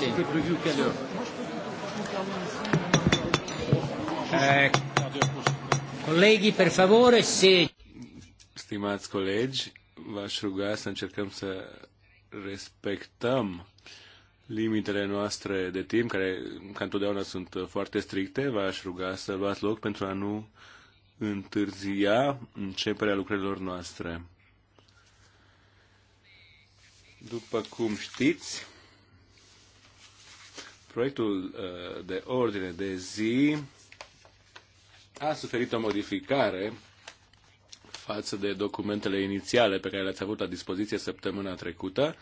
C'était prévu quelle heure per favore, se... Stimați colegi, v-aș ruga să încercăm să respectăm limitele noastre de timp, care ca întotdeauna sunt foarte stricte. V-aș ruga să luați loc pentru a nu întârzia începerea lucrărilor noastre. După cum știți, Proiectul uh, de ordine de zi a suferit o modificare față de documentele inițiale pe care le-ați avut la dispoziție săptămâna trecută,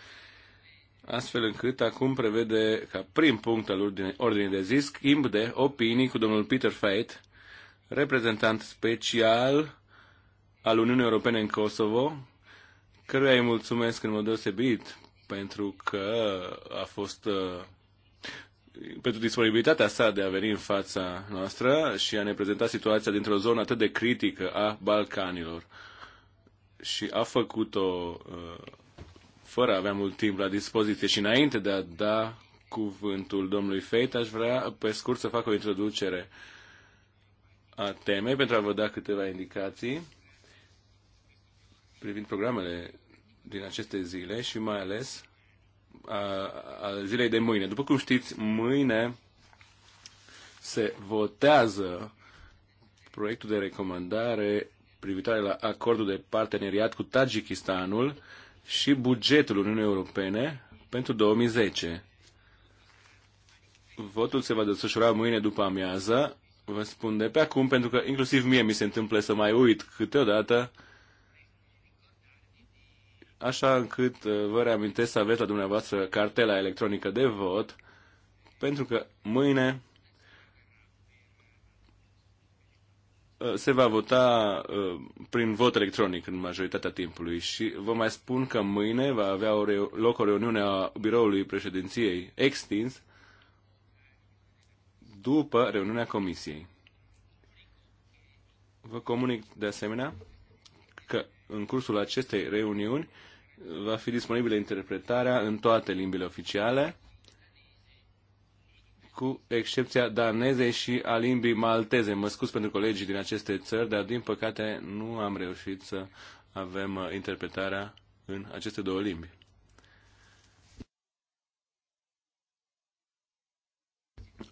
astfel încât acum prevede ca prim punct al ordinii de zi schimb de opinii cu domnul Peter Feit, reprezentant special al Uniunii Europene în Kosovo, căruia îi mulțumesc în mod deosebit pentru că a fost uh, pentru disponibilitatea sa de a veni în fața noastră și a ne prezenta situația dintr-o zonă atât de critică a Balcanilor. Și a făcut-o uh, fără a avea mult timp la dispoziție. Și înainte de a da cuvântul domnului Feit, aș vrea pe scurt să fac o introducere a temei pentru a vă da câteva indicații privind programele din aceste zile și mai ales a zilei de mâine. După cum știți, mâine se votează proiectul de recomandare privitoare la acordul de parteneriat cu Tajikistanul și bugetul Uniunii Europene pentru 2010. Votul se va desfășura mâine după amiază. Vă spun de pe acum, pentru că inclusiv mie mi se întâmplă să mai uit câteodată așa încât uh, vă reamintesc să aveți la dumneavoastră cartela electronică de vot, pentru că mâine uh, se va vota uh, prin vot electronic în majoritatea timpului și vă mai spun că mâine va avea o loc o reuniune a biroului președinției extins după reuniunea comisiei. Vă comunic de asemenea că în cursul acestei reuniuni va fi disponibilă interpretarea în toate limbile oficiale, cu excepția danezei și a limbii malteze. Mă scuz pentru colegii din aceste țări, dar din păcate nu am reușit să avem uh, interpretarea în aceste două limbi.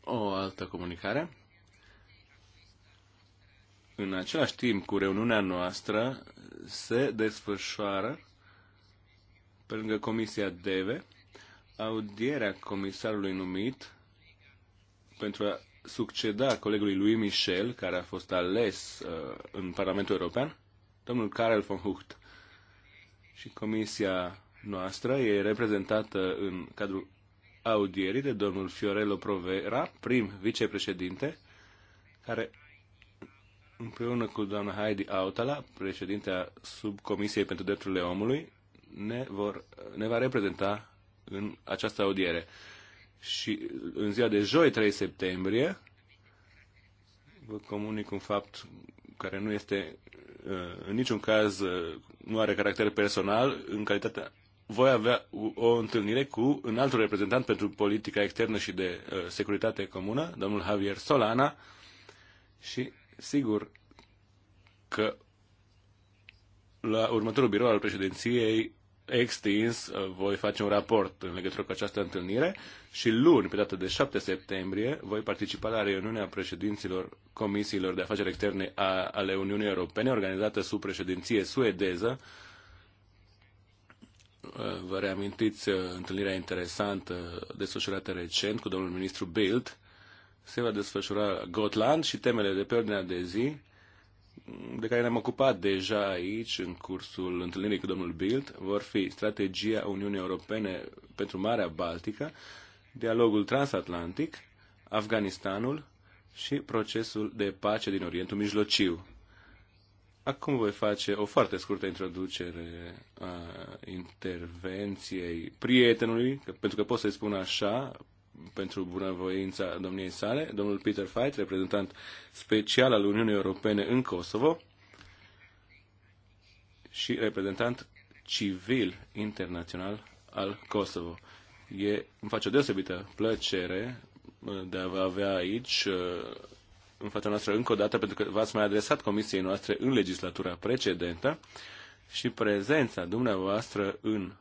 O altă comunicare. În același timp cu reuniunea noastră se desfășoară pe lângă Comisia DEVE, audierea comisarului numit pentru a succeda colegului lui Michel, care a fost ales uh, în Parlamentul European, domnul Karel von Hucht. Și comisia noastră e reprezentată în cadrul audierii de domnul Fiorello Provera, prim vicepreședinte, care împreună cu doamna Heidi Autala, președintea subcomisiei pentru drepturile omului, ne, vor, ne va reprezenta în această audiere. Și în ziua de joi, 3 septembrie, vă comunic un fapt care nu este uh, în niciun caz uh, nu are caracter personal, în calitatea voi avea o întâlnire cu un alt reprezentant pentru politica externă și de uh, securitate comună, domnul Javier Solana, și sigur că la următorul birou al președinției extins uh, voi face un raport în legătură cu această întâlnire și luni, pe data de 7 septembrie, voi participa la reuniunea președinților Comisiilor de Afaceri Externe a, ale Uniunii Europene, organizată sub președinție suedeză. Uh, vă reamintiți uh, întâlnirea interesantă desfășurată recent cu domnul ministru Bild. Se va desfășura Gotland și temele de pe ordinea de zi de care ne-am ocupat deja aici, în cursul întâlnirii cu domnul Bild, vor fi strategia Uniunii Europene pentru Marea Baltică, dialogul transatlantic, Afganistanul și procesul de pace din Orientul Mijlociu. Acum voi face o foarte scurtă introducere a intervenției prietenului, pentru că pot să-i spun așa, pentru bunăvoința domniei sale, domnul Peter Fight, reprezentant special al Uniunii Europene în Kosovo și reprezentant civil internațional al Kosovo. E, îmi face o deosebită plăcere uh, de a vă avea aici uh, în fața noastră încă o dată, pentru că v-ați mai adresat comisiei noastre în legislatura precedentă și prezența dumneavoastră în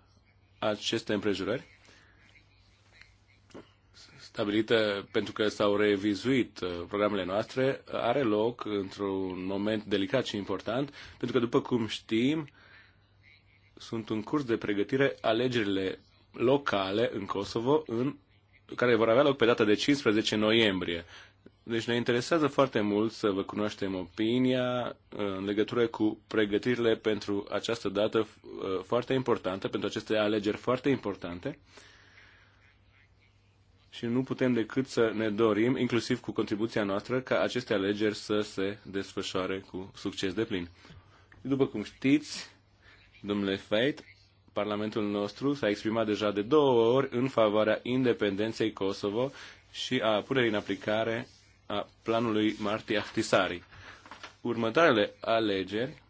aceste împrejurări stabilită pentru că s-au revizuit uh, programele noastre, uh, are loc într-un moment delicat și important, pentru că, după cum știm, sunt în curs de pregătire alegerile locale în Kosovo, în, care vor avea loc pe data de 15 noiembrie. Deci ne interesează foarte mult să vă cunoaștem opinia uh, în legătură cu pregătirile pentru această dată foarte importantă, pentru aceste alegeri foarte importante și nu putem decât să ne dorim, inclusiv cu contribuția noastră, ca aceste alegeri să se desfășoare cu succes de plin. După cum știți, domnule Feit, Parlamentul nostru s-a exprimat deja de două ori în favoarea independenței Kosovo și a punerii în aplicare a planului Marti Ahtisari. Următoarele alegeri,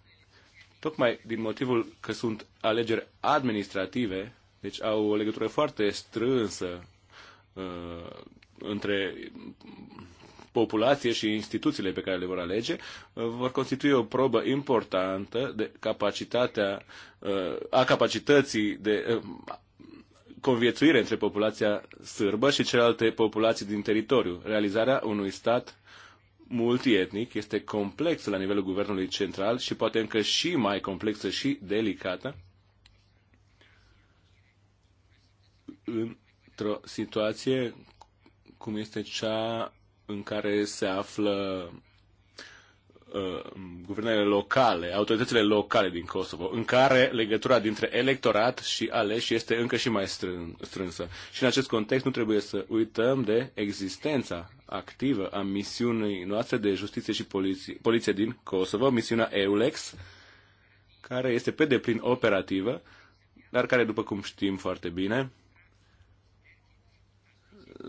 tocmai din motivul că sunt alegeri administrative, deci au o legătură foarte strânsă Uh, între populație și instituțiile pe care le vor alege uh, vor constitui o probă importantă de capacitatea, uh, a capacității de conviețuire între populația sârbă și celelalte populații din teritoriu. Realizarea unui stat multietnic este complexă la nivelul guvernului central și poate încă și mai complexă și delicată în într-o situație cum este cea în care se află uh, guvernele locale, autoritățile locale din Kosovo, în care legătura dintre electorat și aleși este încă și mai strân, strânsă. Și în acest context nu trebuie să uităm de existența activă a misiunii noastre de justiție și poliție, poliție din Kosovo, misiunea EULEX, care este pe deplin operativă, dar care, după cum știm foarte bine,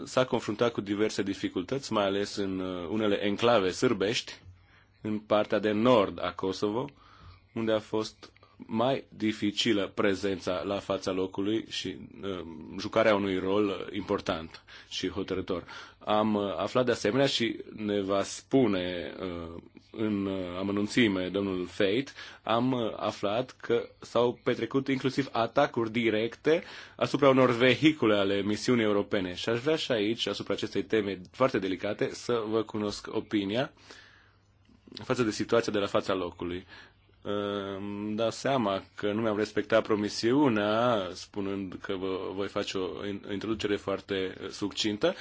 s-a confruntat cu diverse dificultăți, mai ales în uh, unele enclave sârbești, în partea de nord a Kosovo, unde a fost mai dificilă prezența la fața locului și uh, jucarea unui rol uh, important și hotărător. Am uh, aflat de asemenea și ne va spune uh, în uh, amănunțime domnul Fate, am uh, aflat că s-au petrecut inclusiv atacuri directe asupra unor vehicule ale misiunii europene. Și aș vrea și aici, asupra acestei teme foarte delicate, să vă cunosc opinia față de situația de la fața locului. Uh, îmi dau seama că nu mi-am respectat promisiunea, spunând că vă, voi face o introducere foarte succintă.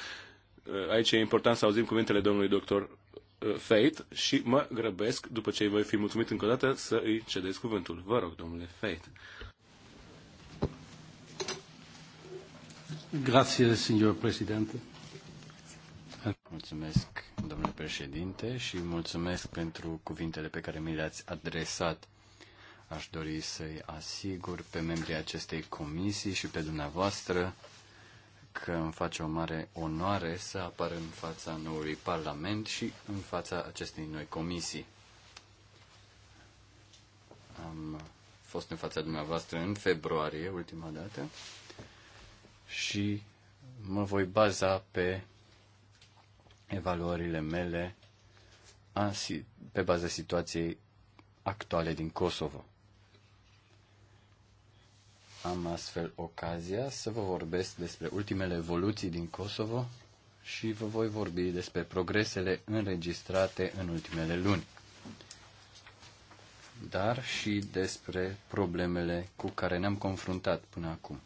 Aici e important să auzim cuvintele domnului doctor Fate și mă grăbesc, după ce îi voi fi mulțumit încă o dată, să îi cedez cuvântul. Vă rog, domnule Fate. Grazie, signor președinte. Mulțumesc, domnule președinte, și mulțumesc pentru cuvintele pe care mi le-ați adresat. Aș dori să-i asigur pe membrii acestei comisii și pe dumneavoastră că îmi face o mare onoare să apar în fața noului Parlament și în fața acestei noi comisii. Am fost în fața dumneavoastră în februarie, ultima dată, și mă voi baza pe evaluările mele pe baza situației actuale din Kosovo am astfel ocazia să vă vorbesc despre ultimele evoluții din Kosovo și vă voi vorbi despre progresele înregistrate în ultimele luni, dar și despre problemele cu care ne-am confruntat până acum.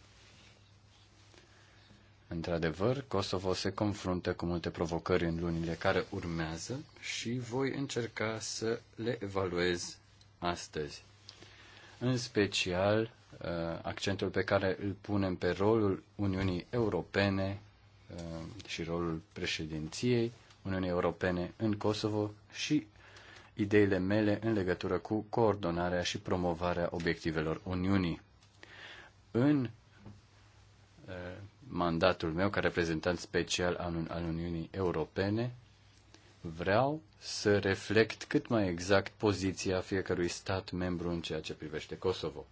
Într-adevăr, Kosovo se confruntă cu multe provocări în lunile care urmează și voi încerca să le evaluez astăzi, în special Uh, accentul pe care îl punem pe rolul Uniunii Europene uh, și rolul președinției Uniunii Europene în Kosovo și ideile mele în legătură cu coordonarea și promovarea obiectivelor Uniunii. În uh, mandatul meu ca reprezentant special al Uniunii Europene, vreau să reflect cât mai exact poziția fiecărui stat membru în ceea ce privește Kosovo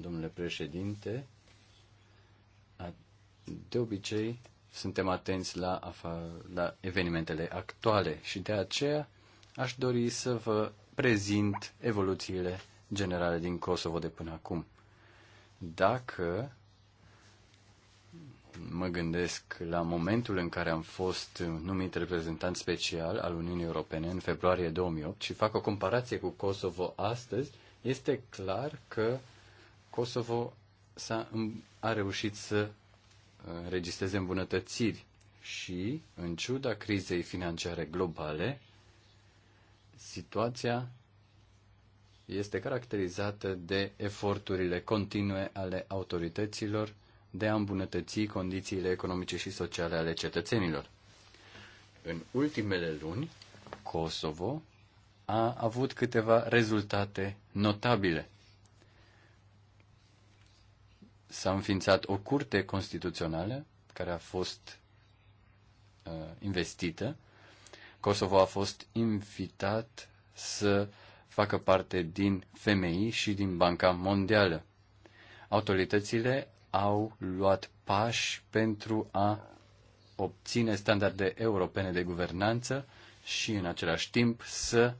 domnule președinte. De obicei, suntem atenți la, la evenimentele actuale și de aceea aș dori să vă prezint evoluțiile generale din Kosovo de până acum. Dacă mă gândesc la momentul în care am fost numit reprezentant special al Uniunii Europene în februarie 2008 și fac o comparație cu Kosovo astăzi, este clar că Kosovo s-a, a reușit să uh, înregistreze îmbunătățiri și, în ciuda crizei financiare globale, situația este caracterizată de eforturile continue ale autorităților de a îmbunătăți condițiile economice și sociale ale cetățenilor. În ultimele luni, Kosovo a avut câteva rezultate notabile s-a înființat o curte constituțională care a fost uh, investită. Kosovo a fost invitat să facă parte din FMI și din Banca Mondială. Autoritățile au luat pași pentru a obține standarde europene de guvernanță și în același timp să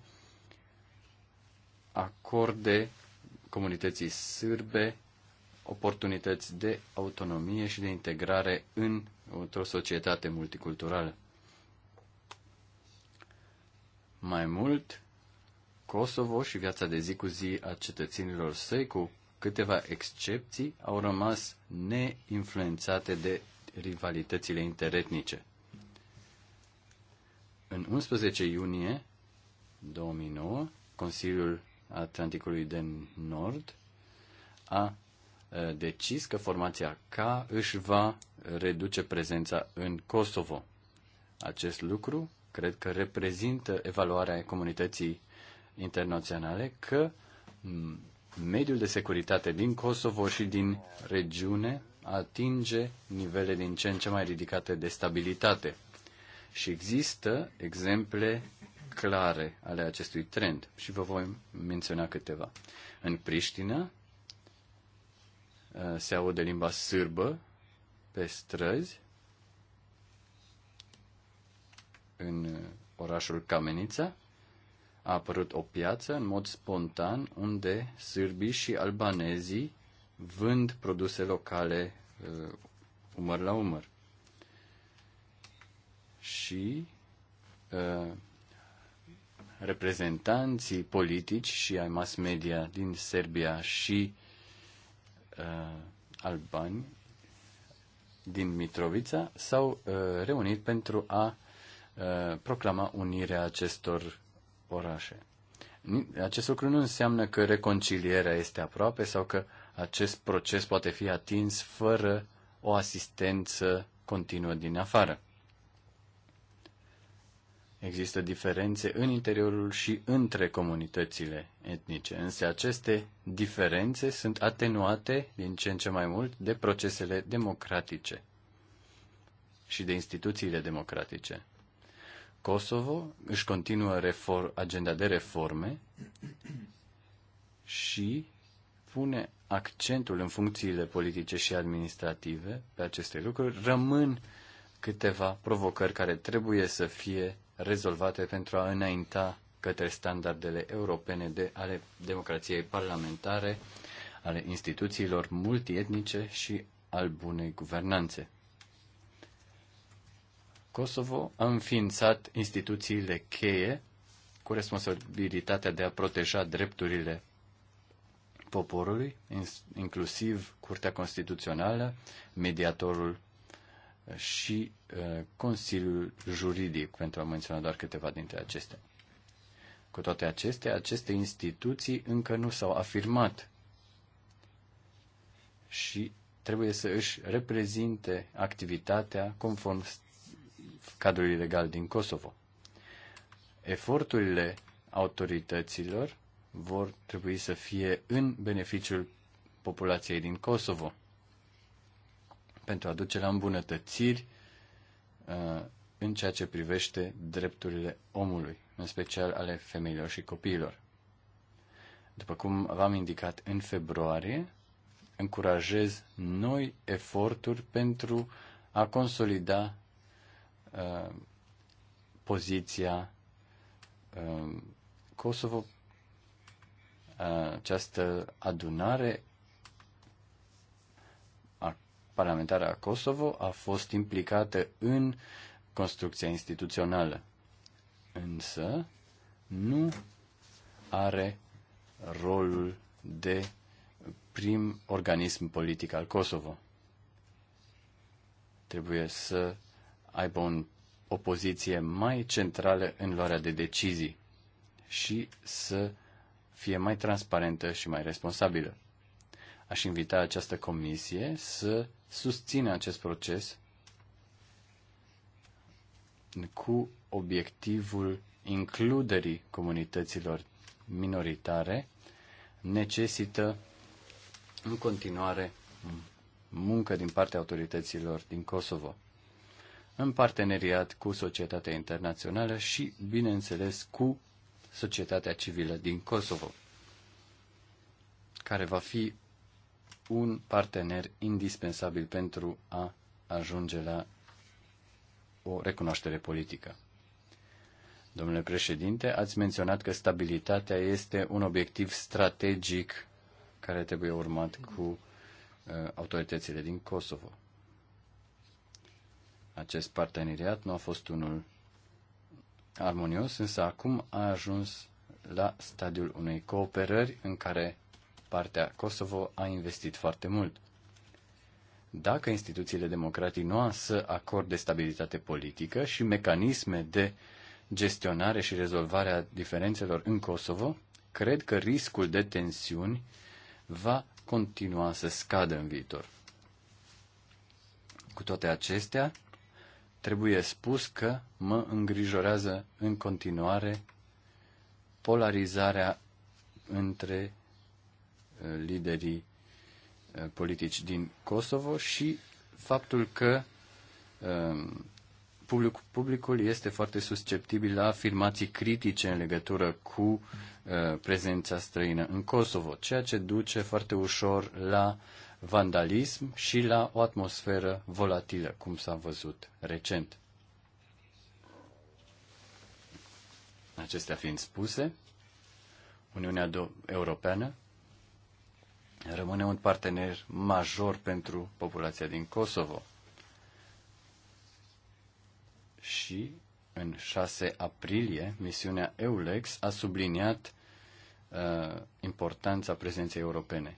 acorde comunității sârbe oportunități de autonomie și de integrare în o societate multiculturală. Mai mult, Kosovo și viața de zi cu zi a cetățenilor săi, cu câteva excepții, au rămas neinfluențate de rivalitățile interetnice. În 11 iunie 2009, Consiliul Atlanticului de Nord a Uh, decis că formația K își va reduce prezența în Kosovo. Acest lucru cred că reprezintă evaluarea comunității internaționale că mm, mediul de securitate din Kosovo și din regiune atinge nivele din ce în ce mai ridicate de stabilitate. Și există exemple clare ale acestui trend și vă voi menționa câteva. În Priștina, Eh, se aude limba sârbă pe străzi în eh, orașul Camenița. A apărut o piață în mod spontan unde sârbii și albanezii vând produse locale eh, umăr la umăr. Și uh, reprezentanții politici și ai mass media din Serbia și uh, albani din Mitrovița s-au uh, reunit pentru a uh, proclama unirea acestor orașe. Acest lucru nu înseamnă că reconcilierea este aproape sau că acest proces poate fi atins fără o asistență continuă din afară. Există diferențe în interiorul și între comunitățile etnice, însă aceste diferențe sunt atenuate din ce în ce mai mult de procesele democratice și de instituțiile democratice. Kosovo își continuă reform, agenda de reforme și pune accentul în funcțiile politice și administrative pe aceste lucruri. Rămân câteva provocări care trebuie să fie rezolvate pentru a înainta către standardele europene de, ale democrației parlamentare, ale instituțiilor multietnice și al bunei guvernanțe. Kosovo a înființat instituțiile cheie cu responsabilitatea de a proteja drepturile poporului, inclusiv Curtea Constituțională, mediatorul și uh, Consiliul Juridic, pentru a menționa doar câteva dintre acestea. Cu toate acestea, aceste instituții încă nu s-au afirmat și trebuie să își reprezinte activitatea conform cadrului legal din Kosovo. Eforturile autorităților vor trebui să fie în beneficiul populației din Kosovo pentru a duce la îmbunătățiri uh, în ceea ce privește drepturile omului, în special ale femeilor și copiilor. După cum v-am indicat în februarie, încurajez noi eforturi pentru a consolida uh, poziția uh, Kosovo. Uh, această adunare parlamentară a Kosovo a fost implicată în construcția instituțională, însă nu are rolul de prim organism politic al Kosovo. Trebuie să aibă un, o poziție mai centrală în luarea de decizii și să fie mai transparentă și mai responsabilă. Aș invita această comisie să susțină acest proces cu obiectivul includerii comunităților minoritare necesită în continuare muncă din partea autorităților din Kosovo, în parteneriat cu societatea internațională și, bineînțeles, cu societatea civilă din Kosovo, care va fi un partener indispensabil pentru a ajunge la o recunoaștere politică. Domnule președinte, ați menționat că stabilitatea este un obiectiv strategic care trebuie urmat cu uh, autoritățile din Kosovo. Acest parteneriat nu a fost unul armonios, însă acum a ajuns la stadiul unei cooperări în care partea Kosovo a investit foarte mult. Dacă instituțiile democratice nu să acorde stabilitate politică și mecanisme de gestionare și rezolvare a diferențelor în Kosovo, cred că riscul de tensiuni va continua să scadă în viitor. Cu toate acestea, trebuie spus că mă îngrijorează în continuare polarizarea între liderii uh, politici din Kosovo și faptul că um, public, publicul este foarte susceptibil la afirmații critice în legătură cu uh, prezența străină în Kosovo, ceea ce duce foarte ușor la vandalism și la o atmosferă volatilă, cum s-a văzut recent. Acestea fiind spuse, Uniunea Europeană rămâne un partener major pentru populația din Kosovo. Și în 6 aprilie, misiunea EULEX a subliniat uh, importanța prezenței europene.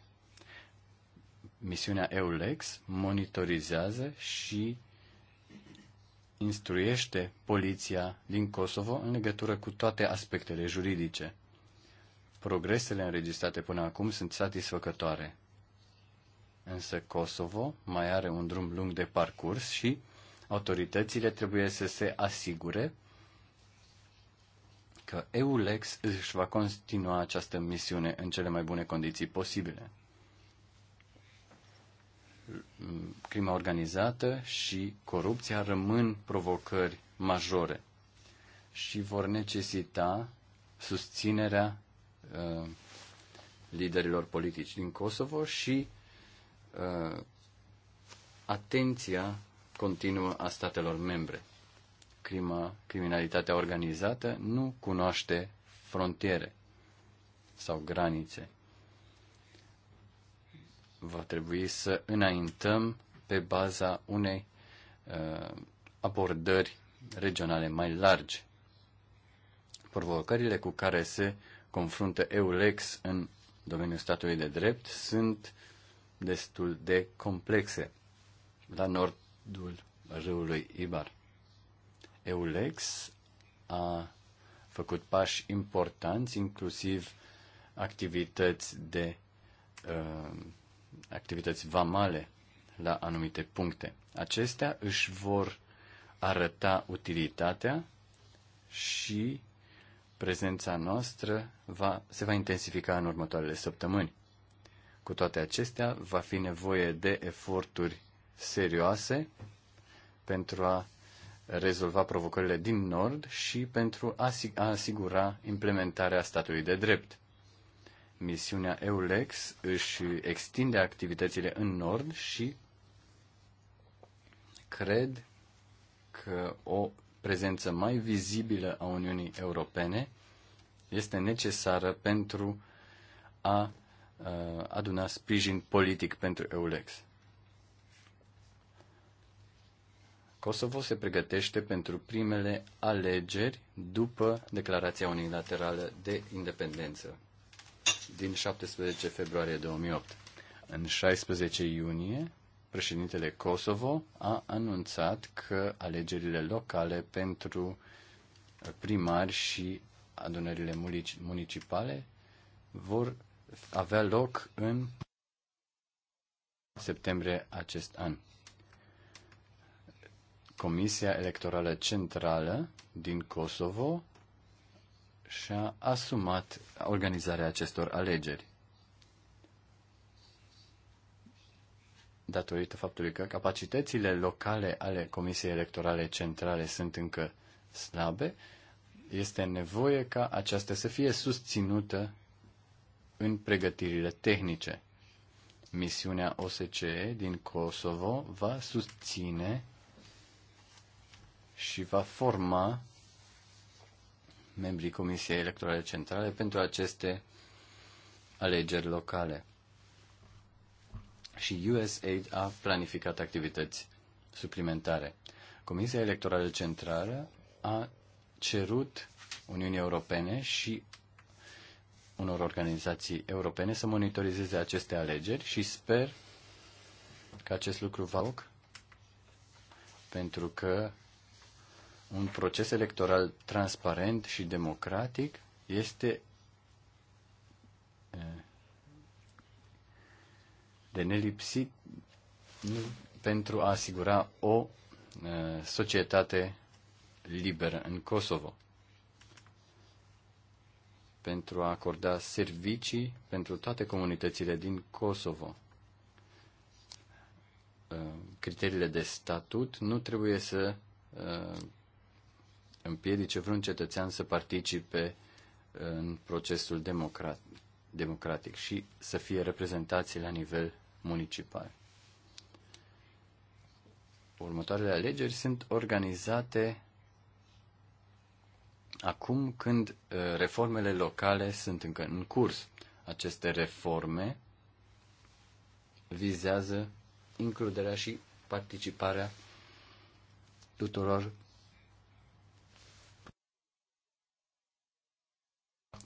Misiunea EULEX monitorizează și instruiește poliția din Kosovo în legătură cu toate aspectele juridice. Progresele înregistrate până acum sunt satisfăcătoare. Însă Kosovo mai are un drum lung de parcurs și autoritățile trebuie să se asigure că EULEX își va continua această misiune în cele mai bune condiții posibile. Crima organizată și corupția rămân provocări majore și vor necesita susținerea Uh, liderilor politici din Kosovo și uh, atenția continuă a statelor membre. Crima, criminalitatea organizată nu cunoaște frontiere sau granițe. Va trebui să înaintăm pe baza unei uh, abordări regionale mai largi. Provocările cu care se confruntă EULEX în domeniul statului de drept sunt destul de complexe la nordul râului Ibar. EULEX a făcut pași importanți, inclusiv activități de uh, activități vamale la anumite puncte. Acestea își vor arăta utilitatea și prezența noastră va, se va intensifica în următoarele săptămâni. Cu toate acestea, va fi nevoie de eforturi serioase pentru a rezolva provocările din Nord și pentru a asigura implementarea statului de drept. Misiunea EULEX își extinde activitățile în Nord și cred că o prezență mai vizibilă a Uniunii Europene este necesară pentru a uh, aduna sprijin politic pentru EULEX. Kosovo se pregătește pentru primele alegeri după declarația unilaterală de independență din 17 februarie 2008. În 16 iunie președintele Kosovo a anunțat că alegerile locale pentru primari și adunările municipale vor avea loc în septembrie acest an. Comisia Electorală Centrală din Kosovo și-a asumat organizarea acestor alegeri. datorită faptului că capacitățile locale ale Comisiei Electorale Centrale sunt încă slabe, este nevoie ca aceasta să fie susținută în pregătirile tehnice. Misiunea OSCE din Kosovo va susține și va forma membrii Comisiei Electorale Centrale pentru aceste alegeri locale și USAID a planificat activități suplimentare. Comisia Electorală Centrală a cerut Uniunii Europene și unor organizații europene să monitorizeze aceste alegeri și sper că acest lucru va loc pentru că un proces electoral transparent și democratic este de nelipsit pentru a asigura o uh, societate liberă în Kosovo pentru a acorda servicii pentru toate comunitățile din Kosovo. Uh, criteriile de statut nu trebuie să uh, împiedice vreun cetățean să participe în procesul democratic democratic și să fie reprezentații la nivel municipal. Următoarele alegeri sunt organizate acum când uh, reformele locale sunt încă în curs. Aceste reforme vizează includerea și participarea tuturor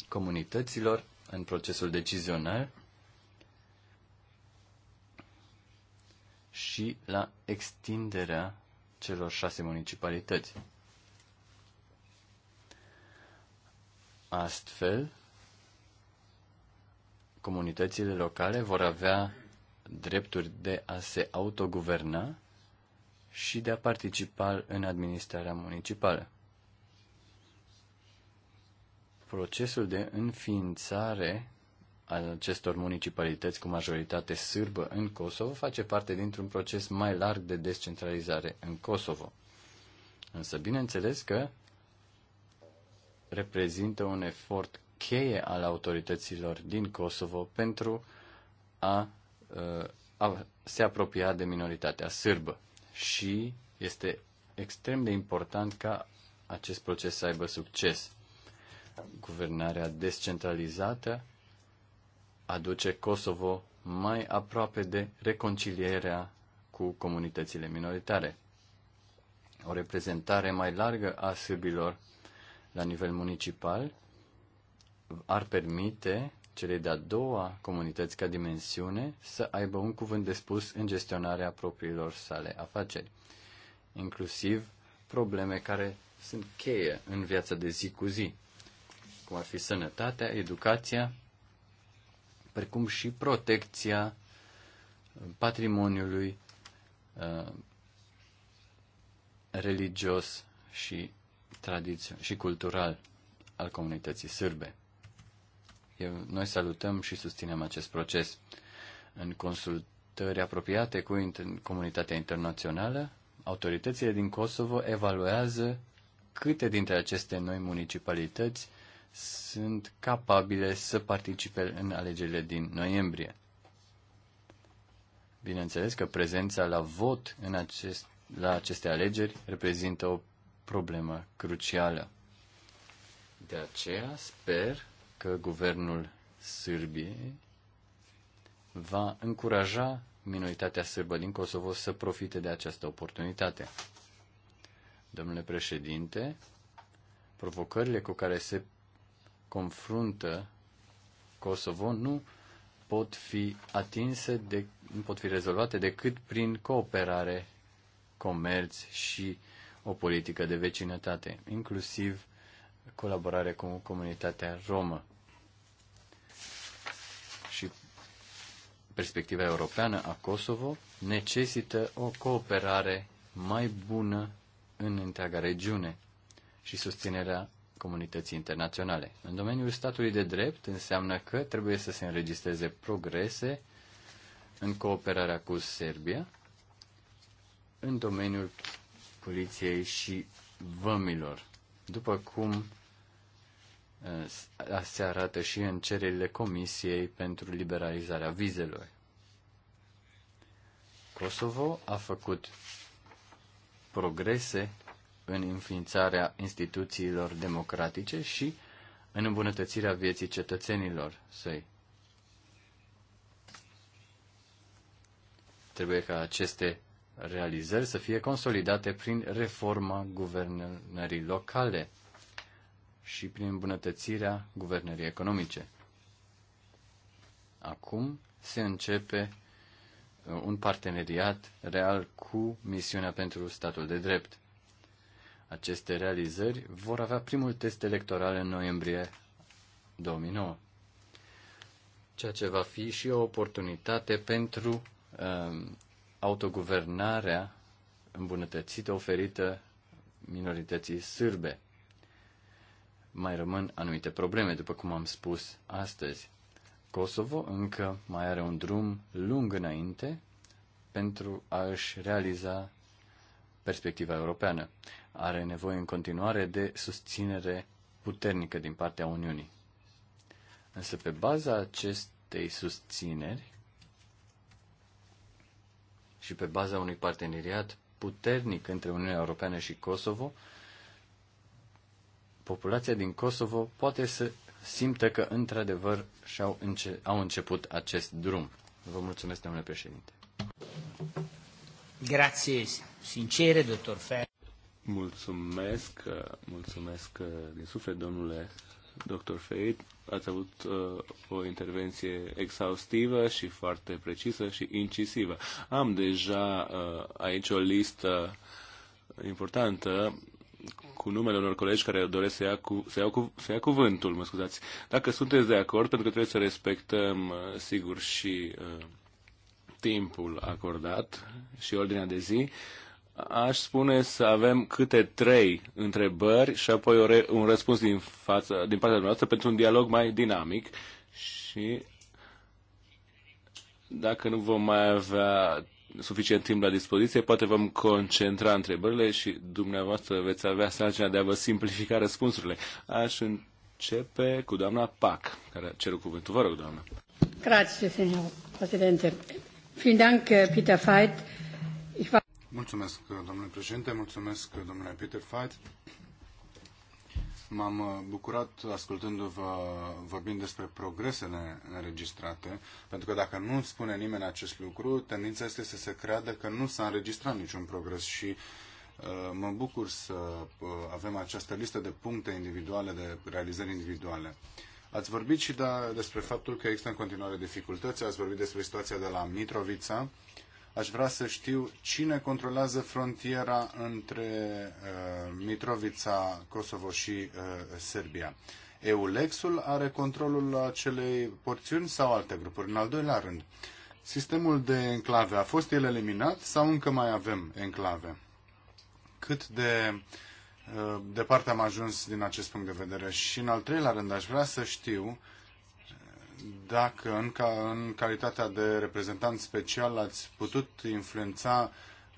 comunităților în procesul decizional și la extinderea celor șase municipalități. Astfel, comunitățile locale vor avea drepturi de a se autoguverna și de a participa în administrarea municipală. Procesul de înființare al acestor municipalități cu majoritate sârbă în Kosovo face parte dintr-un proces mai larg de descentralizare în Kosovo. Însă, bineînțeles că reprezintă un efort cheie al autorităților din Kosovo pentru a, uh, a se apropia de minoritatea sârbă. Și este extrem de important ca acest proces să aibă succes guvernarea descentralizată aduce Kosovo mai aproape de reconcilierea cu comunitățile minoritare. O reprezentare mai largă a sârbilor la nivel municipal ar permite cele de-a doua comunități ca dimensiune să aibă un cuvânt de spus în gestionarea propriilor sale afaceri, inclusiv probleme care sunt cheie în viața de zi cu zi, cum ar fi sănătatea, educația, precum și protecția uh, patrimoniului uh, religios și tradițio- și cultural al comunității sârbe. Eu, noi salutăm și susținem acest proces. În consultări apropiate cu inter- comunitatea internațională, autoritățile din Kosovo evaluează câte dintre aceste noi municipalități sunt capabile să participe în alegerile din noiembrie. Bineînțeles că prezența la vot în acest, la aceste alegeri reprezintă o problemă crucială. De aceea sper că guvernul Sârbiei va încuraja minoritatea sârbă din Kosovo să profite de această oportunitate. Domnule președinte, provocările cu care se confruntă Kosovo nu pot fi atinse, de, nu pot fi rezolvate decât prin cooperare, comerț și o politică de vecinătate, inclusiv colaborare cu comunitatea romă. Și perspectiva europeană a Kosovo necesită o cooperare mai bună în întreaga regiune și susținerea comunității internaționale. În domeniul statului de drept înseamnă că trebuie să se înregistreze progrese în cooperarea cu Serbia, în domeniul poliției și vămilor, după cum eh, se arată și în cererile Comisiei pentru liberalizarea vizelor. Kosovo a făcut progrese în înființarea instituțiilor democratice și în îmbunătățirea vieții cetățenilor săi. Trebuie ca aceste realizări să fie consolidate prin reforma guvernării locale și prin îmbunătățirea guvernării economice. Acum se începe uh, un parteneriat real cu misiunea pentru statul de drept. Aceste realizări vor avea primul test electoral în noiembrie 2009, ceea ce va fi și o oportunitate pentru um, autoguvernarea îmbunătățită oferită minorității sârbe. Mai rămân anumite probleme, după cum am spus astăzi. Kosovo încă mai are un drum lung înainte pentru a și realiza perspectiva europeană are nevoie în continuare de susținere puternică din partea Uniunii. Însă pe baza acestei susțineri și pe baza unui parteneriat puternic între Uniunea Europeană și Kosovo, populația din Kosovo poate să simtă că într-adevăr și-au înce- au început acest drum. Vă mulțumesc, domnule președinte. Grazie sincere, doctor Fer. Mulțumesc, uh, mulțumesc uh, din suflet, domnule Dr. Feit, ați avut uh, o intervenție exhaustivă și foarte precisă și incisivă. Am deja uh, aici o listă importantă cu numele unor colegi care doresc să ia, cu, să, ia cu, să ia cuvântul, mă scuzați. Dacă sunteți de acord, pentru că trebuie să respectăm, uh, sigur, și uh, timpul acordat și ordinea de zi, uh, aș spune să avem câte trei întrebări și apoi o re- un răspuns din, față, din partea dumneavoastră pentru un dialog mai dinamic și dacă nu vom mai avea suficient timp la dispoziție, poate vom concentra întrebările și dumneavoastră veți avea sarcina de a vă simplifica răspunsurile. Aș începe cu doamna Pac, care a cuvântul. Vă rog, doamna. Grazie, signor președinte. Vielen Dank, Peter Veit. Mulțumesc, domnule președinte, mulțumesc, domnule Peter Fight. M-am uh, bucurat ascultându-vă vorbind despre progresele înregistrate, pentru că dacă nu spune nimeni acest lucru, tendința este să se creadă că nu s-a înregistrat niciun progres și uh, mă bucur să uh, avem această listă de puncte individuale, de realizări individuale. Ați vorbit și de, da, despre faptul că există în continuare dificultăți, ați vorbit despre situația de la Mitrovica. Aș vrea să știu cine controlează frontiera între uh, Mitrovica, Kosovo și uh, Serbia. EULEX-ul are controlul acelei porțiuni sau alte grupuri? În al doilea rând, sistemul de enclave, a fost el eliminat sau încă mai avem enclave? Cât de uh, departe am ajuns din acest punct de vedere? Și în al treilea rând, aș vrea să știu dacă în, ca, în calitatea de reprezentant special ați putut influența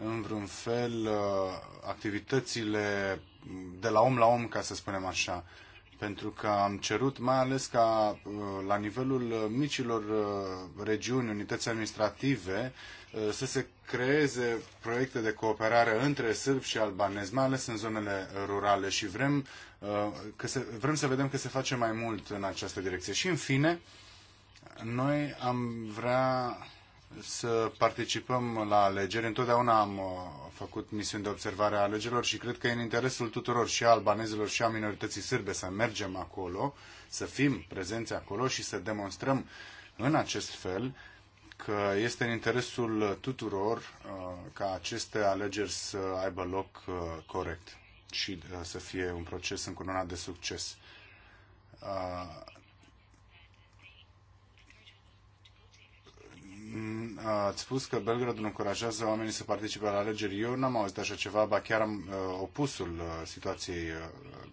în vreun fel uh, activitățile de la om la om, ca să spunem așa. Pentru că am cerut, mai ales ca uh, la nivelul micilor uh, regiuni, unități administrative, să se creeze proiecte de cooperare între sârbi și albanezi, mai ales în zonele rurale și vrem, că se, vrem să vedem că se face mai mult în această direcție. Și în fine, noi am vrea să participăm la alegeri. Întotdeauna am uh, făcut misiuni de observare a alegerilor și cred că e în interesul tuturor și a albanezilor și a minorității sârbe să mergem acolo, să fim prezenți acolo și să demonstrăm în acest fel că este în interesul tuturor uh, ca aceste alegeri să aibă loc uh, corect și să fie un proces încununat de succes. Mm, ați spus că Belgradul încurajează oamenii să participe la alegeri. Eu n-am auzit așa ceva, ba chiar am uh, opusul uh, situației, uh,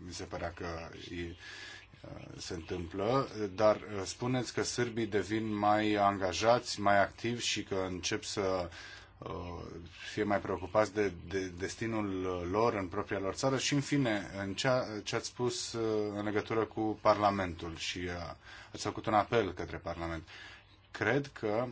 mi se părea că e, se întâmplă, dar spuneți că sârbii devin mai angajați, mai activi și că încep să fie mai preocupați de, de destinul lor în propria lor țară și, în fine, în cea, ce ați spus în legătură cu Parlamentul și ați făcut un apel către Parlament. Cred că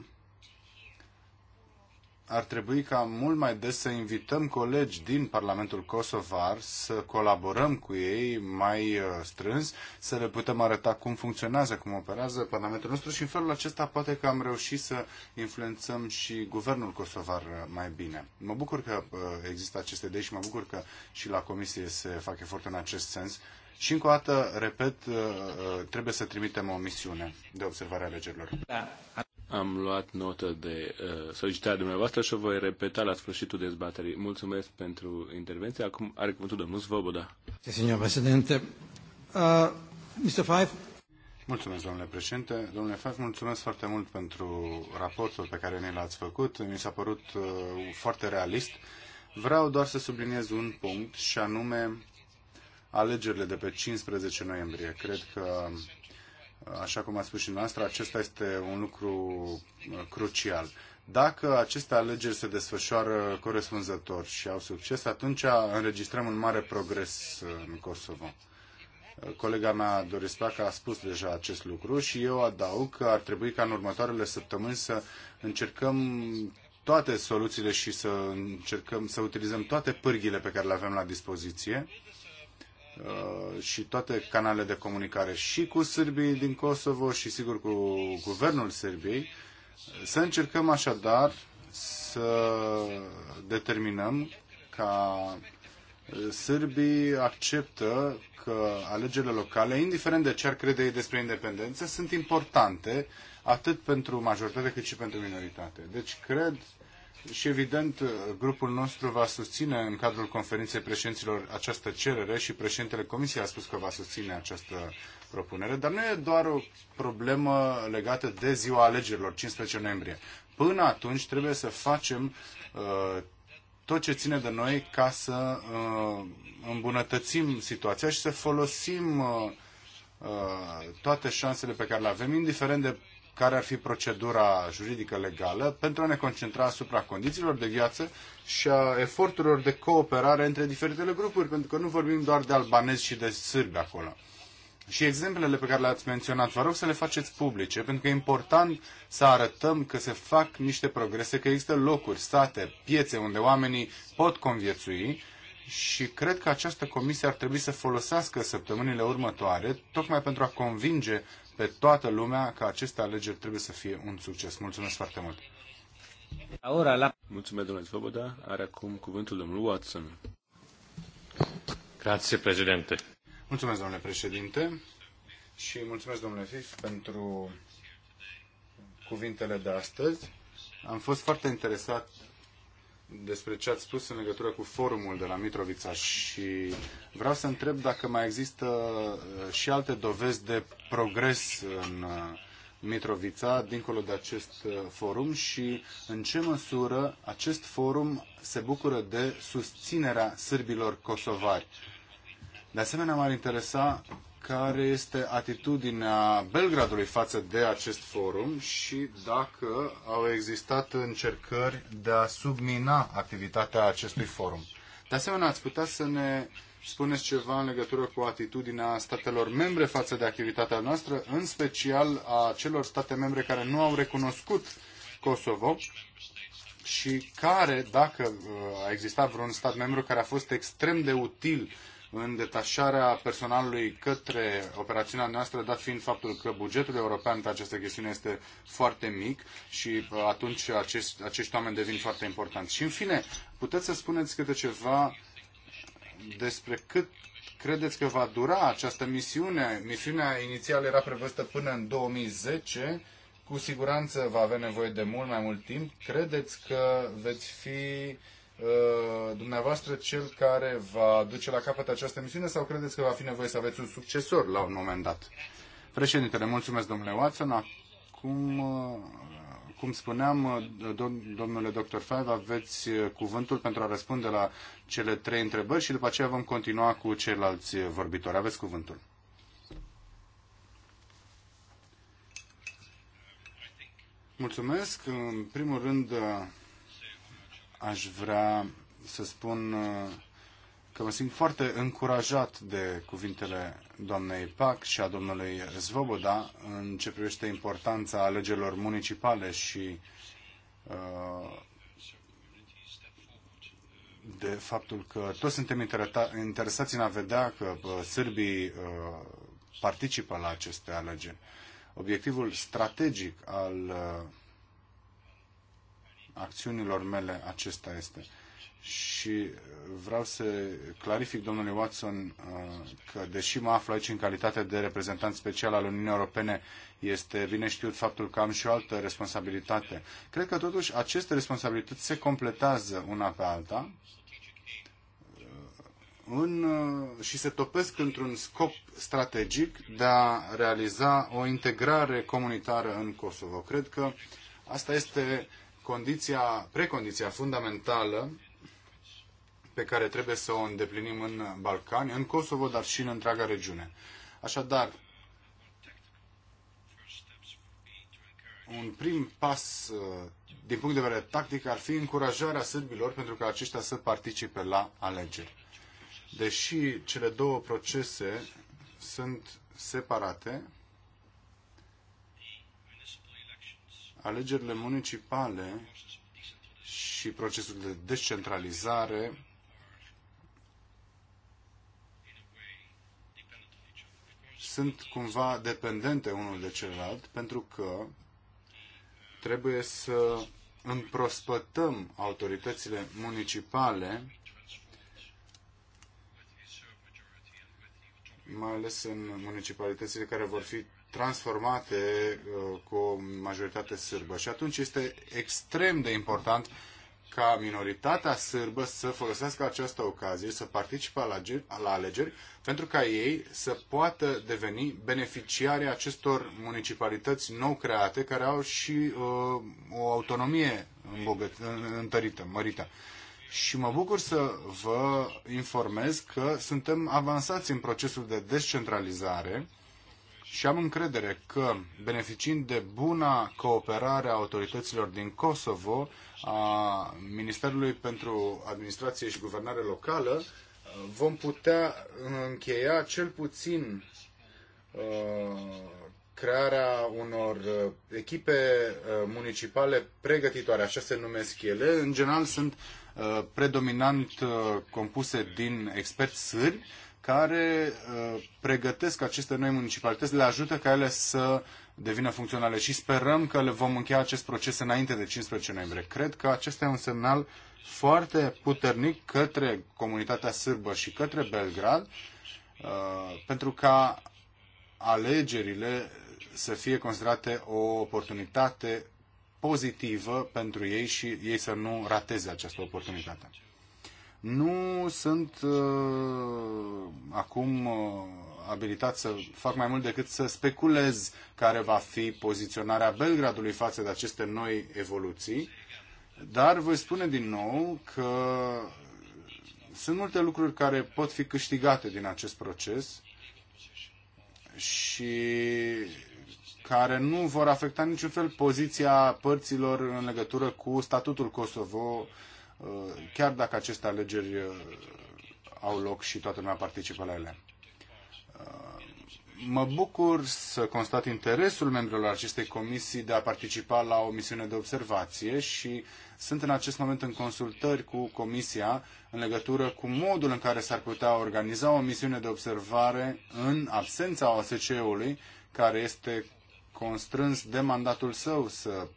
ar trebui ca mult mai des să invităm colegi din Parlamentul Kosovar să colaborăm cu ei mai uh, strâns, să le putem arăta cum funcționează, cum operează Parlamentul nostru și în felul acesta poate că am reușit să influențăm și guvernul Kosovar uh, mai bine. Mă bucur că uh, există aceste idei și mă bucur că și la comisie se fac efort în acest sens. Și încă o dată, repet, trebuie să trimitem o misiune de observare a alegerilor. Da. Am luat notă de uh, solicitarea dumneavoastră și o voi repeta la sfârșitul dezbaterii. Mulțumesc pentru intervenție. Acum are cuvântul domnul Svoboda. Signor președinte, uh, Mr. Five. Mulțumesc, domnule președinte. Domnule Five, mulțumesc foarte mult pentru raportul pe care ne l-ați făcut. Mi s-a părut uh, foarte realist. Vreau doar să subliniez un punct și anume alegerile de pe 15 noiembrie. Cred că Așa cum a spus și noastră, acesta este un lucru uh, crucial. Dacă aceste alegeri se desfășoară corespunzător și au succes, atunci înregistrăm un mare progres uh, în Kosovo. Uh, colega mea, Doris Placa, a spus deja acest lucru și eu adaug că ar trebui ca în următoarele săptămâni să încercăm toate soluțiile și să încercăm să utilizăm toate pârghile pe care le avem la dispoziție Uh, și toate canalele de comunicare și cu sârbii din Kosovo și sigur cu guvernul Serbiei, să încercăm așadar să determinăm ca sârbii acceptă că alegerile locale, indiferent de ce ar crede ei despre independență, sunt importante atât pentru majoritate cât și pentru minoritate. Deci cred și evident grupul nostru va susține în cadrul conferinței președinților această cerere și președintele Comisiei a spus că va susține această propunere, dar nu e doar o problemă legată de ziua alegerilor, 15 noiembrie. Până atunci trebuie să facem uh, tot ce ține de noi ca să uh, îmbunătățim situația și să folosim uh, uh toate șansele pe care le avem, indiferent de care ar fi procedura juridică legală pentru a ne concentra asupra condițiilor de viață și a eforturilor de cooperare între diferitele grupuri, pentru că nu vorbim doar de albanezi și de sârbi acolo. Și exemplele pe care le-ați menționat, vă rog să le faceți publice, pentru că e important să arătăm că se fac niște progrese, că există locuri, state, piețe unde oamenii pot conviețui și cred că această comisie ar trebui să folosească săptămânile următoare tocmai pentru a convinge pe toată lumea că aceste alegeri trebuie să fie un succes. Mulțumesc foarte mult! la... Mulțumesc, domnule Svoboda. Are acum cuvântul domnul Watson. Grazie, președinte. Mulțumesc, domnule președinte. Și mulțumesc, domnule Fif, pentru cuvintele de astăzi. Am fost foarte interesat despre ce ați spus în legătură cu forumul de la Mitrovița și vreau să întreb dacă mai există uh, și alte dovezi de progres în uh, Mitrovița, dincolo de acest uh, forum și în ce măsură acest forum se bucură de susținerea sârbilor kosovari. De asemenea, m-ar interesa care este atitudinea Belgradului față de acest forum și dacă au existat încercări de a submina activitatea acestui forum. De asemenea, ați putea să ne spuneți ceva în legătură cu atitudinea statelor membre față de activitatea noastră, în special a celor state membre care nu au recunoscut Kosovo și care, dacă uh, a existat vreun stat membru care a fost extrem de util în detașarea personalului către operațiunea noastră, dat fiind faptul că bugetul european pe această chestiune este foarte mic și uh, atunci acești, acești oameni devin foarte importanți. Și în fine, puteți să spuneți câte ceva despre cât credeți că va dura această misiune? Misiunea inițială era prevăzută până în 2010, cu siguranță va avea nevoie de mult mai mult timp. Credeți că veți fi Uh, dumneavoastră cel care va duce la capăt această misiune sau credeți că va fi nevoie să aveți un succesor la un moment dat? Președintele, mulțumesc domnule Watson. Acum, uh, cum spuneam, uh, domnule Dr. Five, aveți cuvântul pentru a răspunde la cele trei întrebări și după aceea vom continua cu ceilalți vorbitori. Aveți cuvântul. Mulțumesc. În primul rând, aș vrea să spun uh, că mă simt foarte încurajat de cuvintele doamnei Pac și a domnului Zvoboda în ce privește importanța alegerilor municipale și uh, de faptul că toți suntem interesați în a vedea că uh, sârbii participă la aceste alegeri. Obiectivul strategic al acțiunilor mele acesta este. Și vreau să clarific domnului Watson uh, că, deși mă aflu aici în calitate de reprezentant special al Uniunii Europene, este bine știut faptul că am și o altă responsabilitate. Cred că, totuși, aceste responsabilități se completează una pe alta uh, în, uh, și se topesc într-un scop strategic de a realiza o integrare comunitară în Kosovo. Cred că asta este condiția, precondiția fundamentală pe care trebuie să o îndeplinim în Balcani, în Kosovo, dar și în întreaga regiune. Așadar, un prim pas uh, din punct de vedere tactic ar fi încurajarea sârbilor pentru ca aceștia să participe la alegeri. Deși cele două procese sunt separate, alegerile municipale și procesul de descentralizare sunt cumva dependente unul de celălalt pentru că trebuie să împrospătăm autoritățile municipale mai ales în municipalitățile care vor fi transformate uh, cu o majoritate sârbă. Și atunci este extrem de important ca minoritatea sârbă să folosească această ocazie, să participe la alegeri, pentru ca ei să poată deveni beneficiari acestor municipalități nou create, care au și uh, o autonomie îmbogăt, întărită, mărită. Și mă bucur să vă informez că suntem avansați în procesul de descentralizare și am încredere că, beneficiind de buna cooperare a autorităților din Kosovo, a Ministerului pentru Administrație și Guvernare Locală, vom putea încheia cel puțin uh, crearea unor uh, echipe uh, municipale pregătitoare, așa se numesc ele. În general sunt predominant compuse din experți sâri, care uh, pregătesc aceste noi municipalități, le ajută ca ele să devină funcționale și sperăm că le vom încheia acest proces înainte de 15 noiembrie. Cred că acesta e un semnal foarte puternic către comunitatea sârbă și către Belgrad uh, pentru ca alegerile să fie considerate o oportunitate pozitivă pentru ei și ei să nu rateze această oportunitate nu sunt uh, acum uh, abilitat să fac mai mult decât să speculez care va fi poziționarea Belgradului față de aceste noi evoluții, dar voi spune din nou că sunt multe lucruri care pot fi câștigate din acest proces și care nu vor afecta niciun fel poziția părților în legătură cu statutul Kosovo Uh, chiar dacă aceste alegeri uh, au loc și toată lumea participă la ele. Uh, mă bucur să constat interesul membrilor acestei comisii de a participa la o misiune de observație și sunt în acest moment în consultări cu comisia în legătură cu modul în care s-ar putea organiza o misiune de observare în absența OSCE-ului, care este constrâns de mandatul său să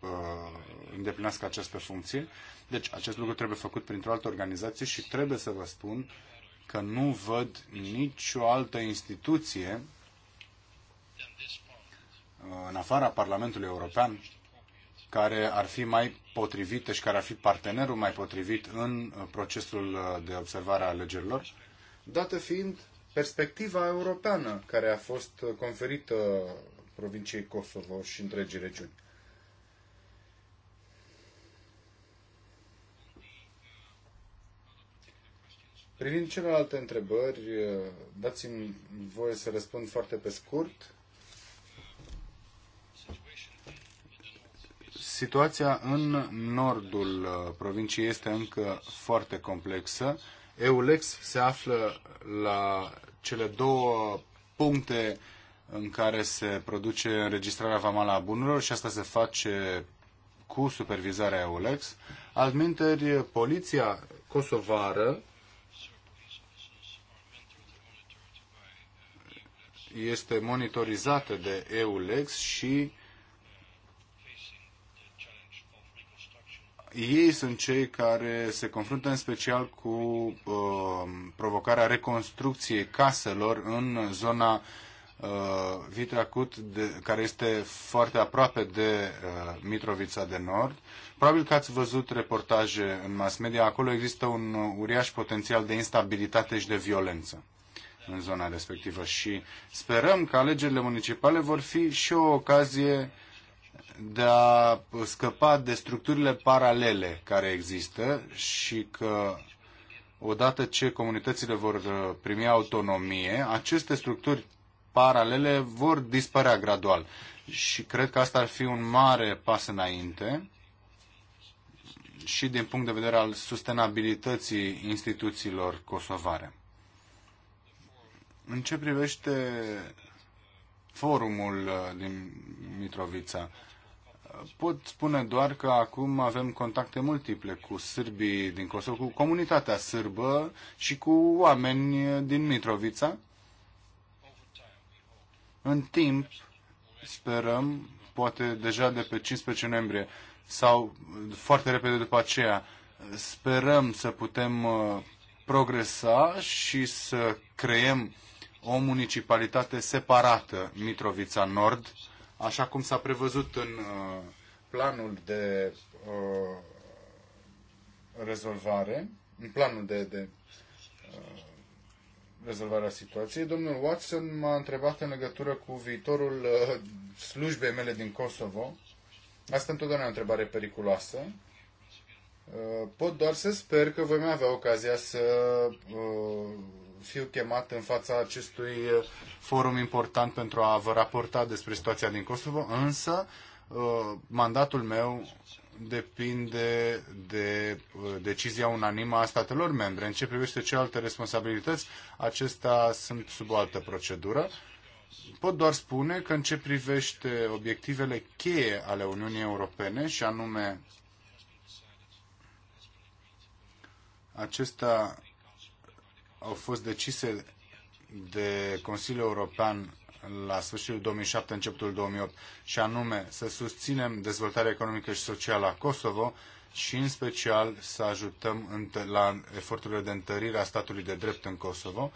îndeplinească această funcție deci acest lucru trebuie făcut printr-o altă organizație și trebuie să vă spun că nu văd nicio altă instituție în afara Parlamentului European care ar fi mai potrivită și care ar fi partenerul mai potrivit în uh, procesul uh, de observare a alegerilor, dată fiind perspectiva europeană care a fost uh, conferită provinciei Kosovo și întregii regiuni. Privind celelalte întrebări, eh, dați-mi voie să răspund foarte pe scurt. Situația în nordul eh, provinciei este încă foarte complexă. EULEX se află la cele două puncte în care se produce înregistrarea vamală a bunurilor și asta se face cu supervizarea EULEX. Altminteri, poliția kosovară este monitorizată de EULEX și ei sunt cei care se confruntă în special cu uh, provocarea reconstrucției caselor în zona uh, Vitracut, de, care este foarte aproape de uh, Mitrovița de Nord. Probabil că ați văzut reportaje în mass media, acolo există un uriaș potențial de instabilitate și de violență în zona respectivă și sperăm că alegerile municipale vor fi și o ocazie de a scăpa de structurile paralele care există și că odată ce comunitățile vor primi autonomie, aceste structuri paralele vor dispărea gradual. Și cred că asta ar fi un mare pas înainte și din punct de vedere al sustenabilității instituțiilor kosovare. În ce privește forumul uh, din Mitrovița, uh, pot spune doar că acum avem contacte multiple cu sârbii din Kosovo, cu comunitatea sârbă și cu oameni din Mitrovița. În timp, sperăm, poate deja de pe 15 noiembrie sau foarte repede după aceea, sperăm să putem uh, progresa și să creăm o municipalitate separată, Mitrovița Nord, așa cum s-a prevăzut în uh, planul de uh, rezolvare, în planul de, de uh, rezolvarea situației. Domnul Watson m-a întrebat în legătură cu viitorul uh, slujbei mele din Kosovo. Asta întotdeauna e o întrebare periculoasă. Uh, pot doar să sper că voi mai avea ocazia să uh, fiu chemat în fața acestui eh, forum important pentru a vă raporta despre situația din Kosovo, însă eh, mandatul meu depinde de eh, decizia unanimă a statelor membre. În ce privește celelalte responsabilități, acestea sunt sub o altă procedură. Pot doar spune că în ce privește obiectivele cheie ale Uniunii Europene, și anume acesta au fost decise de Consiliul European la sfârșitul 2007, începutul 2008, și anume să susținem dezvoltarea economică și socială a Kosovo și în special să ajutăm la eforturile de întărire a statului de drept în Kosovo.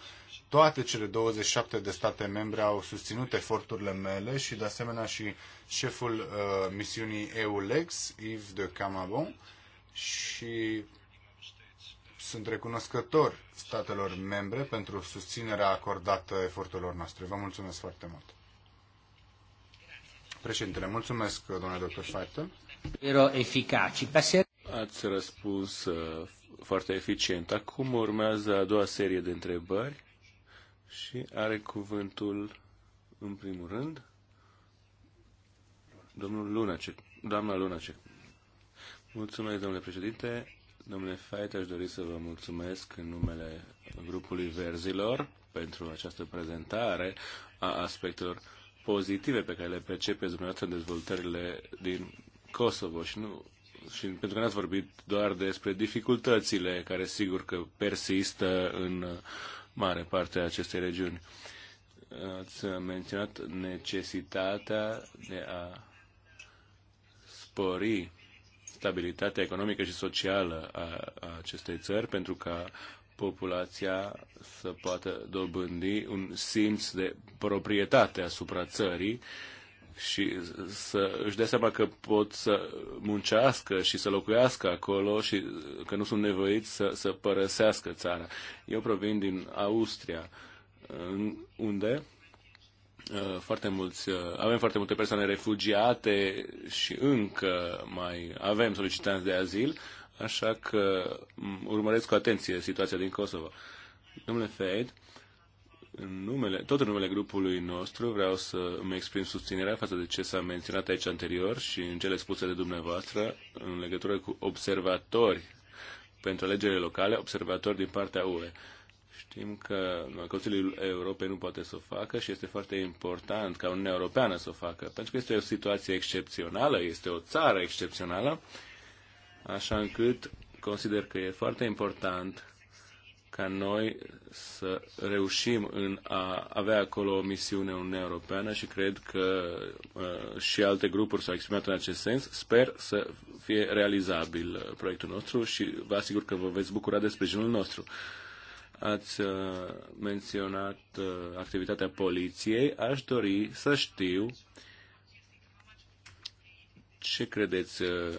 Toate cele 27 de state membre au susținut eforturile mele și de asemenea și șeful uh, misiunii EULEX, Yves de Camabon, și sunt recunoscător statelor membre pentru susținerea acordată eforturilor noastre. Vă mulțumesc foarte mult. Președintele, mulțumesc, domnule doctor Feitel. eficaci. Ați răspuns uh, foarte eficient. Acum urmează a doua serie de întrebări și are cuvântul, în primul rând, domnul Lunacek, doamna Lunacek. Mulțumesc, domnule președinte. Domnule Fait, aș dori să vă mulțumesc în numele grupului Verzilor pentru această prezentare a aspectelor pozitive pe care le percepeți dumneavoastră în dezvoltările din Kosovo și nu și pentru că n-ați vorbit doar despre dificultățile care sigur că persistă în mare parte a acestei regiuni. Ați menționat necesitatea de a spori stabilitatea economică și socială a, a acestei țări pentru ca populația să poată dobândi un simț de proprietate asupra țării și să își dea seama că pot să muncească și să locuiască acolo și că nu sunt nevoiți să, să părăsească țara. Eu provin din Austria, unde Uh, foarte mulți, uh, avem foarte multe persoane refugiate și încă mai avem solicitanți de azil, așa că urmăresc cu atenție situația din Kosovo. Domnule Feit, în numele, tot în numele grupului nostru vreau să îmi exprim susținerea față de ce s-a menționat aici anterior și în cele spuse de dumneavoastră în legătură cu observatori pentru alegerile locale, observatori din partea UE. Știm că Consiliul Europei nu poate să o facă și este foarte important ca Uniunea Europeană să o facă, pentru că este o situație excepțională, este o țară excepțională, așa încât consider că e foarte important ca noi să reușim în a avea acolo o misiune Uniunea Europeană și cred că uh, și alte grupuri s-au exprimat în acest sens. Sper să fie realizabil uh, proiectul nostru și vă asigur că vă veți bucura de sprijinul nostru. Uh, Ați uh, menționat uh, activitatea poliției. Aș dori să știu ce credeți uh,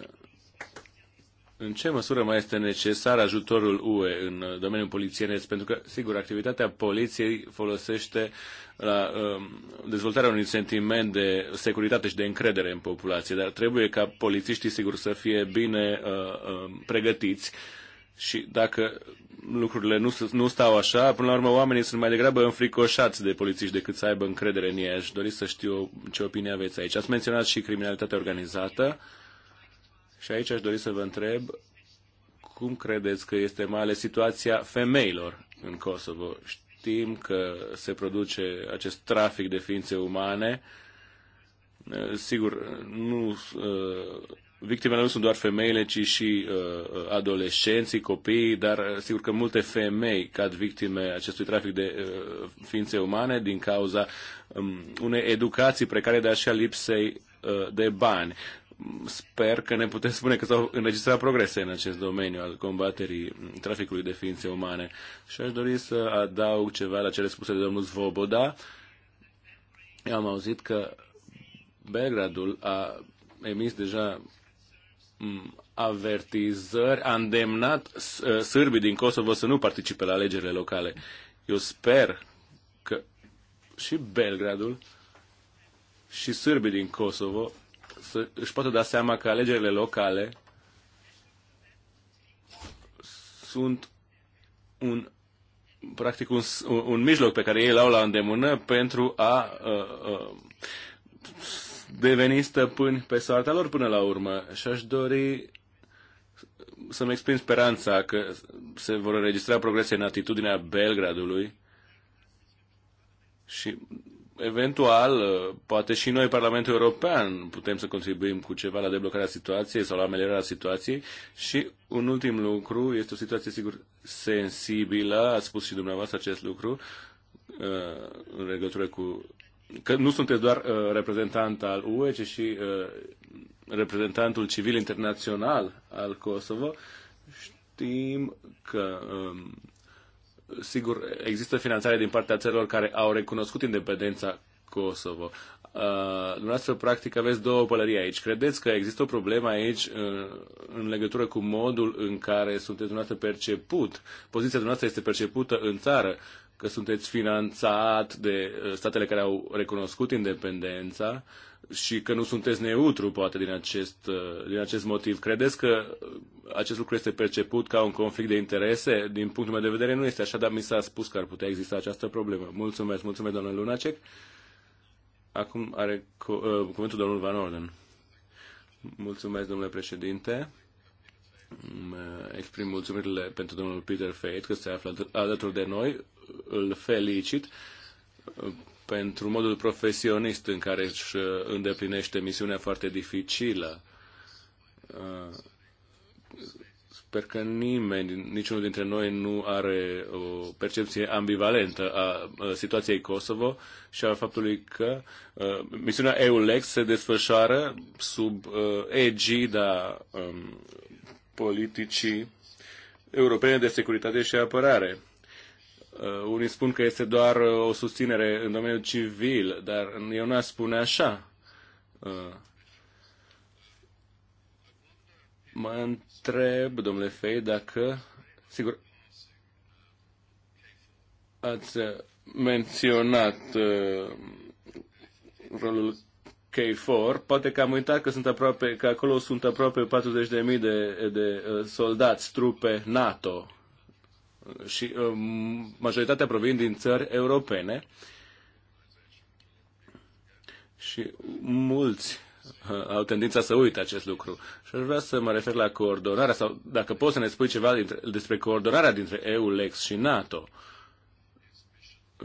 în ce măsură mai este necesar ajutorul UE în domeniul polițienesc? Pentru că, sigur, activitatea poliției folosește la um, dezvoltarea unui sentiment de securitate și de încredere în populație, dar trebuie ca polițiștii, sigur, să fie bine uh, uh, pregătiți și dacă lucrurile nu, nu stau așa, până la urmă oamenii sunt mai degrabă înfricoșați de polițiști decât să aibă încredere în ei. Aș dori să știu ce opinie aveți aici. Ați menționat și criminalitatea organizată și aici aș dori să vă întreb cum credeți că este mai ales situația femeilor în Kosovo? Știm că se produce acest trafic de ființe umane. Sigur, nu uh, victimele nu sunt doar femeile, ci și uh, uh adolescenții, copiii, dar uh, sigur că multe femei cad victime acestui trafic de uh, ființe umane din cauza um, unei educații precare, dar și a lipsei uh, de bani. Sper că ne putem spune că s-au înregistrat progrese în acest domeniu al combaterii traficului de ființe umane. Și aș dori să adaug ceva la cele spuse de domnul Svoboda. Eu am auzit că Belgradul a emis deja avertizări, a îndemnat uh, sârbii din Kosovo să nu participe la alegerile locale. Eu sper că și Belgradul și sârbii din Kosovo să își poată da seama că alegerile locale sunt un practic un, un, mijloc pe care ei l-au la îndemână pentru a uh, uh, deveni stăpâni pe soarta lor până la urmă. Și aș dori să-mi exprim speranța că se vor înregistra progrese în atitudinea Belgradului și eventual, poate și noi, Parlamentul European, putem să contribuim cu ceva la deblocarea situației sau la ameliorarea situației. Și un ultim lucru, este o situație, sigur, sensibilă, ați spus și dumneavoastră acest lucru, uh, în legătură cu că nu sunteți doar uh, reprezentant al UE, ci și uh, reprezentantul civil internațional al Kosovo. Știm că, um, sigur, există finanțare din partea țărilor care au recunoscut independența Kosovo. Uh, dumneavoastră, practic, aveți două pălării aici. Credeți că există o problemă aici uh, în legătură cu modul în care sunteți dumneavoastră perceput? Poziția dumneavoastră este percepută în țară. Uh, că sunteți finanțat de uh, statele care au recunoscut independența și că nu sunteți neutru, poate, din acest, uh, din acest motiv. Credeți că uh, acest lucru este perceput ca un conflict de interese? Din punctul meu de vedere nu este așa, dar mi s-a spus că ar putea exista această problemă. Mulțumesc, mulțumesc, doamnă Lunacek. Acum are cu, uh, cuvântul domnul Van Orden. Mulțumesc, domnule președinte. Uh, exprim mulțumirile pentru domnul Peter Fate că se află alături de noi. Îl felicit uh, pentru modul profesionist în care își uh, îndeplinește misiunea foarte dificilă. Sper că nimeni, niciunul dintre noi nu are o percepție ambivalentă a situației Kosovo și a faptului că misiunea EULEX se desfășoară sub egida um, politicii europene de securitate și apărare. Uh, unii spun că este doar uh, o susținere în domeniul civil, dar eu n-aș spune așa. Uh, mă întreb, domnule Fei, dacă... Sigur, ați menționat rolul poate că am uitat că, sunt aproape, că acolo sunt aproape 40.000 de, de, de uh, soldați, trupe NATO și um, majoritatea provin din țări europene și mulți uh, au tendința să uite acest lucru. Și aș vrea să mă refer la coordonarea, sau dacă poți să ne spui ceva dintre, despre coordonarea dintre EULEX și NATO. Uh,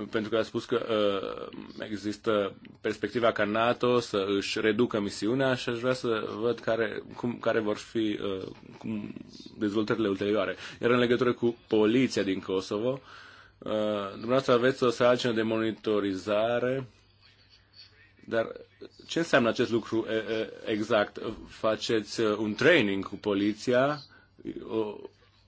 pentru că a spus că uh, există perspectiva ca NATO să își reducă misiunea și aș vrea să văd care, cum, care vor fi uh, cum dezvoltările ulterioare. Iar în legătură cu poliția din Kosovo, uh, dumneavoastră aveți o sarcină de monitorizare, dar ce înseamnă acest lucru exact? Faceți uh, un training cu poliția, o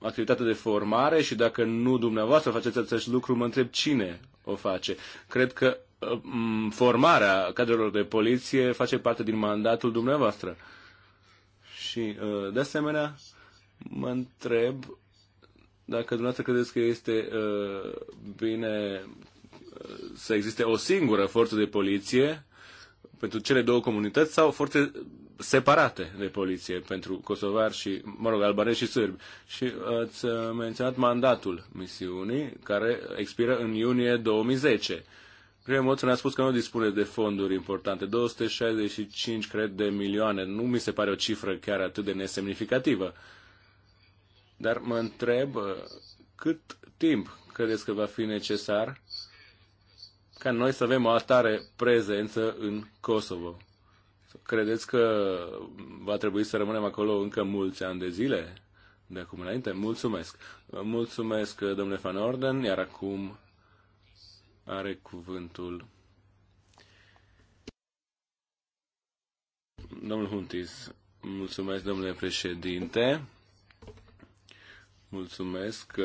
activitate de formare și dacă nu dumneavoastră faceți acest lucru, mă întreb cine o face. Cred că uh, formarea cadrelor de poliție face parte din mandatul dumneavoastră. Și, uh, de asemenea, mă întreb dacă dumneavoastră credeți că este uh, bine să existe o singură forță de poliție pentru cele două comunități sau forțe separate de poliție pentru kosovari și, mă rog, albanezi și sârbi. Și ați uh, menționat mandatul misiunii, care expiră în iunie 2010. Prin emoție ne-a spus că nu dispune de fonduri importante, 265, cred, de milioane. Nu mi se pare o cifră chiar atât de nesemnificativă. Dar mă întreb uh, cât timp credeți că va fi necesar ca noi să avem o altare prezență în Kosovo? Credeți că va trebui să rămânem acolo încă mulți ani de zile de acum înainte? Mulțumesc! Mulțumesc, domnule Van Orden, iar acum are cuvântul domnul Huntis. Mulțumesc, domnule președinte. Mulțumesc uh,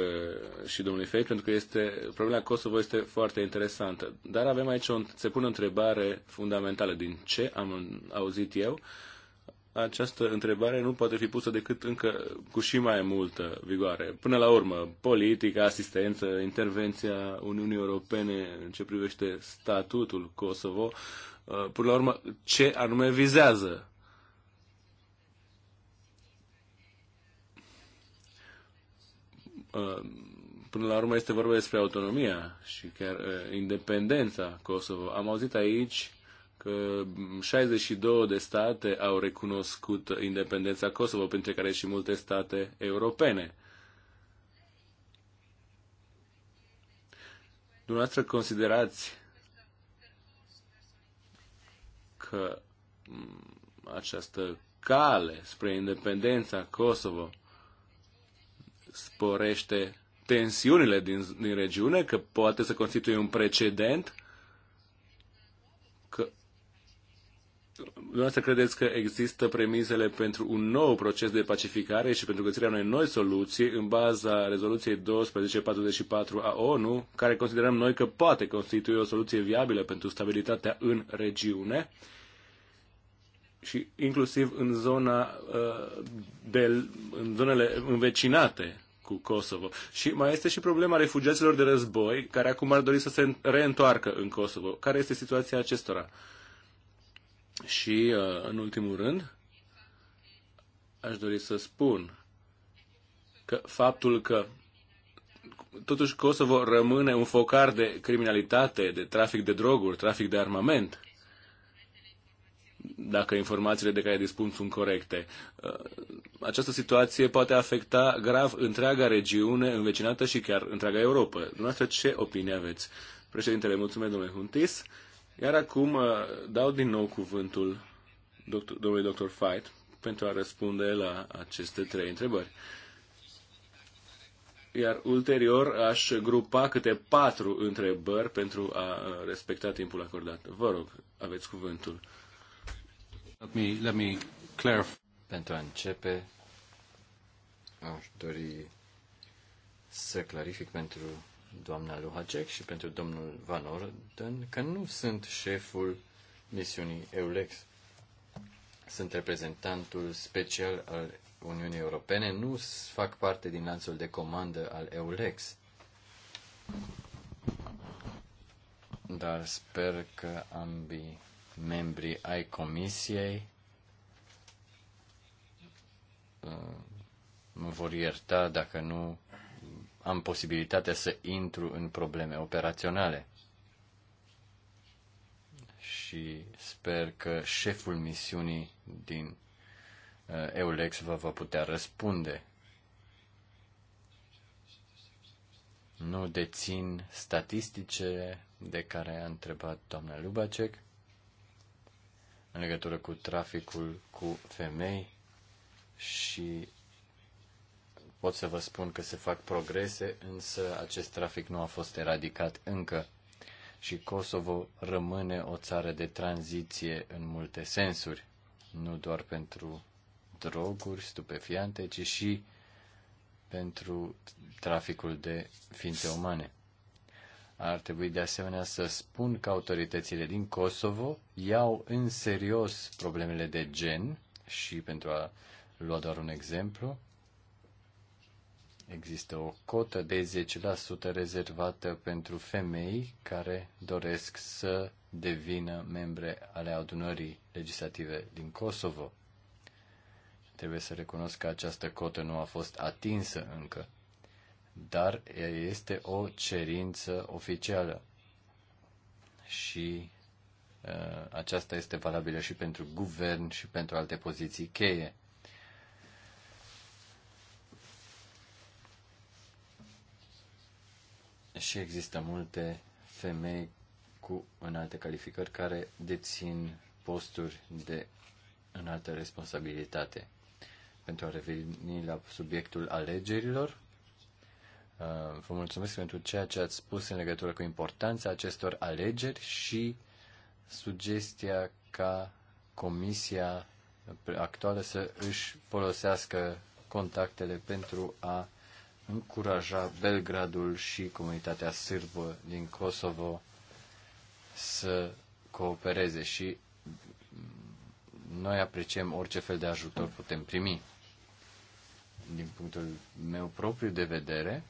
și domnului Fei, pentru că este, problema Kosovo este foarte interesantă. Dar avem aici, o, se pune o întrebare fundamentală. Din ce am auzit eu, această întrebare nu poate fi pusă decât încă cu și mai multă vigoare. Până la urmă, politica, asistență, intervenția Uniunii Europene în ce privește statutul Kosovo, uh, până la urmă, ce anume vizează Uh, până la urmă este vorba despre autonomia și chiar uh, independența Kosovo. Am auzit aici că 62 de state au recunoscut independența Kosovo, printre care și multe state europene. Dumneavoastră considerați că mm, această cale spre independența Kosovo sporește tensiunile din, din regiune, că poate să constituie un precedent, că dumneavoastră credeți că există premisele pentru un nou proces de pacificare și pentru găsirea unei noi soluții în baza rezoluției 1244 a ONU, care considerăm noi că poate constitui o soluție viabilă pentru stabilitatea în regiune? și inclusiv în zona uh, de, în zonele învecinate cu Kosovo. Și mai este și problema refugiaților de război, care acum ar dori să se reîntoarcă în Kosovo. Care este situația acestora? Și, uh, în ultimul rând, aș dori să spun că faptul că totuși Kosovo rămâne un focar de criminalitate, de trafic de droguri, trafic de armament, dacă informațiile de care dispun sunt corecte. Uh, această situație poate afecta grav întreaga regiune învecinată și chiar întreaga Europa. Dumneavoastră, ce opinie aveți? Președintele, mulțumesc, domnule Huntis. Iar acum uh, dau din nou cuvântul domnului dr. Fight pentru a răspunde la aceste trei întrebări. Iar ulterior aș grupa câte patru întrebări pentru a respecta timpul acordat. Vă rog, aveți cuvântul. Let me, let me clarify. Pentru a începe, aș dori să clarific pentru doamna Luhacek și pentru domnul Van Orden că nu sunt șeful misiunii EULEX. Sunt reprezentantul special al Uniunii Europene, nu fac parte din lanțul de comandă al EULEX. Dar sper că ambii membri ai comisiei uh, mă vor ierta dacă nu am posibilitatea să intru în probleme operaționale. Și sper că șeful misiunii din uh, Eulex vă va putea răspunde. Nu dețin statisticele de care a întrebat doamna Lubacek în legătură cu traficul cu femei și pot să vă spun că se fac progrese, însă acest trafic nu a fost eradicat încă și Kosovo rămâne o țară de tranziție în multe sensuri, nu doar pentru droguri stupefiante, ci și pentru traficul de ființe umane. Ar trebui de asemenea să spun că autoritățile din Kosovo iau în serios problemele de gen și pentru a lua doar un exemplu, există o cotă de 10% rezervată pentru femei care doresc să devină membre ale adunării legislative din Kosovo. Trebuie să recunosc că această cotă nu a fost atinsă încă dar este o cerință oficială. Și uh, aceasta este valabilă și pentru guvern și pentru alte poziții cheie. Și există multe femei cu înalte calificări care dețin posturi de înaltă responsabilitate. Pentru a reveni la subiectul alegerilor, Uh, vă mulțumesc pentru ceea ce ați spus în legătură cu importanța acestor alegeri și sugestia ca Comisia actuală să își folosească contactele pentru a încuraja Belgradul și comunitatea sârbă din Kosovo să coopereze și noi apreciem orice fel de ajutor putem primi. Din punctul meu propriu de vedere,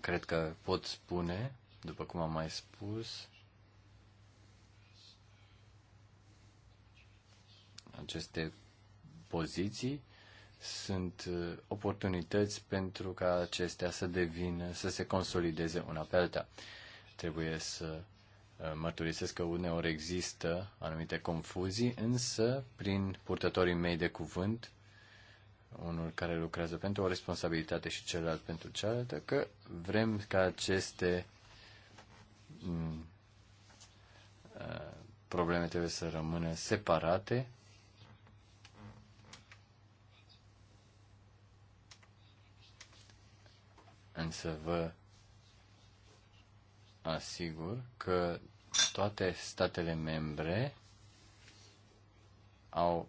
Cred că pot spune, după cum am mai spus, aceste poziții sunt uh, oportunități pentru ca acestea să devină, să se consolideze una pe alta. Trebuie să uh, mărturisesc că uneori există anumite confuzii, însă prin purtătorii mei de cuvânt unul care lucrează pentru o responsabilitate și celălalt pentru cealaltă, că vrem ca aceste mm, probleme trebuie să rămână separate. Însă vă asigur că toate statele membre au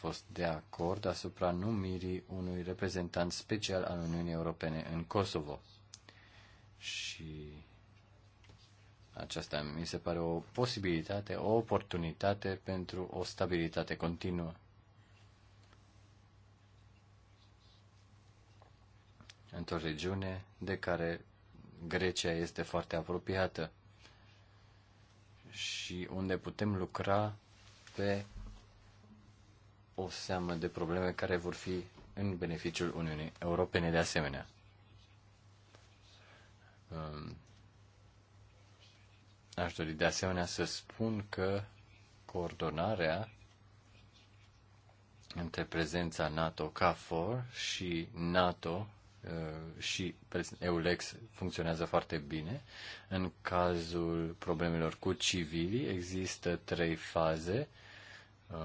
fost de acord asupra numirii unui reprezentant special al Uniunii Europene în Kosovo. Și aceasta mi se pare o posibilitate, o oportunitate pentru o stabilitate continuă. Într-o regiune de care Grecia este foarte apropiată și unde putem lucra pe o seamă de probleme care vor fi în beneficiul Uniunii Europene de asemenea. Um, aș dori de asemenea să spun că coordonarea între prezența NATO CAFOR și NATO uh, și EULEX funcționează foarte bine. În cazul problemelor cu civilii există trei faze uh,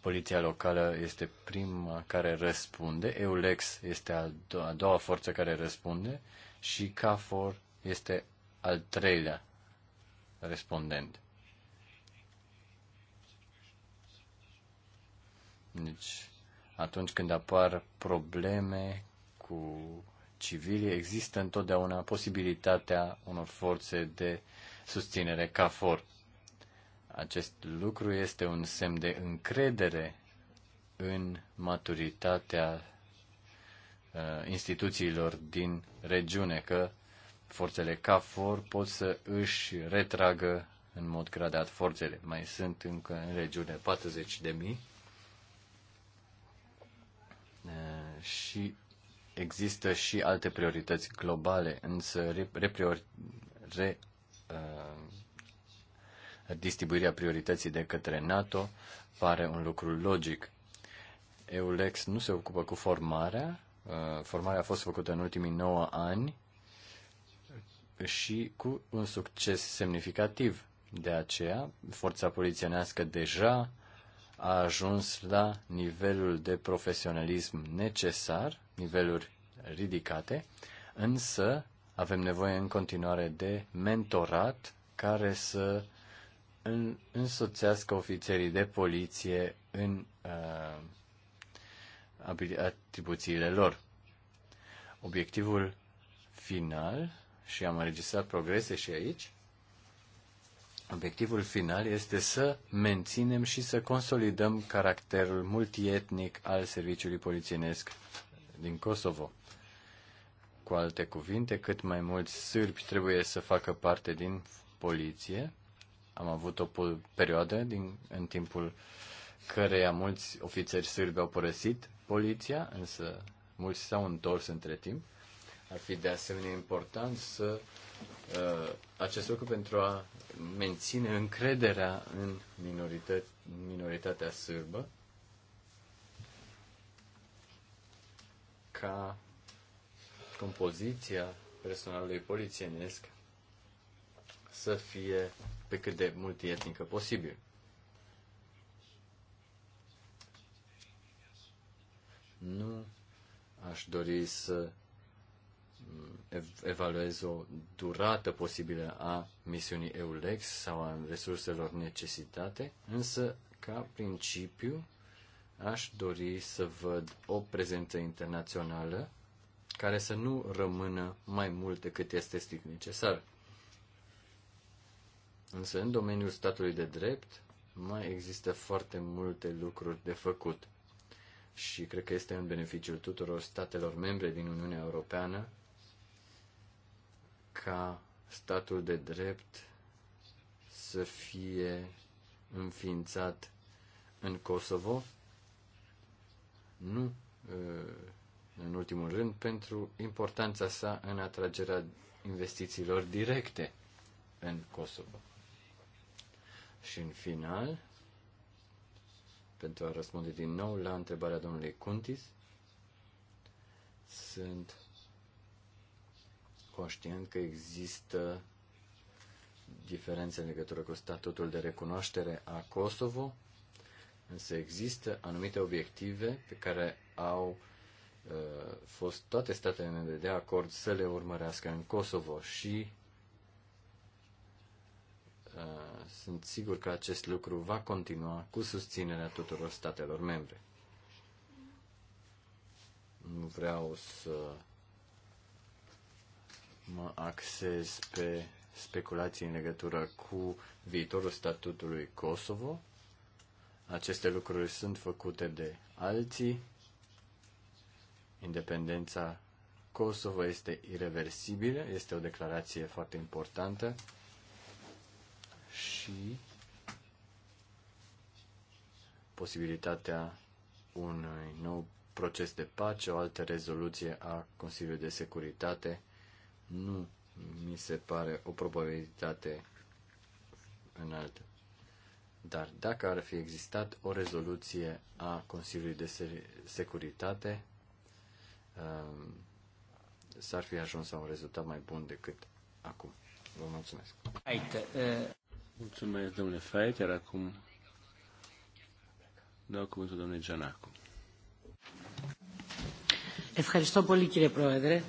poliția locală este prima care răspunde, EULEX este a doua, a doua forță care răspunde și CAFOR este al treilea respondent. Deci, atunci când apar probleme cu civilii, există întotdeauna posibilitatea unor forțe de susținere CAFOR. Acest lucru este un semn de încredere în maturitatea uh, instituțiilor din regiune, că forțele CAFOR pot să își retragă în mod gradat forțele. Mai sunt încă în regiune 40 de mii uh, și există și alte priorități globale, însă reprior, re, distribuirea priorității de către NATO pare un lucru logic. EULEX nu se ocupă cu formarea. Uh, formarea a fost făcută în ultimii 9 ani și cu un succes semnificativ. De aceea, forța polițienească deja a ajuns la nivelul de profesionalism necesar, niveluri ridicate, însă avem nevoie în continuare de mentorat care să în, însoțească ofițerii de poliție în uh, atribuțiile lor. Obiectivul final, și am înregistrat progrese și aici, obiectivul final este să menținem și să consolidăm caracterul multietnic al serviciului polițienesc din Kosovo. Cu alte cuvinte, cât mai mulți sârbi trebuie să facă parte din poliție am avut o perioadă din, în timpul căreia mulți ofițeri sârbi au părăsit poliția, însă mulți s-au întors între timp. Ar fi de asemenea important să uh, acest lucru pentru a menține încrederea în minoritatea sârbă ca compoziția personalului polițienesc să fie pe cât de multietnică posibil. Nu aș dori să mm, evaluez o durată posibilă a misiunii EULEX sau a resurselor necesitate, însă, ca principiu, aș dori să văd o prezență internațională care să nu rămână mai mult decât este strict necesar. Însă în domeniul statului de drept mai există foarte multe lucruri de făcut. Și cred că este în beneficiul tuturor statelor membre din Uniunea Europeană ca statul de drept să fie înființat în Kosovo, nu ă, în ultimul rând pentru importanța sa în atragerea investițiilor directe în Kosovo. Și în final, pentru a răspunde din nou la întrebarea domnului Cuntis, sunt conștient că există diferențe în legătură cu statutul de recunoaștere a Kosovo, însă există anumite obiective pe care au uh, fost toate statele membre de acord să le urmărească în Kosovo și Uh, sunt sigur că acest lucru va continua cu susținerea tuturor statelor membre. Nu vreau să mă axez pe speculații în legătură cu viitorul statutului Kosovo. Aceste lucruri sunt făcute de alții. Independența Kosovo este irreversibilă, este o declarație foarte importantă și posibilitatea unui nou proces de pace, o altă rezoluție a Consiliului de Securitate, nu mi se pare o probabilitate înaltă. Dar dacă ar fi existat o rezoluție a Consiliului de Securitate, um, s-ar fi ajuns la un rezultat mai bun decât acum. Vă mulțumesc. Uh, Mulțumesc, domnule iar Acum dau cuvântul domnului Gianacu. Ευχαριστώ πολύ κύριε Πρόεδρε.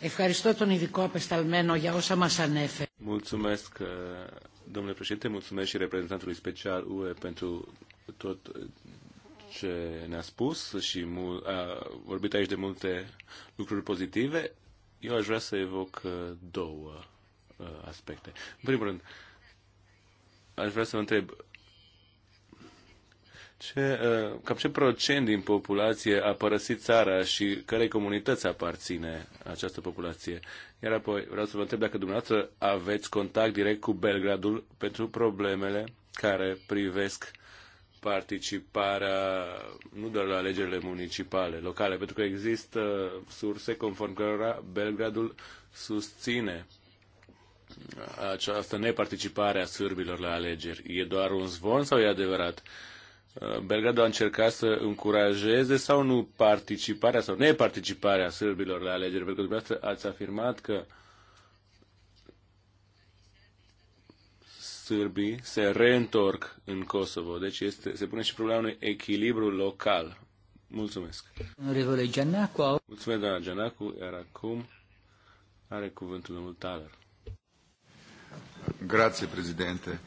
Ευχαριστώ τον ειδικό απεσταλμένο για όσα μας ανέφερε. Mulțumesc, domnule președinte, mulțumesc și reprezentantului special UE pentru tot ce ne-a spus și a vorbit aici de multe lucruri pozitive. Eu aș vrea să evoc două aspecte. În primul rând, aș vrea să vă întreb, ce, uh, cam ce procent din populație a părăsit țara și care comunități aparține această populație? Iar apoi vreau să vă întreb dacă dumneavoastră aveți contact direct cu Belgradul pentru problemele care privesc participarea nu doar la alegerile municipale, locale, pentru că există surse conform cărora Belgradul susține această neparticipare a sârbilor la alegeri. E doar un zvon sau e adevărat? Uh, Belgrado a încercat să încurajeze sau nu participarea sau neparticiparea sârbilor la alegeri, pentru că dumneavoastră ați afirmat că sârbii se reîntorc în Kosovo. Deci este, se pune și problema unui echilibru local. Mulțumesc. Mulțumesc, doamna Gianacu, iar acum are cuvântul domnul Taler. Grazie, prezidente.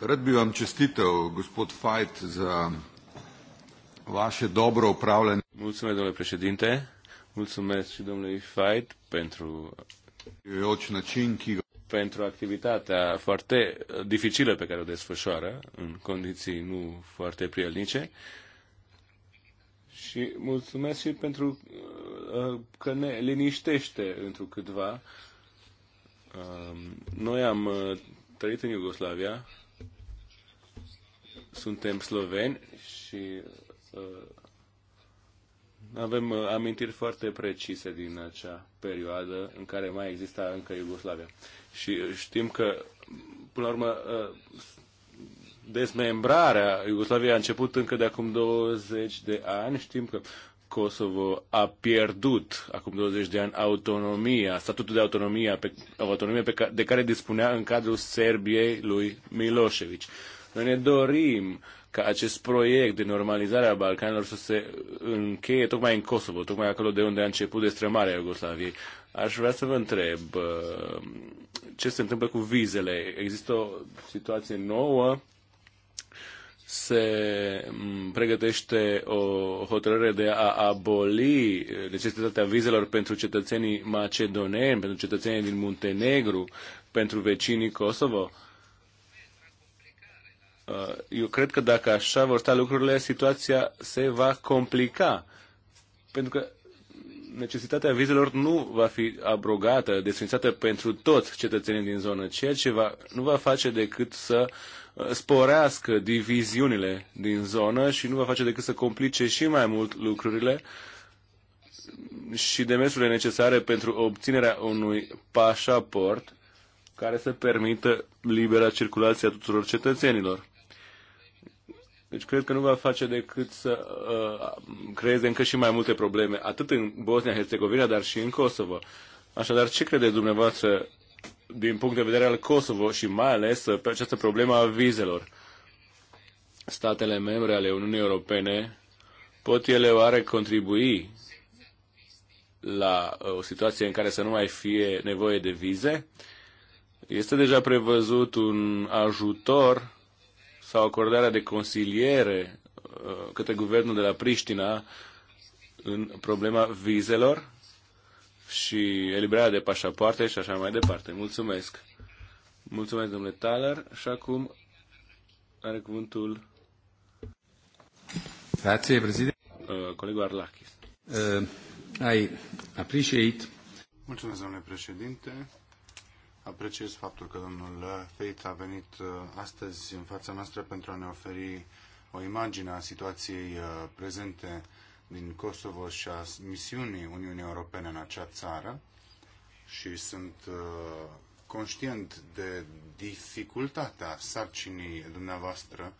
Rad bi vam čestitev, gospod Fajt, za vaše dobro upravljanje. Mulțumesc, domnule președinte. Mulțumesc și domnului Fait pentru pentru activitatea foarte uh, dificilă pe care o desfășoară în condiții nu foarte prielnice și mulțumesc și pentru uh, că ne liniștește într-o câtva noi am uh, trăit în Iugoslavia, suntem sloveni și uh, avem uh, amintiri foarte precise din acea perioadă în care mai exista încă Iugoslavia. Și știm că, până la urmă, dezmembrarea Iugoslaviei a început încă de acum 20 de ani. Știm că Kosovo a pierdut acum 20 de ani autonomia, statutul de autonomie, pe, autonomie pe care, de care dispunea în cadrul Serbiei lui Milosevic. Noi ne dorim ca acest proiect de normalizare a Balcanilor să se încheie tocmai în Kosovo, tocmai acolo de unde a început destrămarea Iugoslaviei. Aș vrea să vă întreb uh, ce se întâmplă cu vizele. Există o situație nouă se pregătește o hotărâre de a aboli eh, necesitatea vizelor pentru cetățenii macedoneni, pentru cetățenii din Muntenegru, pentru vecinii Kosovo. Eh, eu cred că dacă așa vor sta lucrurile, situația se va complica. Pentru că necesitatea vizelor nu va fi abrogată, desfințată pentru toți cetățenii din zonă, ceea ce va, nu va face decât să uh, sporească diviziunile din zonă și nu va face decât să complice și mai mult lucrurile și demersurile necesare pentru obținerea unui pașaport care să permită libera circulație a tuturor cetățenilor. Deci cred că nu va face decât să uh, creeze încă și mai multe probleme, atât în Bosnia-Herzegovina, dar și în Kosovo. Așadar, ce crede dumneavoastră din punct de vedere al Kosovo și mai ales uh, pe această problemă a vizelor. Statele membre ale Uniunii Europene pot ele oare contribui la uh, o situație în care să nu mai fie nevoie de vize? Este deja prevăzut un ajutor sau acordarea de consiliere uh, către guvernul de la Priștina în problema vizelor? și eliberarea de pașapoarte și așa mai departe. Mulțumesc! Mulțumesc, domnule Tyler. Și acum are cuvântul Grazie, președinte. Uh, colegul Arlachis. Uh, I appreciate... Mulțumesc, domnule președinte. Apreciez faptul că domnul Feit a venit uh, astăzi în fața noastră pentru a ne oferi o imagine a situației uh, prezente din Kosovo și a misiunii Uniunii Europene în acea țară și sunt uh, conștient de dificultatea sarcinii dumneavoastră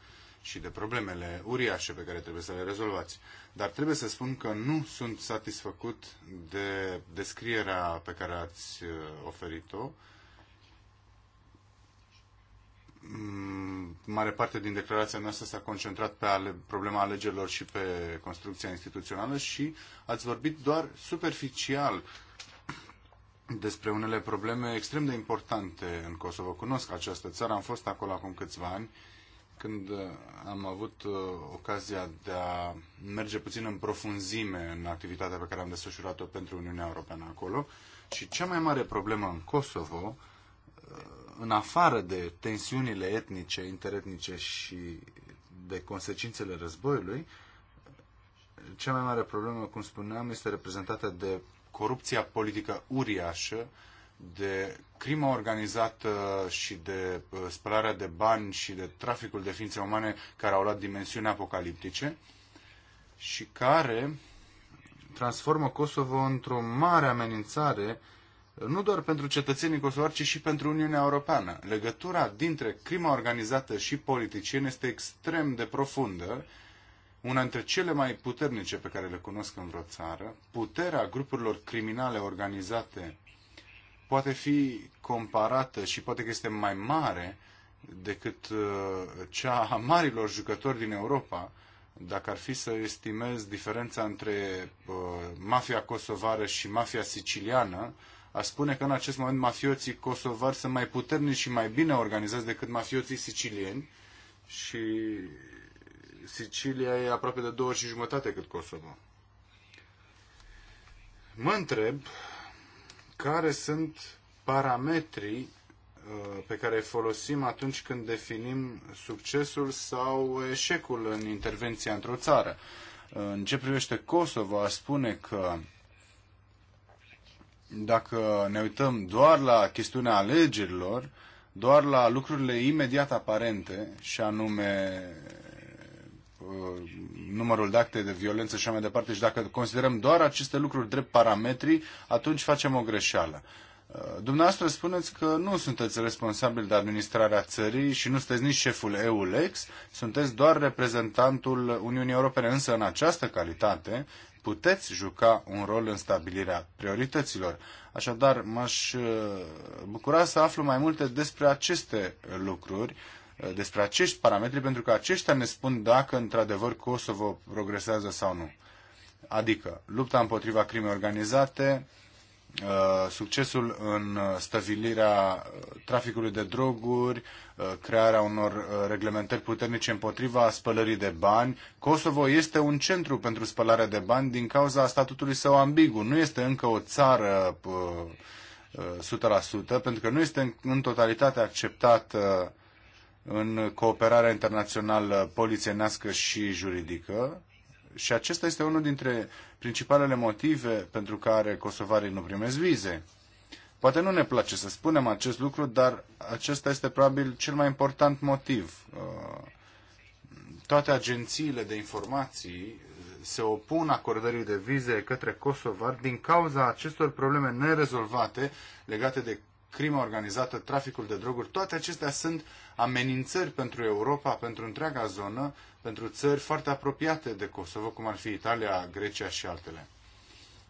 și de problemele uriașe pe care trebuie să le rezolvați. Dar trebuie să spun că nu sunt satisfăcut de descrierea pe care ați uh, oferit-o Mm, mare parte din declarația noastră s-a concentrat pe ale, problema alegerilor și pe construcția instituțională și ați vorbit doar superficial despre unele probleme extrem de importante în Kosovo. Cunosc această țară, am fost acolo acum câțiva ani când uh, am avut uh, ocazia de a merge puțin în profunzime în activitatea pe care am desfășurat-o pentru Uniunea Europeană acolo. Și cea mai mare problemă în Kosovo uh, în afară de tensiunile etnice, interetnice și de consecințele războiului, cea mai mare problemă, cum spuneam, este reprezentată de corupția politică uriașă, de crima organizată și de uh, spălarea de bani și de traficul de ființe umane care au luat dimensiuni apocaliptice și care transformă Kosovo într-o mare amenințare nu doar pentru cetățenii kosovari, ci și pentru Uniunea Europeană. Legătura dintre crima organizată și politicieni este extrem de profundă, una dintre cele mai puternice pe care le cunosc în vreo țară. Puterea grupurilor criminale organizate poate fi comparată și poate că este mai mare decât uh, cea a marilor jucători din Europa, dacă ar fi să estimez diferența între uh, mafia kosovară și mafia siciliană, uh, a spune că în acest moment mafioții kosovari sunt mai puternici și mai bine organizați decât mafioții sicilieni și Sicilia e aproape de două ori și jumătate cât Kosovo. Mă întreb care sunt parametrii uh, pe care îi folosim atunci când definim succesul sau eșecul în intervenția într-o țară. În ce privește Kosovo, a spune că dacă ne uităm doar la chestiunea alegerilor, doar la lucrurile imediat aparente, și anume uh, numărul de acte de violență și așa mai departe, și dacă considerăm doar aceste lucruri drept parametri, atunci facem o greșeală. Uh, dumneavoastră spuneți că nu sunteți responsabil de administrarea țării și nu sunteți nici șeful EULEX, sunteți doar reprezentantul Uniunii Europene, însă în această calitate puteți juca un rol în stabilirea priorităților. Așadar, m-aș uh, bucura să aflu mai multe despre aceste lucruri, uh, despre acești parametri, pentru că aceștia ne spun dacă într-adevăr Kosovo progresează sau nu. Adică lupta împotriva crimei organizate, Uh, succesul în uh, stăvilirea uh, traficului de droguri, crearea unor reglementări puternice împotriva spălării de bani. Kosovo este un centru pentru spălarea de bani din cauza statutului său ambigu. Nu este încă o țară 100%, pentru că nu este în totalitate acceptată în cooperarea internațională polițienească și juridică și acesta este unul dintre principalele motive pentru care kosovarii nu primesc vize. Poate nu ne place să spunem acest lucru, dar acesta este probabil cel mai important motiv. Uh, toate agențiile de informații se opun acordării de vize către kosovari din cauza acestor probleme nerezolvate legate de crima organizată, traficul de droguri, toate acestea sunt amenințări pentru Europa, pentru întreaga zonă, pentru țări foarte apropiate de Kosovo, cum ar fi Italia, Grecia și altele.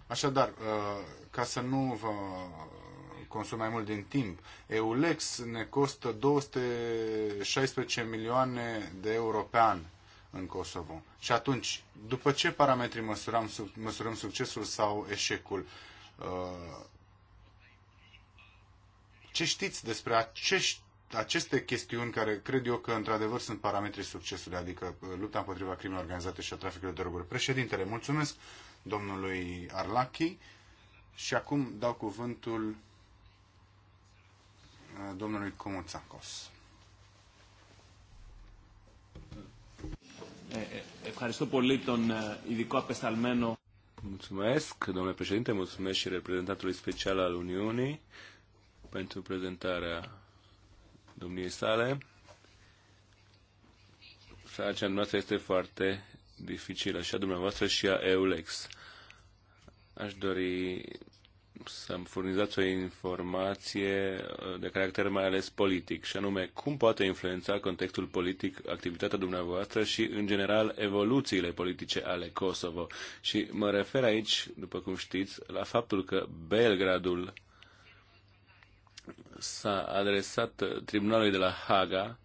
Așadar, uh, ca să nu vă consum mai mult din timp, EULEX ne costă 216 milioane de euro pe an în Kosovo. Și atunci, după ce parametri măsurăm, măsurăm succesul sau eșecul? Uh, ce știți despre acești, aceste chestiuni care cred eu că într-adevăr sunt parametrii succesului, adică uh, lupta împotriva crimei organizate și a traficului de droguri? Președintele, mulțumesc domnului Arlachi și acum dau cuvântul uh, domnului Comuțacos. Eh, eh, eh, mulțumesc, domnule președinte, mulțumesc și reprezentantului special al Uniunii pentru prezentarea domniei sale. Sarcina noastră este foarte dificilă, și a dumneavoastră și a EULEX. Aș dori să-mi furnizați o informație uh, de caracter mai ales politic, și anume cum poate influența contextul politic activitatea dumneavoastră și, în general, evoluțiile politice ale Kosovo. Și mă refer aici, după cum știți, la faptul că Belgradul s-a adresat tribunalului de la Haga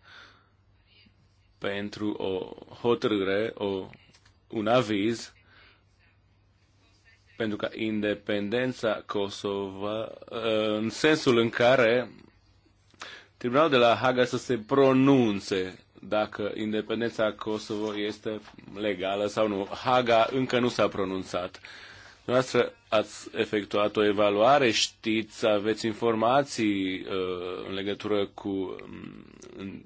pentru o hotărâre, o, un aviz pentru ca independența Kosovo, uh, în sensul în care tribunalul de la Haga să se pronunțe dacă independența Kosovo este legală sau nu. Haga încă nu s-a pronunțat. Noastră ați efectuat o evaluare, știți, aveți informații uh, în legătură cu um,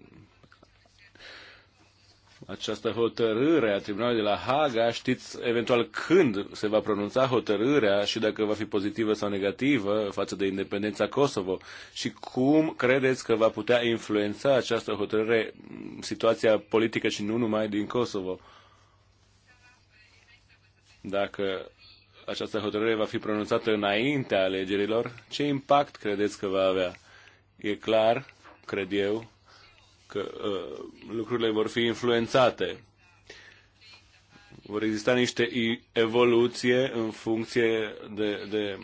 această hotărâre a Tribunalului de la Haga, știți eventual când se va pronunța hotărârea și dacă va fi pozitivă sau negativă față de independența Kosovo și cum credeți că va putea influența această hotărâre situația politică și nu numai din Kosovo? Dacă această hotărâre va fi pronunțată înaintea alegerilor, ce impact credeți că va avea? E clar, cred eu, că uh, lucrurile vor fi influențate. Vor exista niște evoluție în funcție de, de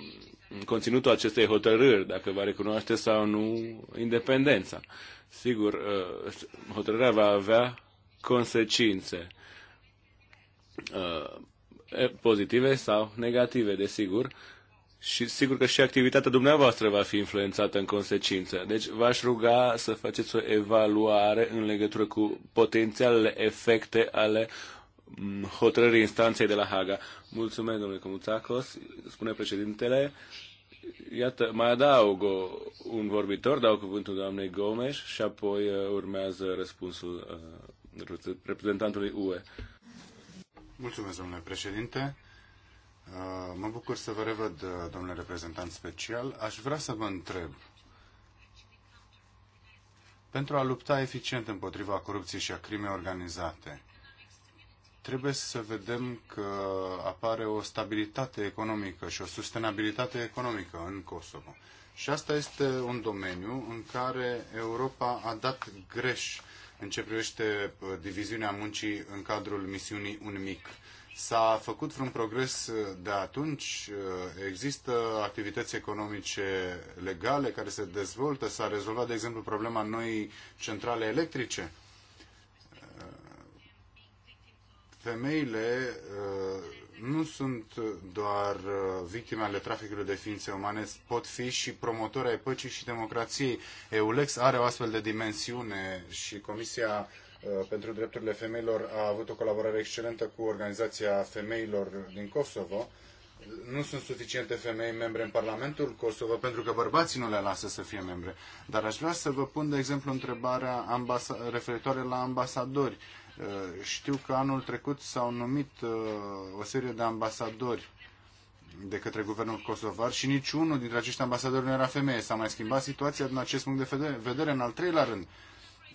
conținutul acestei hotărâri, dacă va recunoaște sau nu independența. Sigur, uh, hotărârea va avea consecințe. Uh, pozitive sau negative, desigur. Și sigur că și activitatea dumneavoastră va fi influențată în consecință. Deci v-aș ruga să faceți o evaluare în legătură cu potențialele efecte ale mm, hotărârii instanței de la Haga. Mulțumesc, domnule Comuțacos, spune președintele. Iată, mai adaug un vorbitor, dau cuvântul doamnei Gomes și apoi uh, urmează răspunsul uh, reprezentantului UE. Mulțumesc, domnule președinte. Uh, mă bucur să vă revăd, uh, domnule reprezentant special. Aș vrea să vă întreb, pentru a lupta eficient împotriva corupției și a crimei organizate, trebuie să vedem că apare o stabilitate economică și o sustenabilitate economică în Kosovo. Și asta este un domeniu în care Europa a dat greș în ce privește uh, diviziunea muncii în cadrul misiunii Un Mic. S-a făcut vreun progres uh, de atunci? Uh, există activități economice legale care se dezvoltă? S-a rezolvat, de exemplu, problema noii centrale electrice? Femeile nu sunt uh, doar uh, victime ale traficului de ființe umane, pot fi și promotori ai păcii și democrației. EULEX are o astfel de dimensiune și Comisia uh, pentru Drepturile Femeilor a avut o colaborare excelentă cu Organizația Femeilor din Kosovo. Nu sunt suficiente femei membre în Parlamentul Kosovo pentru că bărbații nu le lasă să fie membre. Dar aș vrea să vă pun, de exemplu, întrebarea referitoare la ambasadori Eh, știu că anul trecut s-au numit eh, o serie de ambasadori de către guvernul kosovar și niciunul dintre acești ambasadori nu era femeie. S-a mai schimbat situația din acest punct de vedere. În al treilea rând,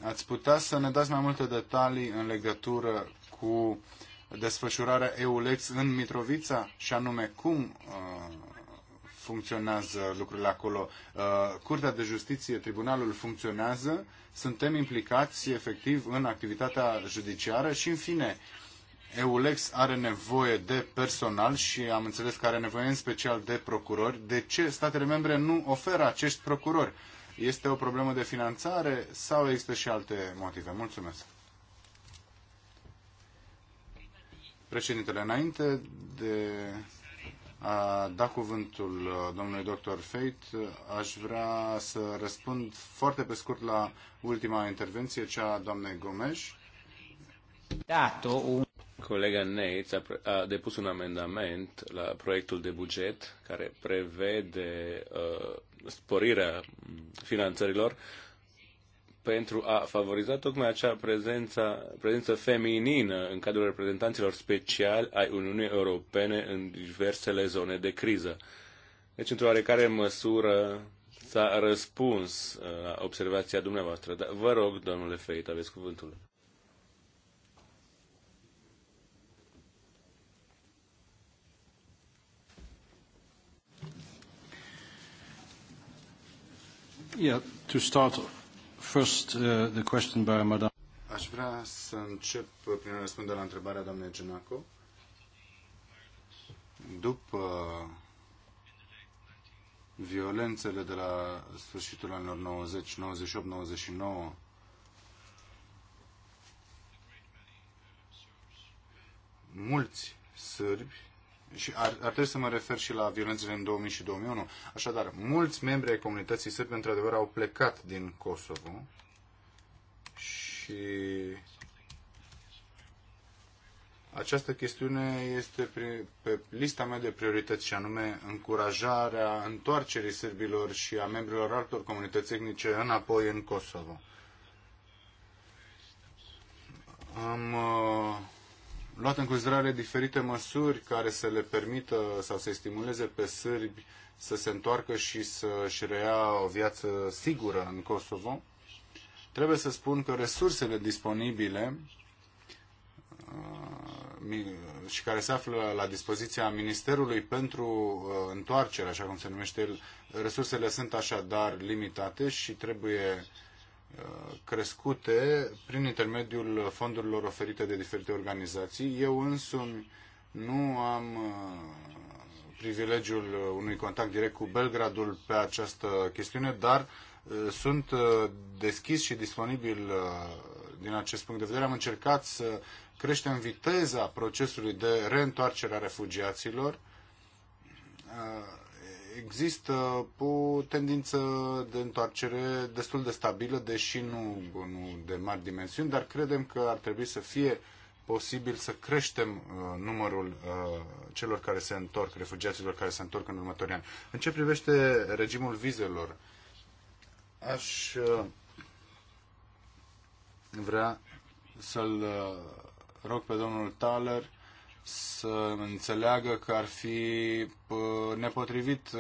ați putea să ne dați mai multe detalii în legătură cu desfășurarea EULEX în Mitrovița și anume cum eh, funcționează lucrurile acolo. Uh, Curtea de Justiție, tribunalul funcționează, suntem implicați efectiv în activitatea judiciară și, în fine, EULEX are nevoie de personal și am înțeles că are nevoie în special de procurori. De ce statele membre nu oferă acești procurori? Este o problemă de finanțare sau există și alte motive? Mulțumesc. Președintele, înainte de a da cuvântul uh, domnului dr. Feit, aș vrea să răspund foarte pe scurt la ultima intervenție, cea a doamnei Gomes. Dato un... Colega Neitz a, a depus un amendament la proiectul de buget care prevede uh, sporirea finanțărilor uh, pentru a favoriza tocmai acea prezență, prezență feminină în cadrul reprezentanților speciali ai Uniunii Europene în diversele zone de criză. Deci, într-o oarecare măsură, s-a răspuns uh, la observația dumneavoastră. Dar vă rog, domnule Feit, aveți cuvântul. Yeah, to start First, uh, the question by Madame. Aș vrea să încep prin a răspunde la întrebarea doamnei Genaco. După violențele de la sfârșitul anilor 90, 98, 99, mulți sârbi și ar, ar trebui să mă refer și la violențele în 2000 și 2001. Așadar, mulți membri ai comunității sârbe, într-adevăr, au plecat din Kosovo și această chestiune este pe lista mea de priorități și anume încurajarea întoarcerii sârbilor și a membrilor altor comunități etnice înapoi în Kosovo. Am uh, luat în considerare diferite măsuri care să le permită sau să-i stimuleze pe sârbi să se întoarcă și să-și reia o viață sigură în Kosovo, trebuie să spun că resursele disponibile uh, și care se află la dispoziția Ministerului pentru uh, întoarcere, așa cum se numește el, resursele sunt așadar limitate și trebuie crescute prin intermediul fondurilor oferite de diferite organizații. Eu însumi nu am uh, privilegiul unui contact direct cu Belgradul pe această chestiune, dar uh, sunt uh, deschis și disponibil din acest punct de vedere. Am încercat să creștem viteza procesului de reîntoarcere a refugiaților există o tendință de întoarcere destul de stabilă, deși nu, nu de mari dimensiuni, dar credem că ar trebui să fie posibil să creștem uh, numărul uh, celor care se întorc, refugiaților care se întorc în următorii ani. În ce privește regimul vizelor, aș uh, vrea să-l uh, rog pe domnul Thaler să înțeleagă că ar fi nepotrivit ă,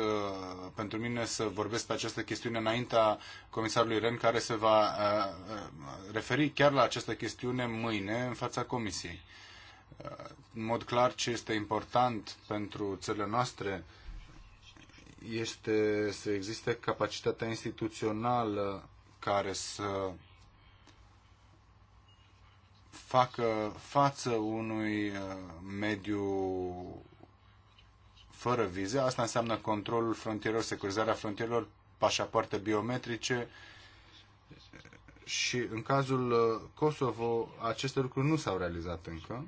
pentru mine să vorbesc pe această chestiune înaintea comisarului Ren, care se va ă, ă, referi chiar la această chestiune mâine în fața comisiei. În mod clar, ce este important pentru țările noastre este să existe capacitatea instituțională care să facă față unui uh, mediu fără vize. Asta înseamnă controlul frontierelor, securizarea frontierelor, pașapoarte biometrice și în cazul uh, Kosovo aceste lucruri nu s-au realizat încă.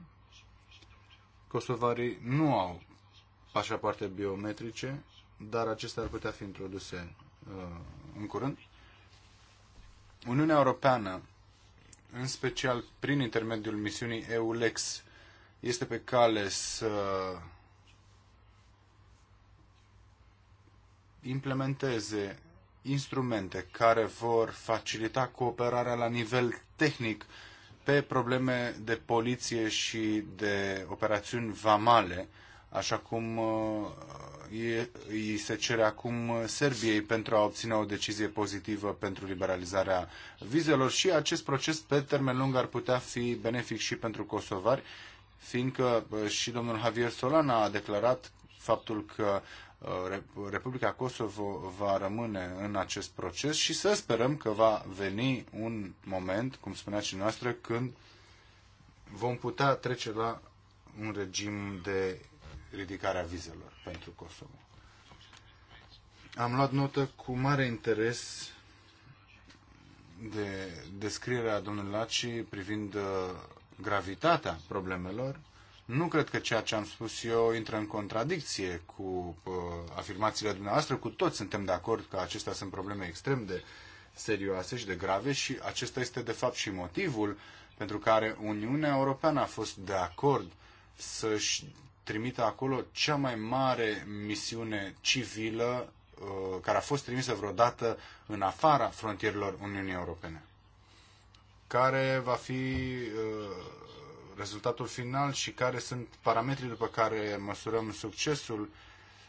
Kosovarii nu au pașapoarte biometrice, dar acestea ar putea fi introduse uh, în curând. Uniunea Europeană în special prin intermediul misiunii EULEX, este pe cale să implementeze instrumente care vor facilita cooperarea la nivel tehnic pe probleme de poliție și de operațiuni vamale, așa cum uh, îi se cere acum Serbiei pentru a obține o decizie pozitivă pentru liberalizarea vizelor și acest proces pe termen lung ar putea fi benefic și pentru kosovari, fiindcă uh, și domnul Javier Solana a declarat faptul că uh, Republica Kosovo va rămâne în acest proces și să sperăm că va veni un moment, cum spunea și noastră, când vom putea trece la un regim de ridicarea vizelor pentru Kosovo. Am luat notă cu mare interes de descrierea domnului Laci privind uh, gravitatea problemelor. Nu cred că ceea ce am spus eu intră în contradicție cu uh, afirmațiile dumneavoastră. Cu toți suntem de acord că acestea sunt probleme extrem de serioase și de grave și acesta este de fapt și motivul pentru care Uniunea Europeană a fost de acord să-și trimită acolo cea mai mare misiune civilă uh, care a fost trimisă vreodată în afara frontierilor Uniunii Europene, care va fi uh, rezultatul final și care sunt parametrii după care măsurăm succesul.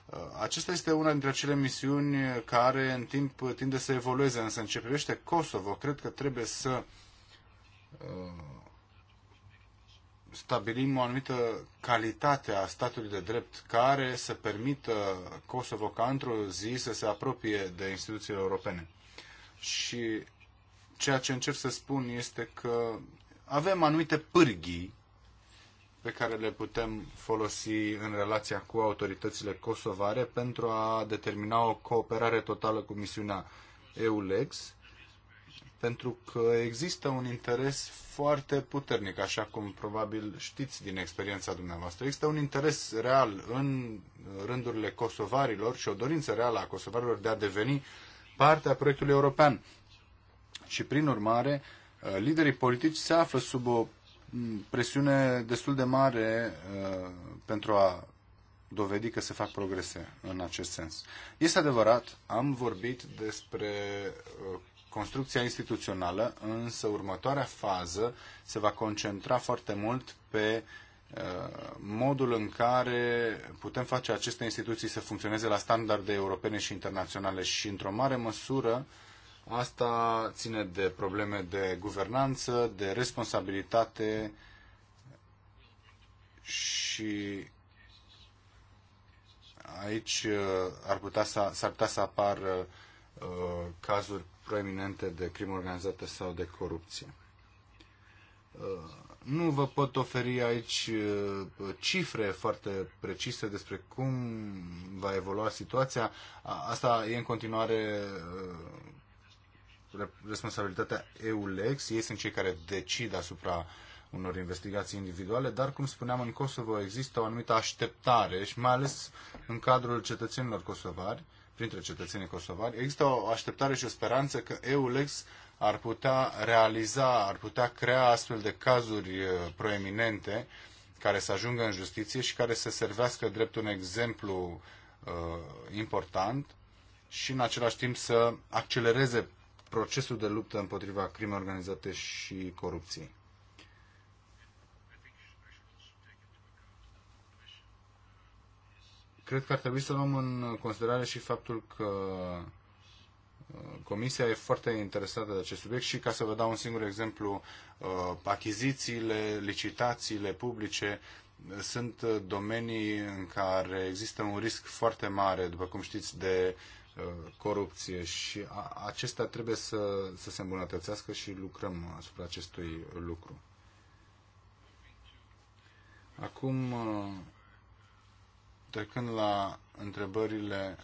Uh, acesta este una dintre acele misiuni care în timp tinde să evolueze, însă în ce privește Kosovo, cred că trebuie să stabilim o anumită calitate a statului de drept care să permită Kosovo ca într-o zi să se apropie de instituțiile europene. Și ceea ce încerc să spun este că avem anumite pârghii pe care le putem folosi în relația cu autoritățile kosovare pentru a determina o cooperare totală cu misiunea EULEX pentru că există un interes foarte puternic, așa cum probabil știți din experiența dumneavoastră. Există un interes real în rândurile kosovarilor și o dorință reală a kosovarilor de a deveni parte a proiectului european. Și prin urmare, liderii politici se află sub o presiune destul de mare uh, pentru a dovedi că se fac progrese în acest sens. Este adevărat, am vorbit despre uh, construcția instituțională, însă următoarea fază se va concentra foarte mult pe uh, modul în care putem face aceste instituții să funcționeze la standarde europene și internaționale și, într-o mare măsură, asta ține de probleme de guvernanță, de responsabilitate și aici uh, ar putea să, s-ar putea să apar uh, cazuri proeminente de crimă organizată sau de corupție. Uh, nu vă pot oferi aici uh, cifre foarte precise despre cum va evolua situația. Asta e în continuare uh, responsabilitatea EULEX. Ei sunt cei care decid asupra unor investigații individuale, dar, cum spuneam, în Kosovo există o anumită așteptare și mai ales în cadrul cetățenilor kosovari printre cetățenii kosovari. Există o așteptare și o speranță că EULEX ar putea realiza, ar putea crea astfel de cazuri uh, proeminente care să ajungă în justiție și care să servească drept un exemplu uh, important și în același timp să accelereze procesul de luptă împotriva crimei organizate și corupției. Cred că ar trebui să luăm în considerare și faptul că uh, Comisia e foarte interesată de acest subiect și ca să vă dau un singur exemplu, uh, achizițiile, licitațiile publice uh, sunt domenii în care există un risc foarte mare, după cum știți, de corupție și acestea trebuie să, să se îmbunătățească și lucrăm asupra acestui lucru. Acum Trecând la întrebările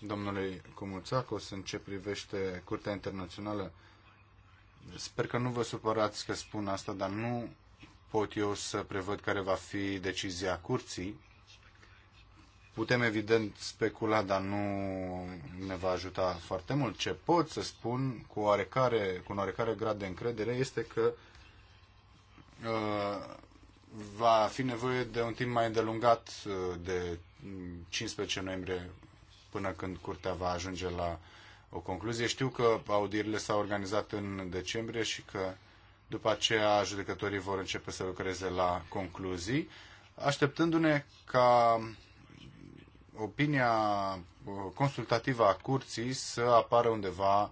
domnului Comuțacos în ce privește Curtea Internațională, sper că nu vă supărați că spun asta, dar nu pot eu să prevăd care va fi decizia curții. Putem evident specula, dar nu ne va ajuta foarte mult. Ce pot să spun cu, oarecare, cu un oarecare grad de încredere este că uh, va fi nevoie de un timp mai îndelungat uh, de 15 mm, noiembrie până când curtea va ajunge la o concluzie. Știu că audierile s-au organizat în decembrie și că după aceea judecătorii vor începe să lucreze la concluzii, așteptându-ne ca opinia uh, consultativă a curții să apară undeva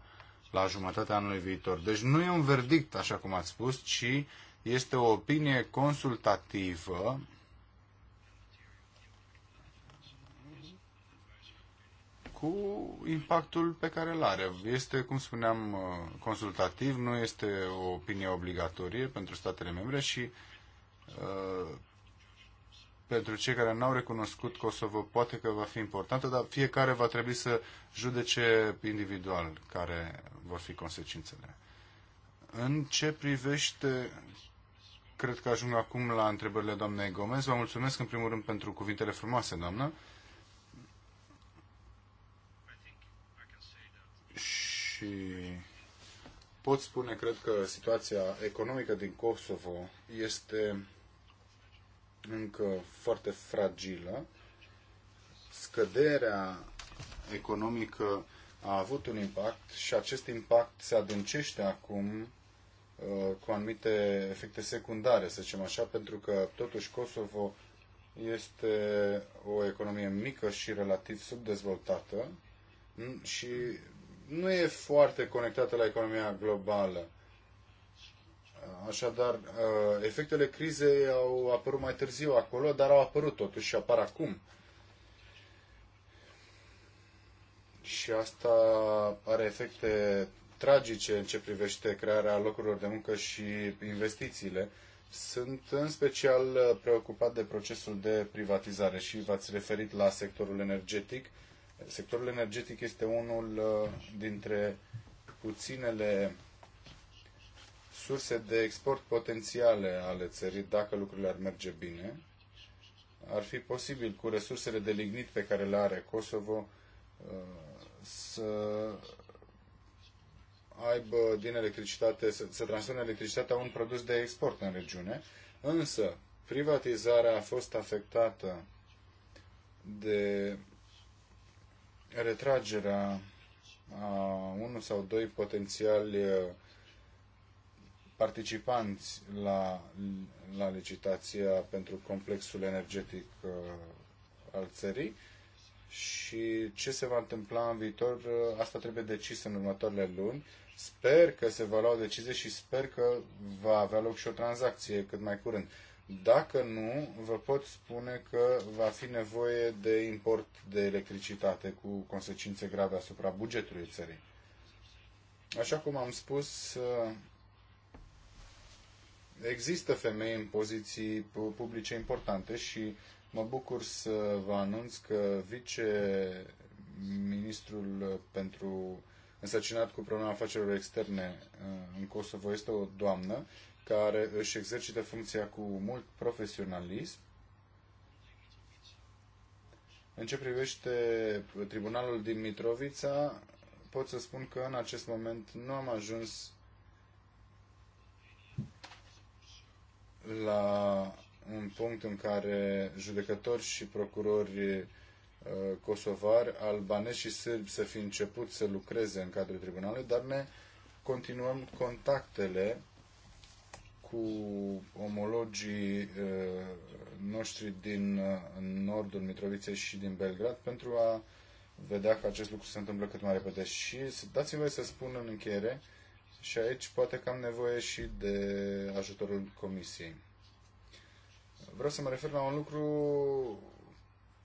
la jumătatea anului viitor. Deci nu e un verdict, așa cum ați spus, ci este o opinie consultativă cu impactul pe care îl are. Este, cum spuneam, uh, consultativ, nu este o opinie obligatorie pentru statele membre și uh, pentru cei care n-au recunoscut Kosovo poate că va fi importantă, dar fiecare va trebui să judece individual care vor fi consecințele. În ce privește cred că ajung acum la întrebările doamnei Gomez. Vă mulțumesc în primul rând pentru cuvintele frumoase, doamnă. Și pot spune, cred că situația economică din Kosovo este încă foarte fragilă. Scăderea economică a avut un impact și acest impact se adâncește acum Uh, cu anumite efecte secundare, să zicem așa, pentru că totuși Kosovo este o economie mică și relativ subdezvoltată și nu e foarte conectată la economia globală. Uh, așadar, uh, efectele crizei au apărut mai târziu acolo, dar au apărut totuși și apar acum. Și asta are efecte tragice în ce privește crearea locurilor de muncă și investițiile. Sunt în special uh, preocupat de procesul de privatizare și v-ați referit la sectorul energetic. Sectorul energetic este unul uh, dintre puținele surse de export potențiale ale țării, dacă lucrurile ar merge bine. Ar fi posibil cu resursele de lignit pe care le are Kosovo uh, să aibă din electricitate, să, să transforme electricitatea un produs de export în regiune, însă privatizarea a fost afectată de retragerea a unul sau doi potențiali uh, participanți la, la licitația pentru complexul energetic uh, al țării și ce se va întâmpla în viitor, uh, asta trebuie decis în următoarele luni. Sper că se va lua o decizie și sper că va avea loc și o tranzacție cât mai curând. Dacă nu, vă pot spune că va fi nevoie de import de electricitate cu consecințe grave asupra bugetului țării. Așa cum am spus, uh, există femei în poziții publice importante și mă bucur să vă anunț că viceministrul pentru însăcinat cu problema afacerilor externe uh, în Kosovo este o doamnă care își exercită funcția cu mult profesionalism. În ce privește tribunalul din Mitrovica, pot să spun că în acest moment nu am ajuns la un punct în care judecători și procurori Uh, kosovari, albanezi și sârbi să fi început să lucreze în cadrul tribunalului, dar ne continuăm contactele cu omologii uh, noștri din uh, nordul Mitroviței și din Belgrad pentru a vedea că acest lucru se întâmplă cât mai repede. Și dați-mi voi să spun în încheiere, și aici poate că am nevoie și de ajutorul Comisiei. Vreau să mă refer la un lucru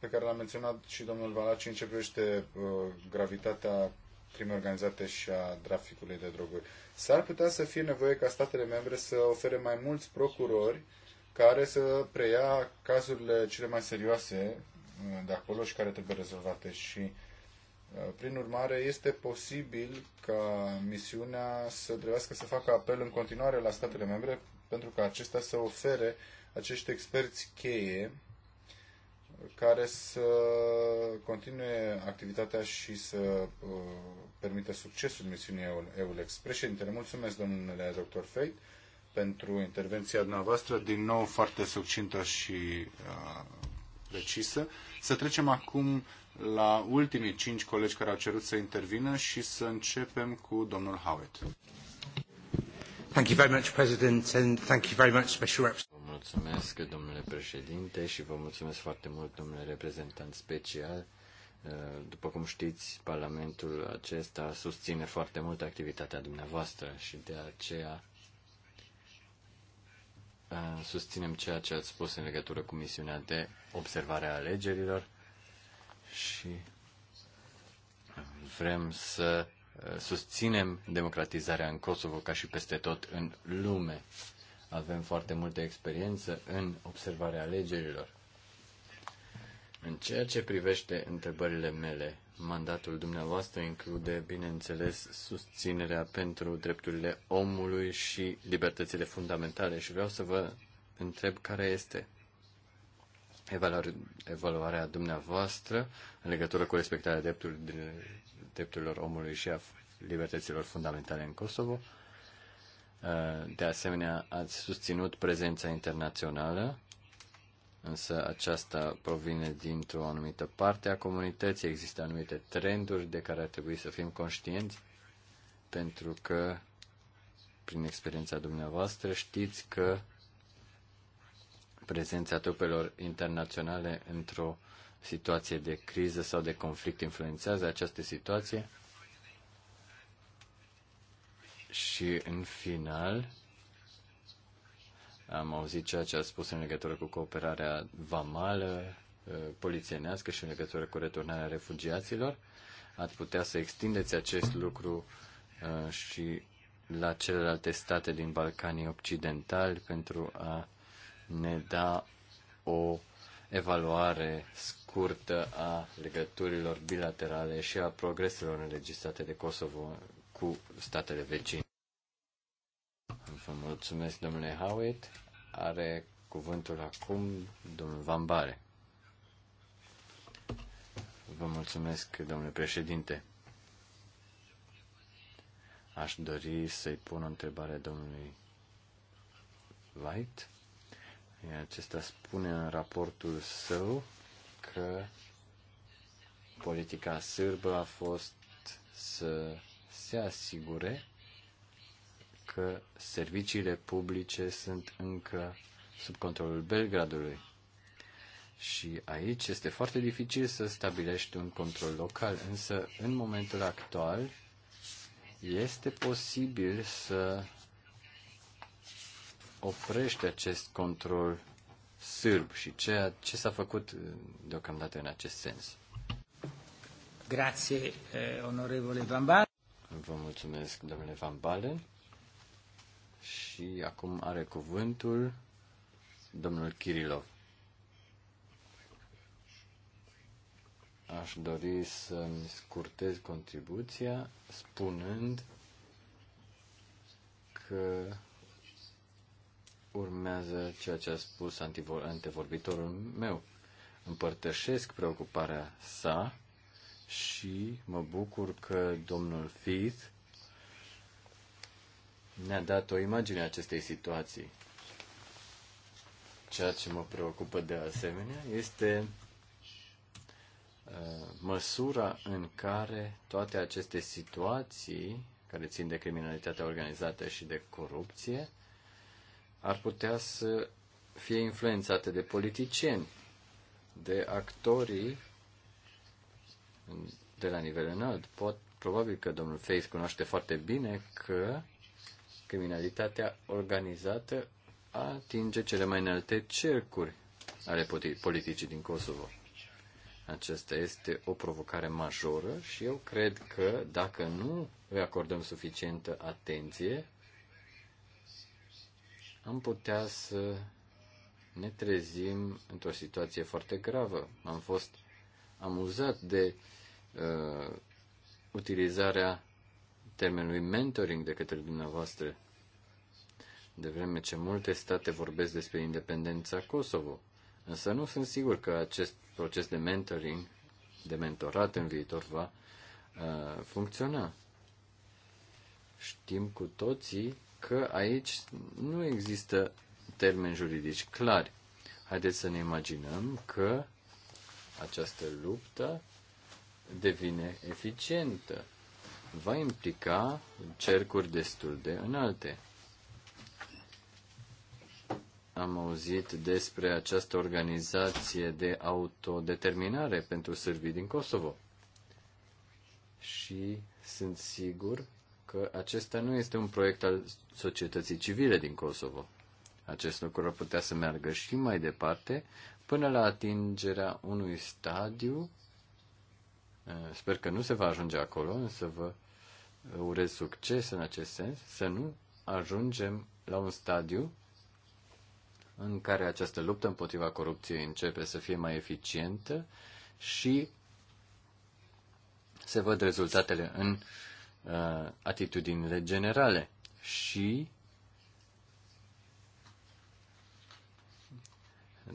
pe care l-a menționat și domnul Valaci în ce privește uh, gravitatea crimei organizate și a traficului de droguri. S-ar putea să fie nevoie ca statele membre să ofere mai mulți procurori care să preia cazurile cele mai serioase uh, de acolo și care trebuie rezolvate și uh, prin urmare, este posibil ca misiunea să trebuiască să facă apel în continuare la statele membre pentru ca acestea să ofere acești experți cheie care să continue activitatea și să uh, permită succesul misiunii EULEX. Președintele, mulțumesc domnule dr. Feit pentru intervenția dumneavoastră, din nou foarte succintă și uh, precisă. Să trecem acum la ultimii cinci colegi care au cerut să intervină și să începem cu domnul Howitt. Thank you very much, President, and thank you very much, Special Representative mulțumesc, domnule președinte, și vă mulțumesc foarte mult, domnule reprezentant special. După cum știți, Parlamentul acesta susține foarte mult activitatea dumneavoastră și de aceea susținem ceea ce ați spus în legătură cu misiunea de observare a alegerilor și vrem să susținem democratizarea în Kosovo ca și peste tot în lume avem foarte multă experiență în observarea alegerilor. În ceea ce privește întrebările mele, mandatul dumneavoastră include, bineînțeles, susținerea pentru drepturile omului și libertățile fundamentale și vreau să vă întreb care este evaluarea dumneavoastră în legătură cu respectarea drepturilor omului și a libertăților fundamentale în Kosovo Uh, de asemenea, ați susținut prezența internațională, însă aceasta provine dintr-o anumită parte a comunității. Există anumite trenduri de care ar trebui să fim conștienți, pentru că, prin experiența dumneavoastră, știți că prezența trupelor internaționale într-o situație de criză sau de conflict influențează această situație și în final, am auzit ceea ce a spus în legătură cu cooperarea vamală, uh, polițienească și în legătură cu returnarea refugiaților. Ați putea să extindeți acest lucru uh, și la celelalte state din Balcanii Occidentali pentru a ne da o evaluare scurtă a legăturilor bilaterale și a progreselor înregistrate de Kosovo cu statele vecine. Vă mulțumesc, domnule Howitt. Are cuvântul acum domnul Vambare. Vă mulțumesc, domnule președinte. Aș dori să-i pun o întrebare domnului White. Acesta spune în raportul său că politica sârbă a fost să se asigure că serviciile publice sunt încă sub controlul Belgradului. Și aici este foarte dificil să stabilești un control local, însă în momentul actual este posibil să oprești acest control sârb și ce, ce s-a făcut deocamdată în acest sens. Grazie, eh, onorevole Bambar. Vă mulțumesc, domnule Van Balen. Și acum are cuvântul domnul Kirilov. Aș dori să-mi scurtez contribuția spunând că urmează ceea ce a spus antevorbitorul meu. Împărtășesc preocuparea sa și mă bucur că domnul Fith ne-a dat o imagine a acestei situații. Ceea ce mă preocupă de asemenea este uh, măsura în care toate aceste situații care țin de criminalitatea organizată și de corupție ar putea să fie influențate de politicieni, de actorii de la nivel înalt. Pot, probabil că domnul Feis cunoaște foarte bine că criminalitatea organizată atinge cele mai înalte cercuri ale politicii din Kosovo. Aceasta este o provocare majoră și eu cred că dacă nu îi acordăm suficientă atenție, am putea să ne trezim într-o situație foarte gravă. Am fost amuzat de uh, uh, utilizarea termenului mentoring de către dumneavoastră, de vreme ce multe state vorbesc despre independența Kosovo. Însă nu sunt sigur că acest proces de mentoring, de mentorat în viitor, va uh, funcționa. Știm cu toții că aici nu există termeni juridici clari. Haideți să ne imaginăm că această luptă devine eficientă. Va implica cercuri destul de înalte. Am auzit despre această organizație de autodeterminare pentru sârbii din Kosovo. Și sunt sigur că acesta nu este un proiect al societății civile din Kosovo. Acest lucru ar putea să meargă și mai departe, până la atingerea unui stadiu Eh, sper că nu se va ajunge acolo, însă vă urez succes în acest sens, să nu ajungem la un stadiu în care această luptă împotriva corupției începe să fie mai eficientă și se văd rezultatele în uh, atitudinile generale și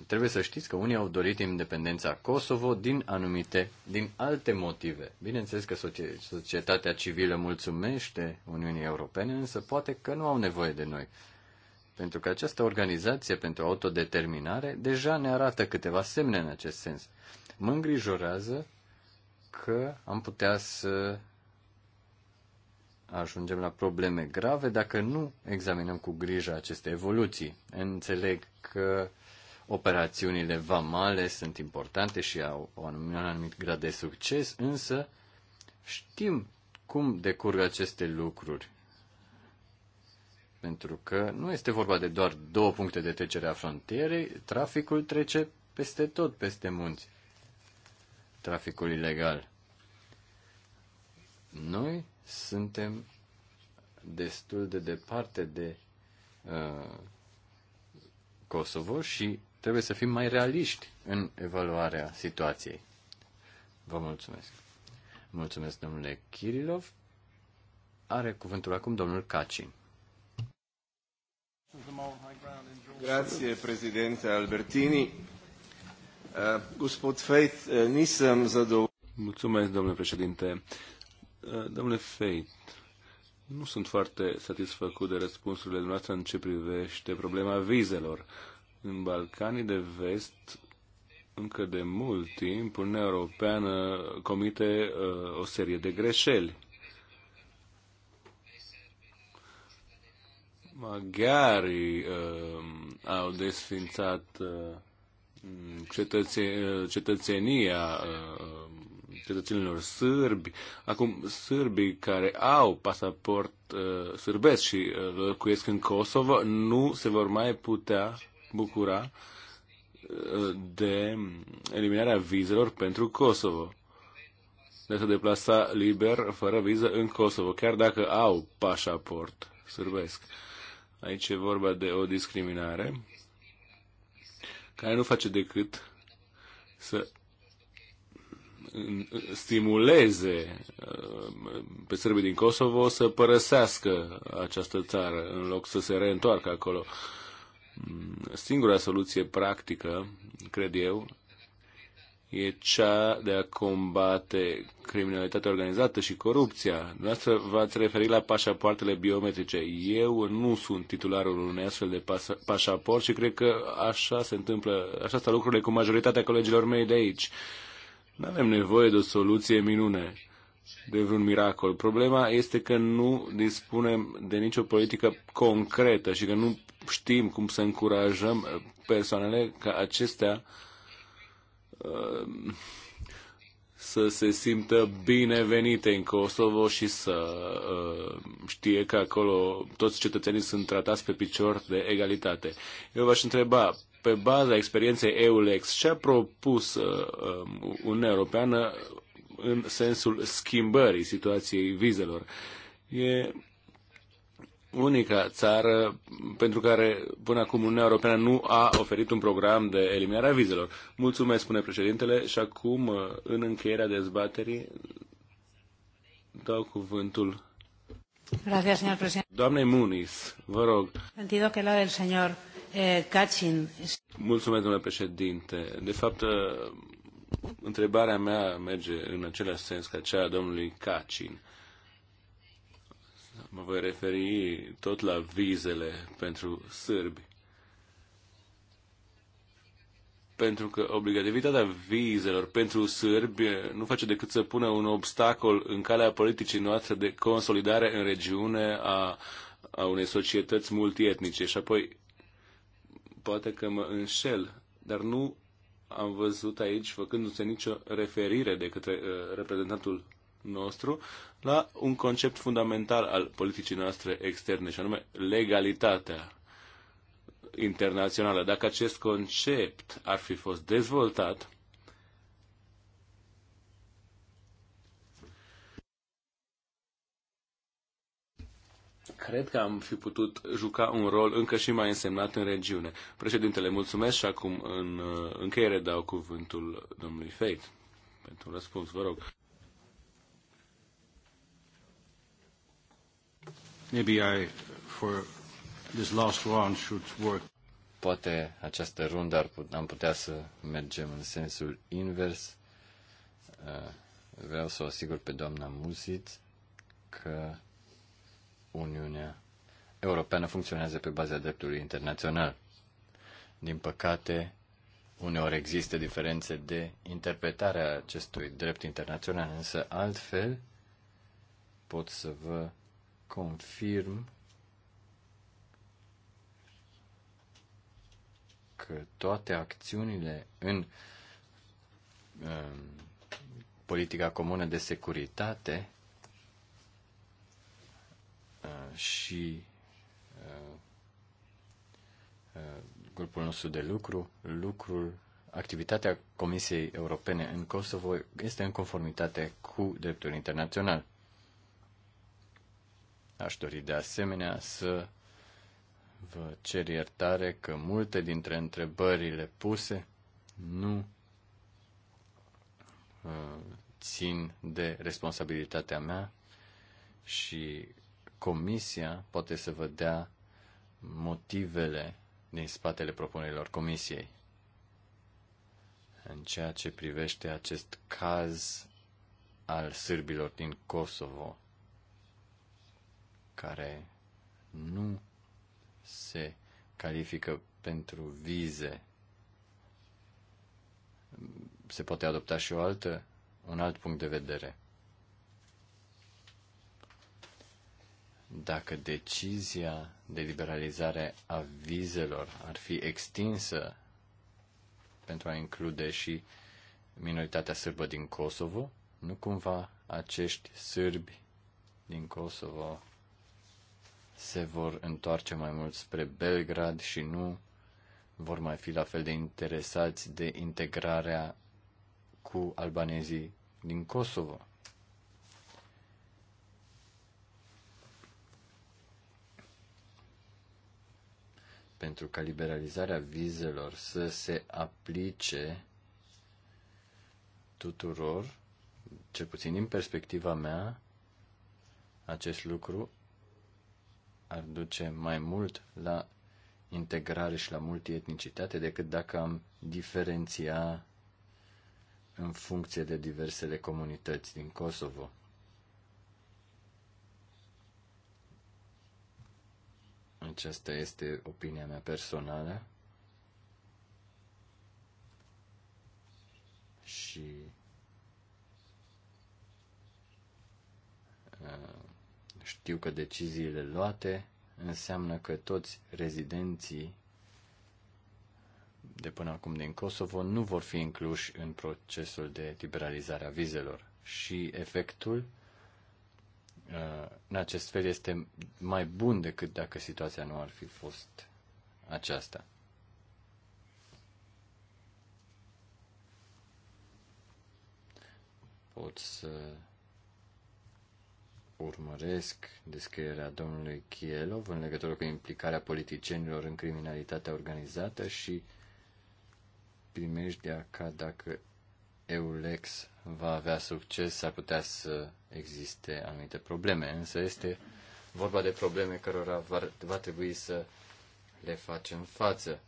trebuie să știți că unii au dorit independența Kosovo din anumite, din alte motive. Bineînțeles că societatea civilă mulțumește Uniunii Europene, însă poate că nu au nevoie de noi. Pentru că această organizație pentru autodeterminare deja ne arată câteva semne în acest sens. Mă îngrijorează că am putea să ajungem la probleme grave dacă nu examinăm cu grijă aceste evoluții. Înțeleg că Operațiunile vamale sunt importante și au un anumit grad de succes, însă știm cum decurg aceste lucruri. Pentru că nu este vorba de doar două puncte de trecere a frontierei, traficul trece peste tot, peste munți. Traficul ilegal. Noi suntem destul de departe de uh, Kosovo și Trebuie să fim mai realiști în evaluarea situației. Vă mulțumesc. Mulțumesc, domnule Kirilov. Are cuvântul acum domnul Cacin. Grazie, președinte Albertini. Uh, gospod Feit, uh, nisem zadovoljit. Mulțumesc, domnule președinte. Uh, domnule Feit, nu sunt foarte satisfăcut de răspunsurile noastre în ce privește problema vizelor. În Balcanii de Vest, încă de mult timp, Uniunea Europeană comite uh, o serie de greșeli. Maghiarii uh, au desfințat uh, uh, cetățenia uh, cetățenilor sârbi. Acum, sârbii care au pasaport uh, sârbesc și uh, locuiesc în Kosovo nu se vor mai putea bucura uh, de eliminarea vizelor pentru Kosovo. De a se deplasa liber, fără viză, în Kosovo, chiar dacă au pașaport sârbesc. Aici e vorba de o discriminare care nu face decât să stimuleze uh, pe sârbii din Kosovo să părăsească această țară în loc să se reîntoarcă acolo singura soluție practică, cred eu, e cea de a combate criminalitatea organizată și corupția. Noastră v-ați referit la pașapoartele biometrice. Eu nu sunt titularul unui astfel de pașaport și cred că așa se întâmplă, așa stau lucrurile cu majoritatea colegilor mei de aici. Nu avem nevoie de o soluție minune, de vreun miracol. Problema este că nu dispunem de nicio politică concretă și că nu știm cum să încurajăm persoanele ca acestea uh, să se simtă binevenite în Kosovo și să uh, știe că acolo toți cetățenii sunt tratați pe picior de egalitate. Eu v-aș întreba, pe baza experienței EULEX, ce a propus uh, um, Uniunea Europeană în sensul schimbării situației vizelor? E unica țară pentru care până acum Uniunea Europeană nu a oferit un program de eliminare a vizelor. Mulțumesc, spune președintele, și acum, uh, în încheierea dezbaterii, dau cuvântul. Gracias, señor presidente. Doamne Muniz, vă rog. Sentido que lo del señor eh, Mulțumesc, domnule președinte. De fapt, uh, întrebarea mea merge în același sens ca cea a domnului Kacin Mă voi referi tot la vizele pentru sârbi. Pentru că obligativitatea vizelor pentru sârbi nu face decât să pună un obstacol în calea politicii noastre de consolidare în regiune a, a unei societăți multietnice. Și apoi, poate că mă înșel, dar nu am văzut aici, făcându-se nicio referire de către uh, reprezentantul nostru la un concept fundamental al politicii noastre externe, și anume legalitatea internațională. Dacă acest concept ar fi fost dezvoltat, cred că am fi putut juca un rol încă și mai însemnat în regiune. Președintele, mulțumesc și acum în uh, încheiere dau cuvântul domnului Feit pentru răspuns. Vă rog. Maybe I, for this last round, should work. Poate această rundă ar put, am putea să mergem în sensul invers. Uh, vreau să o asigur pe doamna Musit că Uniunea Europeană funcționează pe baza dreptului internațional. Din păcate, uneori există diferențe de interpretare a acestui drept internațional, însă altfel pot să vă confirm că toate acțiunile în uh, politica comună de securitate uh, și uh, uh, grupul nostru de lucru, lucrul, activitatea Comisiei Europene în Kosovo este în conformitate cu dreptul internațional. Aș dori de asemenea să vă cer iertare că multe dintre întrebările puse nu uh, țin de responsabilitatea mea și comisia poate să vă dea motivele din spatele propunerilor comisiei. În ceea ce privește acest caz al sârbilor din Kosovo, care nu se califică pentru vize. Se poate adopta și o altă, un alt punct de vedere. Dacă decizia de liberalizare a vizelor ar fi extinsă pentru a include și minoritatea sârbă din Kosovo, nu cumva acești sârbi din Kosovo se vor întoarce mai mult spre Belgrad și nu vor mai fi la fel de interesați de integrarea cu albanezii din Kosovo. Pentru ca liberalizarea vizelor să se aplice tuturor, cel puțin din perspectiva mea, acest lucru ar duce mai mult la integrare și la multietnicitate decât dacă am diferenția în funcție de diversele comunități din Kosovo. Aceasta este opinia mea personală și uh, știu că deciziile luate înseamnă că toți rezidenții de până acum din Kosovo nu vor fi incluși în procesul de liberalizare a vizelor și efectul uh, în acest fel este mai bun decât dacă situația nu ar fi fost aceasta. Pot să urmăresc descrierea domnului Kielov în legătură cu implicarea politicienilor în criminalitatea organizată și primejdea ca dacă EULEX va avea succes, s-ar putea să existe anumite probleme, însă este vorba de probleme cărora va, va trebui să le facem față.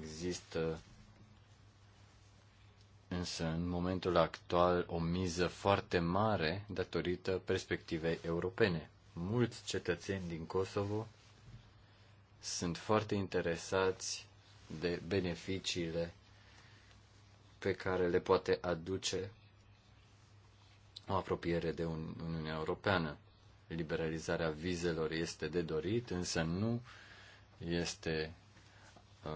Există însă în momentul actual o miză foarte mare datorită perspectivei europene. Mulți cetățeni din Kosovo sunt foarte interesați de beneficiile pe care le poate aduce o apropiere de Uniunea Europeană. Liberalizarea vizelor este de dorit, însă nu este Uh,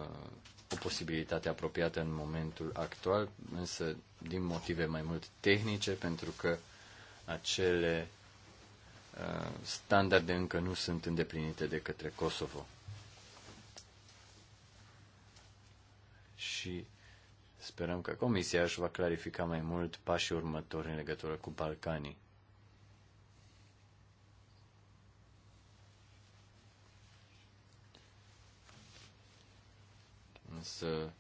o posibilitate apropiată în momentul actual, însă din motive mai mult tehnice, pentru că acele uh, standarde încă nu sunt îndeplinite de către Kosovo. Și sperăm că Comisia își va clarifica mai mult pașii următori în legătură cu Balcanii. Însă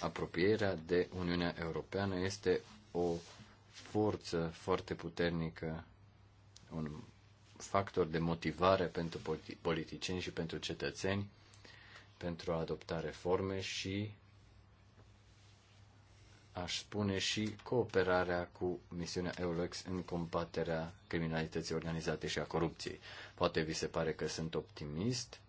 apropierea de Uniunea Europeană este o forță foarte puternică, un factor de motivare pentru politicieni și pentru cetățeni pentru a adopta reforme și aș spune și cooperarea cu misiunea EULEX în combaterea criminalității organizate și a corupției. Poate vi se pare că sunt optimist,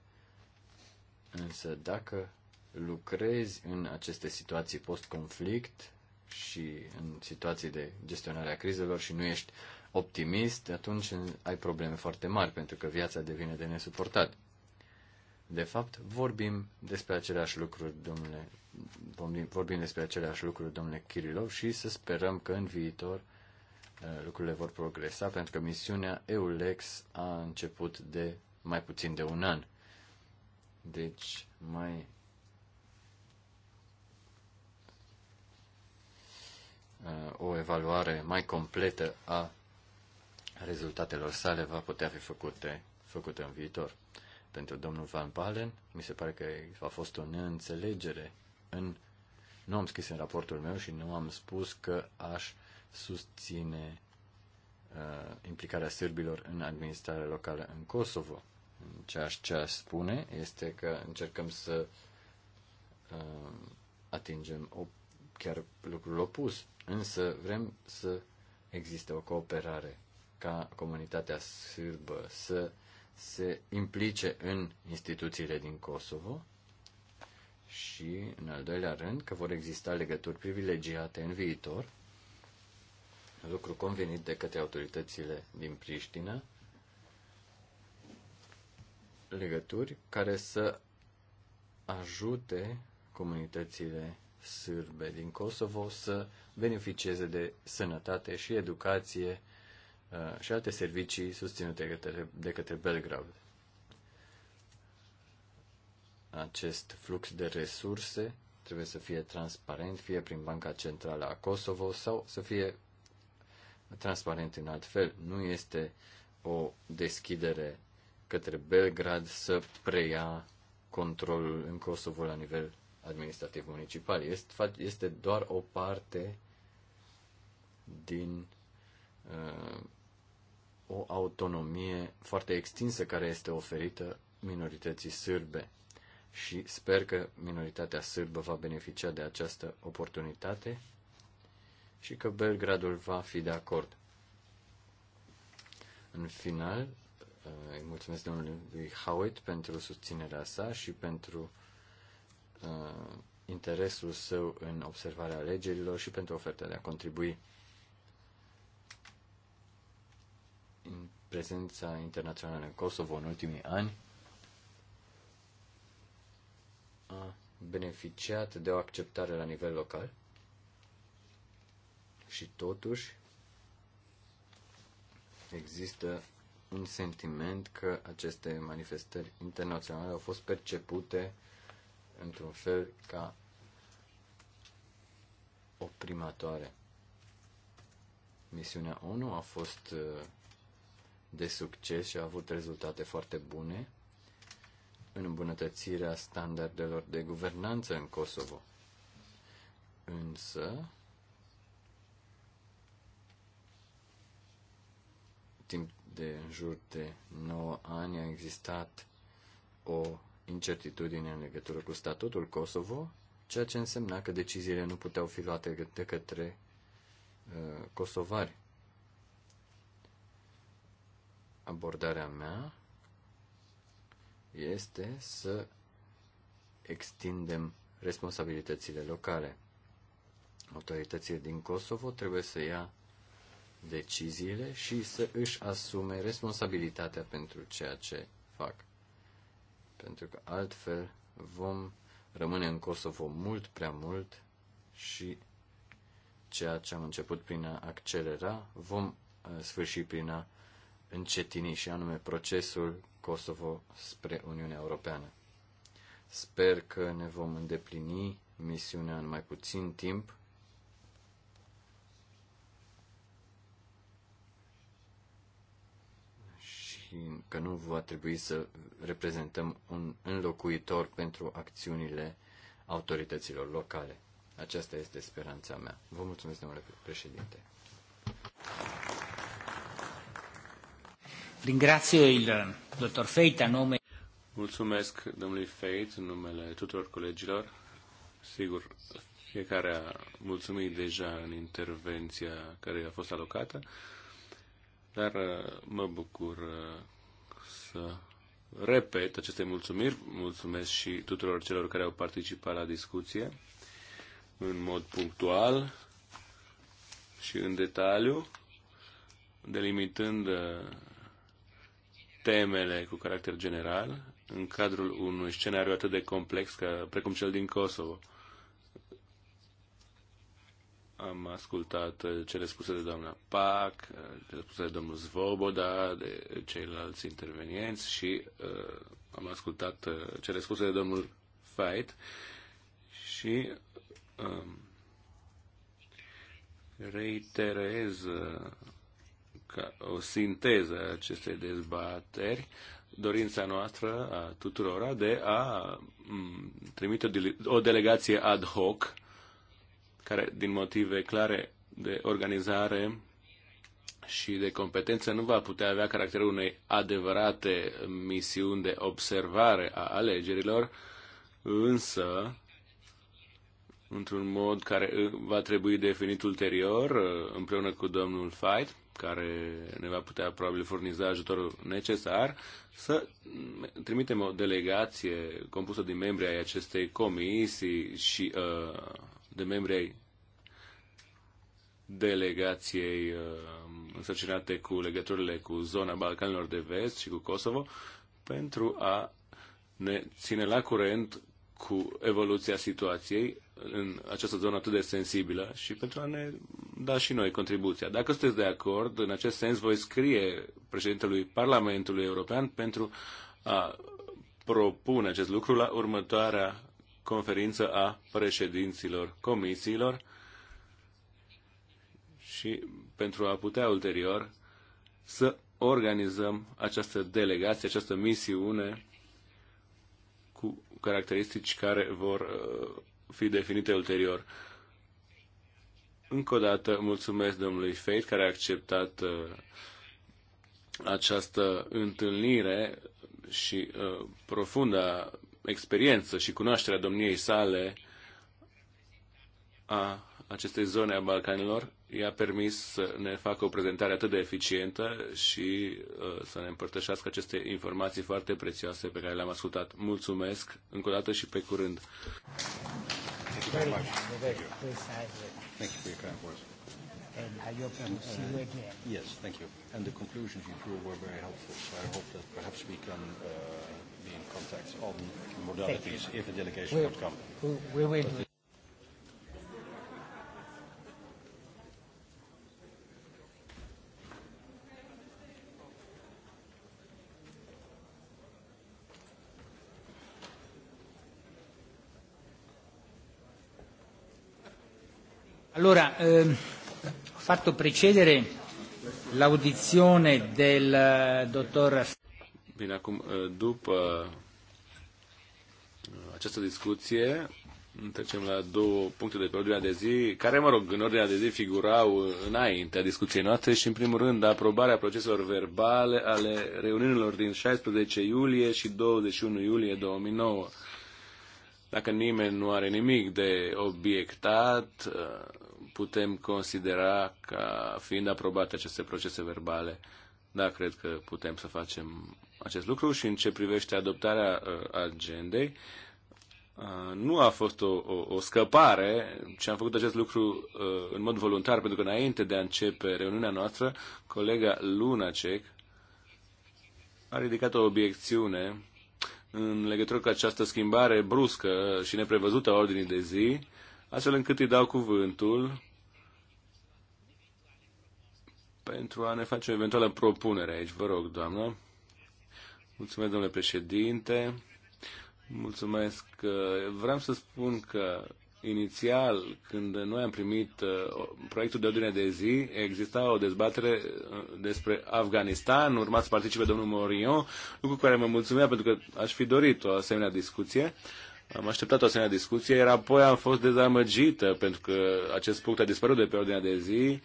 însă dacă lucrezi în aceste situații post-conflict și în situații de gestionare a crizelor și nu ești optimist, atunci ai probleme foarte mari, pentru că viața devine de nesuportat. De fapt, vorbim despre aceleași lucruri, domnule, vorbim despre aceleași lucruri, domnule Kirilov, și să sperăm că în viitor uh, lucrurile vor progresa, pentru că misiunea EULEX a început de mai puțin de un an. Deci, mai o evaluare mai completă a rezultatelor sale va putea fi făcute, făcute în viitor. Pentru domnul Van Balen, mi se pare că a fost o neînțelegere. În... Nu am scris în raportul meu și nu am spus că aș susține uh, implicarea sârbilor în administrarea locală în Kosovo. Ceea ce aș spune este că încercăm să uh, atingem o, chiar lucrul opus. Însă vrem să existe o cooperare ca comunitatea sârbă să se implice în instituțiile din Kosovo și, în al doilea rând, că vor exista legături privilegiate în viitor, lucru convenit de către autoritățile din Priștină, legături care să ajute comunitățile sârbe din Kosovo să beneficieze de sănătate și educație uh, și alte servicii susținute de către, de către Belgrad. Acest flux de resurse trebuie să fie transparent, fie prin Banca Centrală a Kosovo sau să fie transparent în alt fel. Nu este o deschidere către Belgrad să preia controlul în Kosovo la nivel administrativ municipal. Este, este doar o parte din uh, o autonomie foarte extinsă care este oferită minorității sârbe. Și sper că minoritatea sârbă va beneficia de această oportunitate și că Belgradul va fi de acord. În final, uh, îi mulțumesc domnului Howitt pentru susținerea sa și pentru uh, Uh, interesul său în observarea alegerilor și pentru oferta de a contribui. În prezența internațională în Kosovo în ultimii ani a beneficiat de o acceptare la nivel local și totuși există un sentiment că aceste manifestări internaționale au fost percepute într-un fel ca oprimatoare. Misiunea ONU a fost uh, de succes și a avut rezultate foarte bune în îmbunătățirea standardelor de guvernanță în Kosovo. Însă, timp de în jur de 9 ani a existat o incertitudine în legătură cu statutul Kosovo, ceea ce însemna că deciziile nu puteau fi luate de către uh, kosovari. Abordarea mea este să extindem responsabilitățile locale. Autoritățile din Kosovo trebuie să ia deciziile și să își asume responsabilitatea pentru ceea ce fac pentru că altfel vom rămâne în Kosovo mult prea mult și ceea ce am început prin a accelera, vom uh, sfârși prin a încetini, și anume procesul Kosovo spre Uniunea Europeană. Sper că ne vom îndeplini misiunea în mai puțin timp și că nu va trebui să reprezentăm un înlocuitor pentru acțiunile autorităților locale. Aceasta este speranța mea. Vă mulțumesc, domnule președinte. Ringrazio il dottor Feit a nome. Mulțumesc domnului Feit în numele tuturor colegilor. Sigur, fiecare a mulțumit deja în intervenția care a fost alocată. Dar uh, mă bucur uh, să repet aceste mulțumiri. Mulțumesc și tuturor celor care au participat la discuție în mod punctual și în detaliu, delimitând uh, temele cu caracter general în cadrul unui scenariu atât de complex ca, precum cel din Kosovo. Am ascultat uh, cele spuse de doamna Pac, uh, cele spuse de domnul Zvoboda, de ceilalți intervenienți și uh, am ascultat uh, cele spuse de domnul Fait și um, uh, reiterez ca o sinteză a acestei dezbateri dorința noastră a tuturora de a mm, trimite o delegație ad hoc care din motive clare de organizare și de competență nu va putea avea caracterul unei adevărate misiuni de observare a alegerilor, însă într-un mod care va trebui definit ulterior împreună cu domnul Fight, care ne va putea probabil furniza ajutorul necesar, să trimitem o delegație compusă din membri ai acestei comisii și uh, de membri ai delegației uh, însărcinate cu legăturile cu zona Balcanilor de Vest și cu Kosovo pentru a ne ține la curent cu evoluția situației în această zonă atât de sensibilă și pentru a ne da și noi contribuția. Dacă sunteți de acord, în acest sens voi scrie președintelui Parlamentului European pentru a propune acest lucru la următoarea conferință a președinților comisiilor și pentru a putea ulterior să organizăm această delegație, această misiune cu caracteristici care vor uh, fi definite ulterior. Încă o dată mulțumesc domnului Feit care a acceptat uh, această întâlnire și uh, profunda experiență și cunoașterea domniei sale a acestei zone a Balcanilor i-a permis să ne facă o prezentare atât de eficientă și uh, să ne împărtășească aceste informații foarte prețioase pe care le-am ascultat. Mulțumesc încă o dată și pe curând. Yes, thank you. And the conclusions you drew were very helpful. So I hope that perhaps we can uh, be in contact on modalities if a delegation we'll, would come. We will. Allora, eh, ho fatto precedere l'audizione del eh, dottor Bine, acum, ă, după ă, această discuție, trecem la două puncte de pe ordinea de zi, care, mă rog, în ordinea de zi figurau înaintea discuției noastre și, în primul rând, aprobarea proceselor verbale ale reuniunilor din 16 iulie și 21 iulie 2009. Dacă nimeni nu are nimic de obiectat, ă, putem considera ca fiind aprobate aceste procese verbale. Da, cred că putem să facem acest lucru și în ce privește adoptarea uh, agendei, uh, nu a fost o, o, o scăpare, ci am făcut acest lucru uh, în mod voluntar, pentru că înainte de a începe reuniunea noastră, colega Lunacek a ridicat o obiecțiune în legătură cu această schimbare bruscă și neprevăzută a ordinii de zi, astfel încât îi dau cuvântul pentru a ne face o eventuală propunere aici. Vă rog, doamnă. Mulțumesc, domnule președinte. Mulțumesc. Vreau să spun că inițial, când noi am primit uh, proiectul de ordine de zi, exista o dezbatere uh, despre Afganistan, urma să participe domnul Morion, lucru care mă mulțumea pentru că aș fi dorit o asemenea discuție. Am așteptat o asemenea discuție, iar apoi am fost dezamăgită pentru că acest punct a dispărut de pe ordinea de zi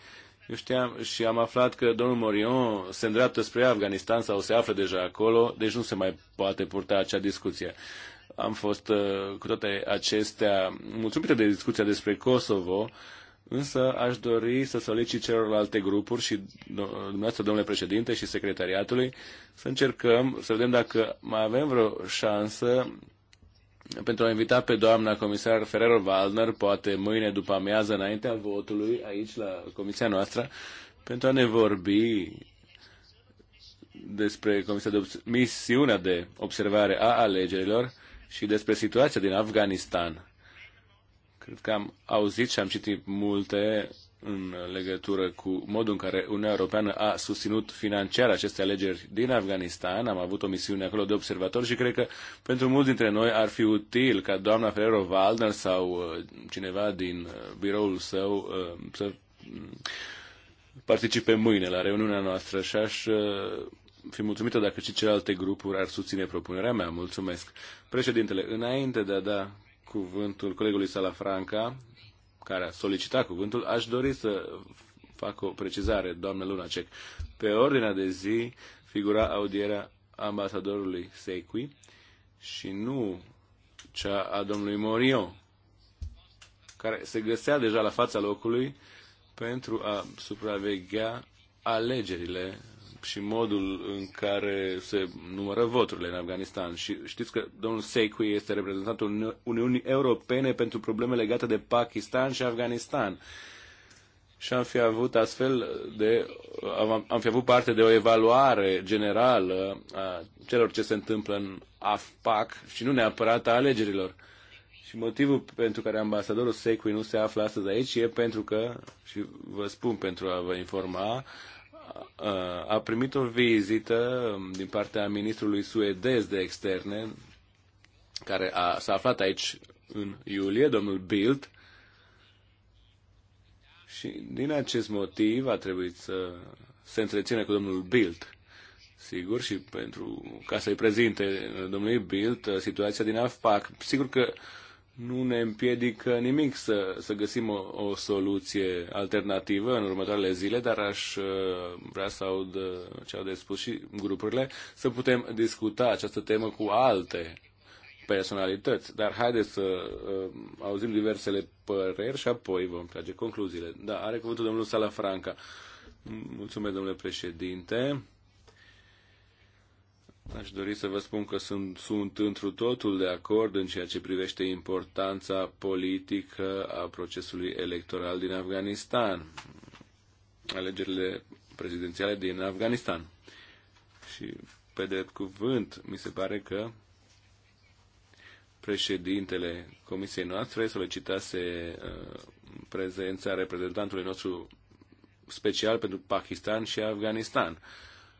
eu știam și am aflat că domnul Morion se îndreaptă spre Afganistan sau se află deja acolo, deci nu se mai poate purta acea discuție. Am fost uh, cu toate acestea mulțumită de discuția despre Kosovo, însă aș dori să solicit celorlalte grupuri și dumneavoastră, domnule președinte și secretariatului, să încercăm să vedem dacă mai avem vreo șansă pentru a invita pe doamna comisar Ferrero Waldner, poate mâine după amiază, înaintea votului, aici la comisia noastră, pentru a ne vorbi despre comisia de misiunea de observare a alegerilor și despre situația din Afganistan. Cred că am auzit și am citit multe în legătură cu modul în care Uniunea Europeană a susținut financiar aceste alegeri din Afganistan. Am avut o misiune acolo de observator și cred că pentru mulți dintre noi ar fi util ca doamna Ferrero Waldner sau uh, cineva din uh, biroul său uh, să mm, participe mâine la reuniunea noastră și aș fi mulțumită dacă și celelalte grupuri ar susține propunerea mea. Mulțumesc. Președintele, înainte de a da cuvântul colegului Salafranca, care a solicitat cuvântul, aș dori să fac o precizare, doamnă Lunacek. Pe ordinea de zi figura audierea ambasadorului Secui și nu cea a domnului Morio, care se găsea deja la fața locului pentru a supraveghea alegerile și modul în care se numără voturile în Afganistan. Și știți că domnul Seikui este reprezentantul Uniunii Europene pentru probleme legate de Pakistan și Afganistan. Și am fi avut astfel de, am, am fi avut parte de o evaluare generală a celor ce se întâmplă în AFPAC și nu neapărat a alegerilor. Și motivul pentru care ambasadorul Secui nu se află astăzi aici e pentru că, și vă spun pentru a vă informa, Uh, a primit o vizită um, din partea ministrului suedez de externe, care a, s-a aflat aici în iulie, domnul Bild, și din acest motiv a trebuit să se întrețină cu domnul Bild. Sigur, și pentru ca să-i prezinte uh, domnului Bild uh, situația din AFPAC. Sigur că uh, nu ne împiedică nimic să, să găsim o, o soluție alternativă în următoarele zile, dar aș uh, vrea să aud uh, ce au de spus și grupurile, să putem discuta această temă cu alte personalități. Dar haideți să uh, auzim diversele păreri și apoi vom trage concluziile. Da, are cuvântul domnul Salafranca. Mulțumesc, domnule președinte. Aș dori să vă spun că sunt, sunt întru totul de acord în ceea ce privește importanța politică a procesului electoral din Afganistan, alegerile prezidențiale din Afganistan. Și, pe drept cuvânt, mi se pare că președintele comisiei noastre solicitase uh, prezența reprezentantului nostru special pentru Pakistan și Afganistan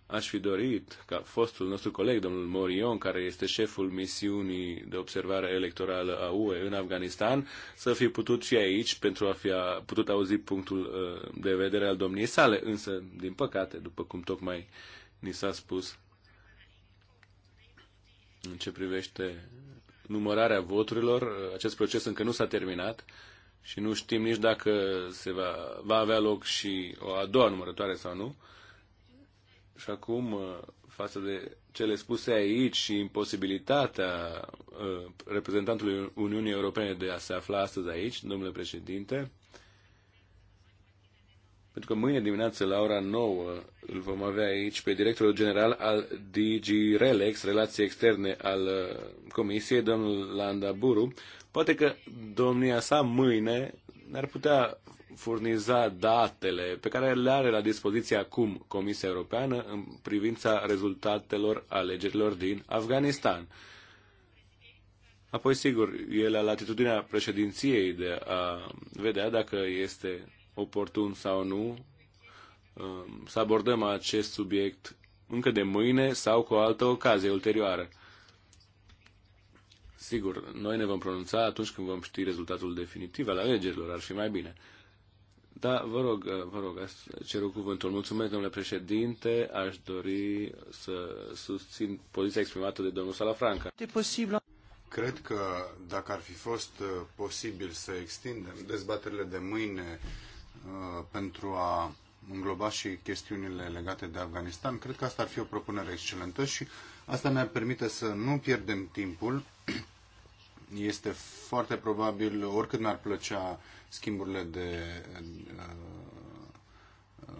Aș fi dorit ca fostul nostru coleg, domnul Morion, care este șeful misiunii de observare electorală a UE în Afganistan, să fi putut și aici pentru a fi a, putut auzi punctul uh, de vedere al domniei sale. Însă, din păcate, după cum tocmai ni s-a spus, în ce privește numărarea voturilor, uh, acest proces încă nu s-a terminat și nu știm nici dacă se va, va avea loc și o a doua numărătoare sau nu. Și acum, uh, față de cele spuse aici și imposibilitatea uh, reprezentantului Uniunii Europene de a se afla astăzi aici, domnule președinte, pentru că mâine dimineață la ora 9 îl vom avea aici pe directorul general al DG Relex, relații externe al uh, Comisiei, domnul Landaburu. Poate că domnia sa mâine ne-ar putea furniza datele pe care le are la dispoziție acum Comisia Europeană în privința rezultatelor alegerilor din Afganistan. Apoi, sigur, e la latitudinea președinției de a vedea dacă este oportun sau nu um, să abordăm acest subiect încă de mâine sau cu o altă ocazie ulterioară. Sigur, noi ne vom pronunța atunci când vom ști rezultatul definitiv al alegerilor, ar fi mai bine. Da, vă rog, vă rog, ceru cuvântul. Mulțumesc, domnule președinte. Aș dori să susțin poziția exprimată de domnul Salafranca. De posibil. Cred că dacă ar fi fost uh, posibil să extindem dezbaterile de mâine uh, pentru a îngloba și chestiunile legate de Afganistan, cred că asta ar fi o propunere excelentă și asta ne-ar permite să nu pierdem timpul este foarte probabil, oricât mi-ar plăcea schimburile de uh, uh,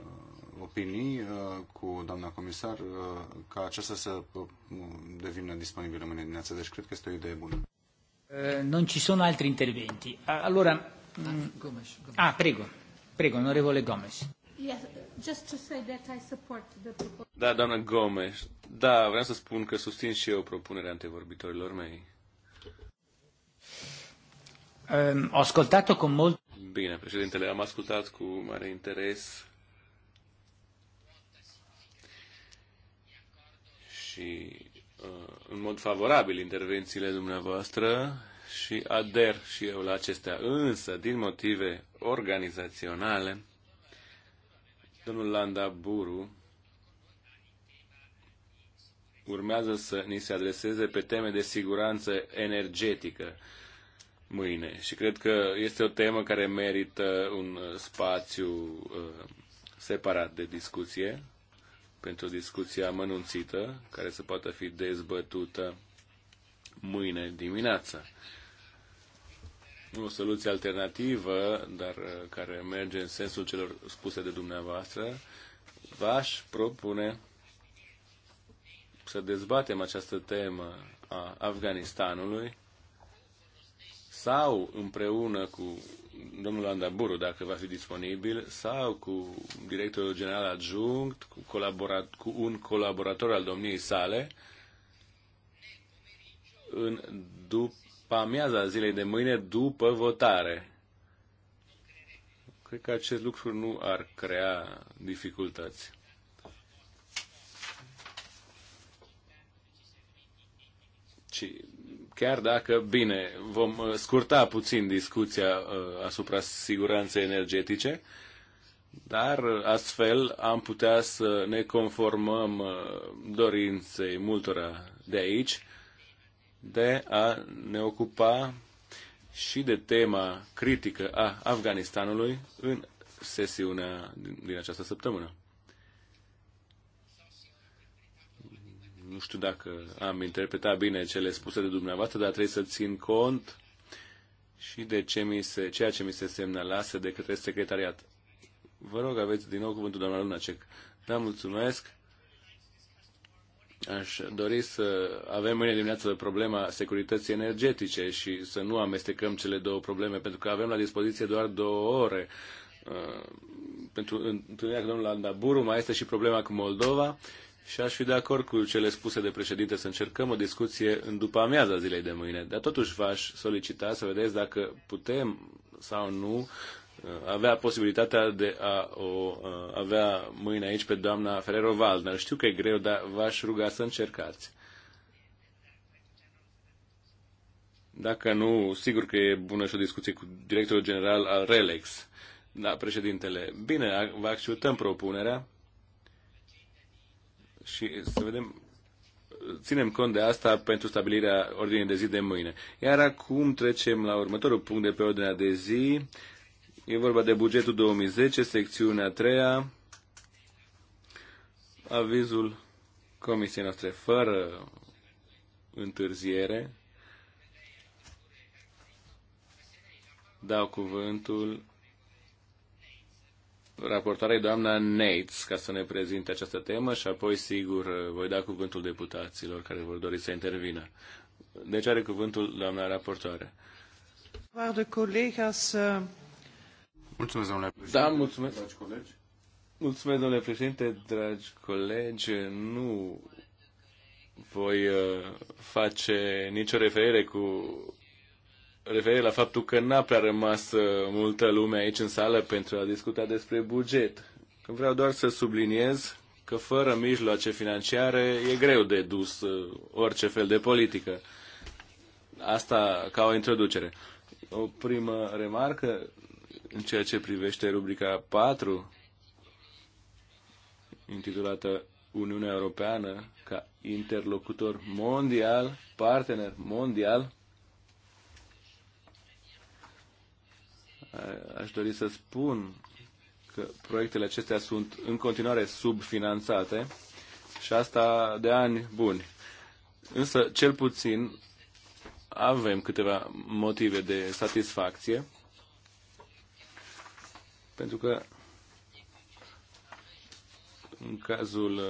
opinii uh, cu doamna comisar ca aceasta să devină disponibilă mâine dimineață. Deci cred că este o idee bună. Eh, non ci sono altri interventi. Allora, mm, Gomes. Ah, prego. Prego, onorevole Gomes. Da, doamna Gomes. Da, vreau să spun că susțin și eu propunerea antevorbitorilor mei. Ehm, ho ascoltato con molto Bine, președintele, am ascultat cu mare interes și uh, în mod favorabil intervențiile dumneavoastră și ader și eu la acestea. Însă, din motive organizaționale, domnul Landa Buru urmează să ni se adreseze pe teme de siguranță energetică mâine. Și cred că este o temă care merită un uh, spațiu uh, separat de discuție, pentru o discuție amănunțită, care să poată fi dezbătută mâine dimineață. O soluție alternativă, dar uh, care merge în sensul celor spuse de dumneavoastră, v-aș propune să dezbatem această temă a Afganistanului sau împreună cu domnul Andaburu, dacă va fi disponibil, sau cu directorul general adjunct, cu, colaborat, cu un colaborator al domniei sale, în după amiaza zilei de mâine, după votare. Cred că acest lucru nu ar crea dificultăți. Ci chiar dacă, bine, vom uh, scurta puțin discuția uh, asupra siguranței energetice, dar uh, astfel am putea să ne conformăm dorinței multora de aici de a ne ocupa și de tema critică a Afganistanului în sesiunea din această săptămână. Nu știu dacă am interpretat bine cele spuse de dumneavoastră, dar trebuie să țin cont și de ce mi se, ceea ce mi se semnalase de către secretariat. Vă rog, aveți din nou cuvântul doamna Cec. Da, mulțumesc. Aș dori să avem mâine dimineață problema securității energetice și să nu amestecăm cele două probleme, pentru că avem la dispoziție doar două ore. Uh, pentru întâlnirea cu domnul Andaburu mai este și problema cu Moldova și aș fi de acord cu cele spuse de președinte să încercăm o discuție în după amiaza zilei de mâine, dar totuși v-aș solicita să vedeți dacă putem sau nu uh, avea posibilitatea de a o uh, avea mâine aici pe doamna Ferrero Waldner. Știu că e greu, dar v-aș ruga să încercați. Dacă nu, sigur că e bună și o discuție cu directorul general al RELEX. Da, președintele, bine, vă acceptăm propunerea și să vedem ținem cont de asta pentru stabilirea ordinii de zi de mâine. Iar acum trecem la următorul punct de pe ordinea de zi. E vorba de bugetul 2010, secțiunea 3 avizul comisiei noastre fără întârziere. Dau cuvântul raportoarei doamna Neitz ca să ne prezinte această temă și apoi, sigur, voi da cuvântul deputaților care vor dori să intervină. Deci are cuvântul doamna raportoare. Mulțumesc, domnule da, președinte. Da, mulțumesc. Dragi colegi. Mulțumesc, domnule președinte, dragi colegi. Nu voi uh, face nicio referire cu referire la faptul că n-a prea rămas uh, multă lume aici în sală pentru a discuta despre buget. Vreau doar să subliniez că fără mijloace financiare e greu de dus uh, orice fel de politică. Asta ca o introducere. O primă remarcă în ceea ce privește rubrica 4, intitulată Uniunea Europeană ca interlocutor mondial, partener mondial, aș dori să spun că proiectele acestea sunt în continuare subfinanțate și asta de ani buni. Însă, cel puțin, avem câteva motive de satisfacție, pentru că în cazul,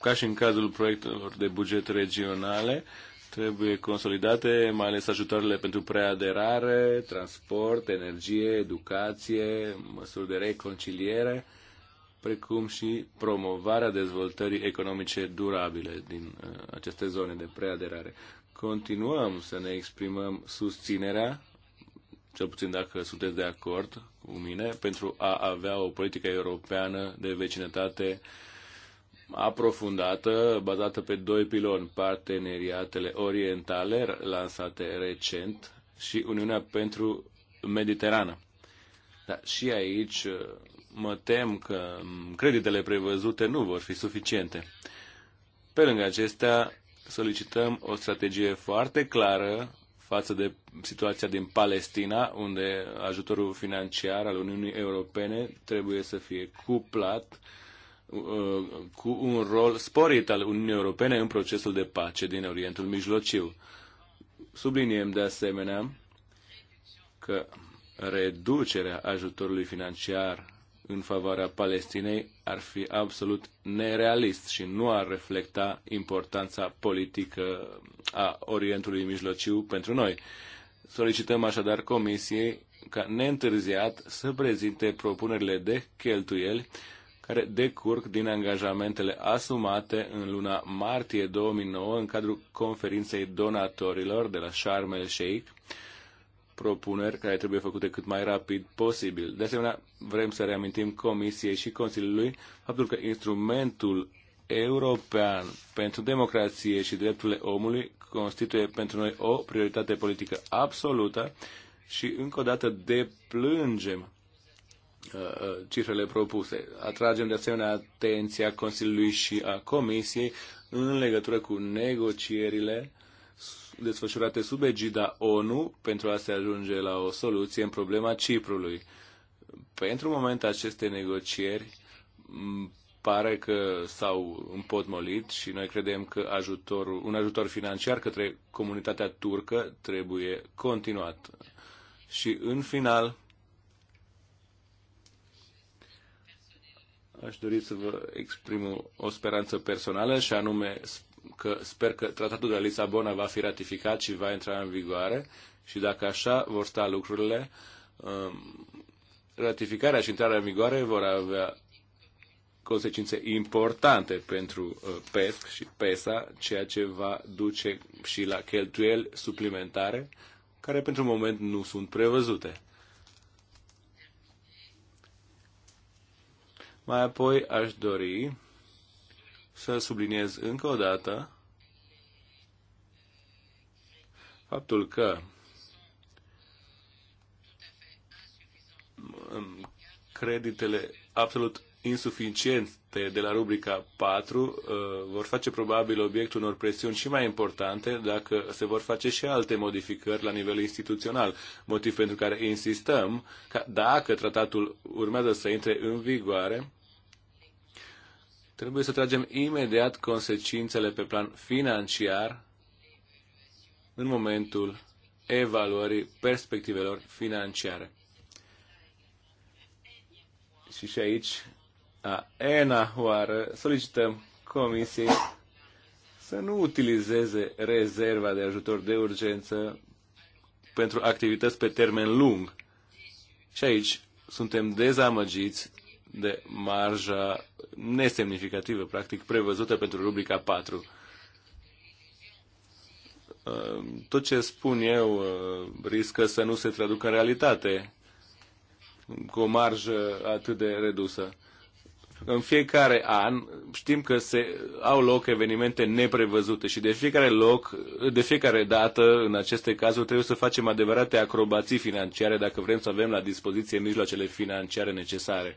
ca și în cazul proiectelor de buget regionale, Trebuie consolidate mai ales ajutoarele pentru preaderare, transport, energie, educație, măsuri de reconciliere, precum și promovarea dezvoltării economice durabile din uh, aceste zone de preaderare. Continuăm să ne exprimăm susținerea cel puțin dacă sunteți de acord cu mine, pentru a avea o politică europeană de vecinătate uh, aprofundată, bazată pe doi piloni, parteneriatele orientale lansate recent și Uniunea pentru Mediterană. Dar și aici uh, mă tem că creditele prevăzute nu vor fi suficiente. Pe lângă acestea, solicităm o strategie foarte clară față de situația din Palestina, unde ajutorul financiar al Uniunii Europene trebuie să fie cuplat uh, cu un rol sporit al Uniunii Europene în procesul de pace din Orientul Mijlociu. Subliniem de asemenea că reducerea ajutorului financiar în favoarea Palestinei ar fi absolut nerealist și nu ar reflecta importanța politică a Orientului Mijlociu pentru noi. Solicităm așadar Comisiei ca neîntârziat să prezinte propunerile de cheltuieli care decurg din angajamentele asumate în luna martie 2009 în cadrul conferinței donatorilor de la Sharm el Sheikh, propuneri care trebuie făcute cât mai rapid posibil. De asemenea, vrem să reamintim Comisiei și Consiliului faptul că instrumentul european pentru democrație și drepturile omului constituie pentru noi o prioritate politică absolută și încă o dată deplângem Uh, uh, cifrele propuse. Atragem de asemenea atenția Consiliului și a Comisiei în legătură cu negocierile desfășurate sub egida ONU pentru a se ajunge la o soluție în problema Ciprului. Pentru moment aceste negocieri pare că s-au împotmolit și noi credem că ajutorul, un ajutor financiar către comunitatea turcă trebuie continuat. Și în final, aș dori să vă exprim o speranță personală și anume că sper că tratatul de la Lisabona va fi ratificat și va intra în vigoare și dacă așa vor sta lucrurile, um, ratificarea și intrarea în vigoare vor avea consecințe importante pentru uh, PESC și PESA, ceea ce va duce și la cheltuieli suplimentare, care pentru moment nu sunt prevăzute. Mai apoi aș dori să subliniez încă o dată faptul că creditele absolut insuficiente de la rubrica 4 uh, vor face probabil obiectul unor presiuni și mai importante dacă se vor face și alte modificări la nivel instituțional, motiv pentru care insistăm că dacă tratatul urmează să intre în vigoare, Trebuie să tragem imediat consecințele pe plan financiar în momentul evaluării perspectivelor financiare. Și și aici, a ena oară, solicităm Comisiei să nu utilizeze rezerva de ajutor de urgență pentru activități pe termen lung. Și aici suntem dezamăgiți de marja nesemnificativă, practic, prevăzută pentru rubrica 4. Ehm, tot ce spun eu ehm, riscă să nu se traducă în realitate cu o marjă atât de redusă. În fiecare an știm că se, au loc evenimente neprevăzute și de fiecare loc, de fiecare dată, în aceste cazuri, trebuie să facem adevărate acrobații financiare dacă vrem să avem la dispoziție mijloacele financiare necesare.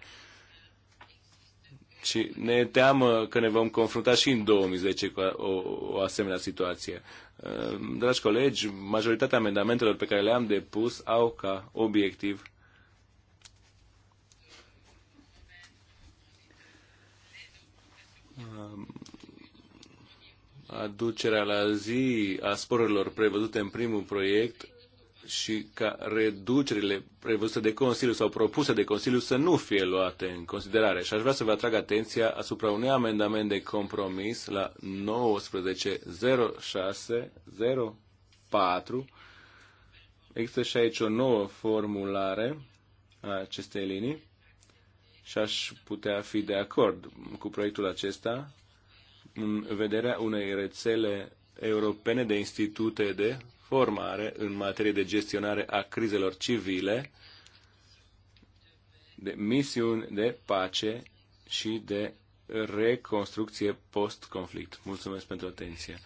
Și ne teamă că ne vom confrunta și în 2010 cu o, o asemenea situație. Ehm, dragi colegi, majoritatea amendamentelor pe care le-am depus au ca obiectiv ehm, aducerea la zi a sporurilor prevăzute în primul proiect și ca reducerile prevăzute de Consiliu sau propuse de Consiliu să nu fie luate în considerare. Și aș vrea să vă atrag atenția asupra unui amendament de compromis la 190604. Există și aici o nouă formulare a acestei linii și aș putea fi de acord cu proiectul acesta în vederea unei rețele europene de institute de formare în materie de gestionare a crizelor civile, de misiuni de pace și de reconstrucție post-conflict. Mulțumesc pentru atenție.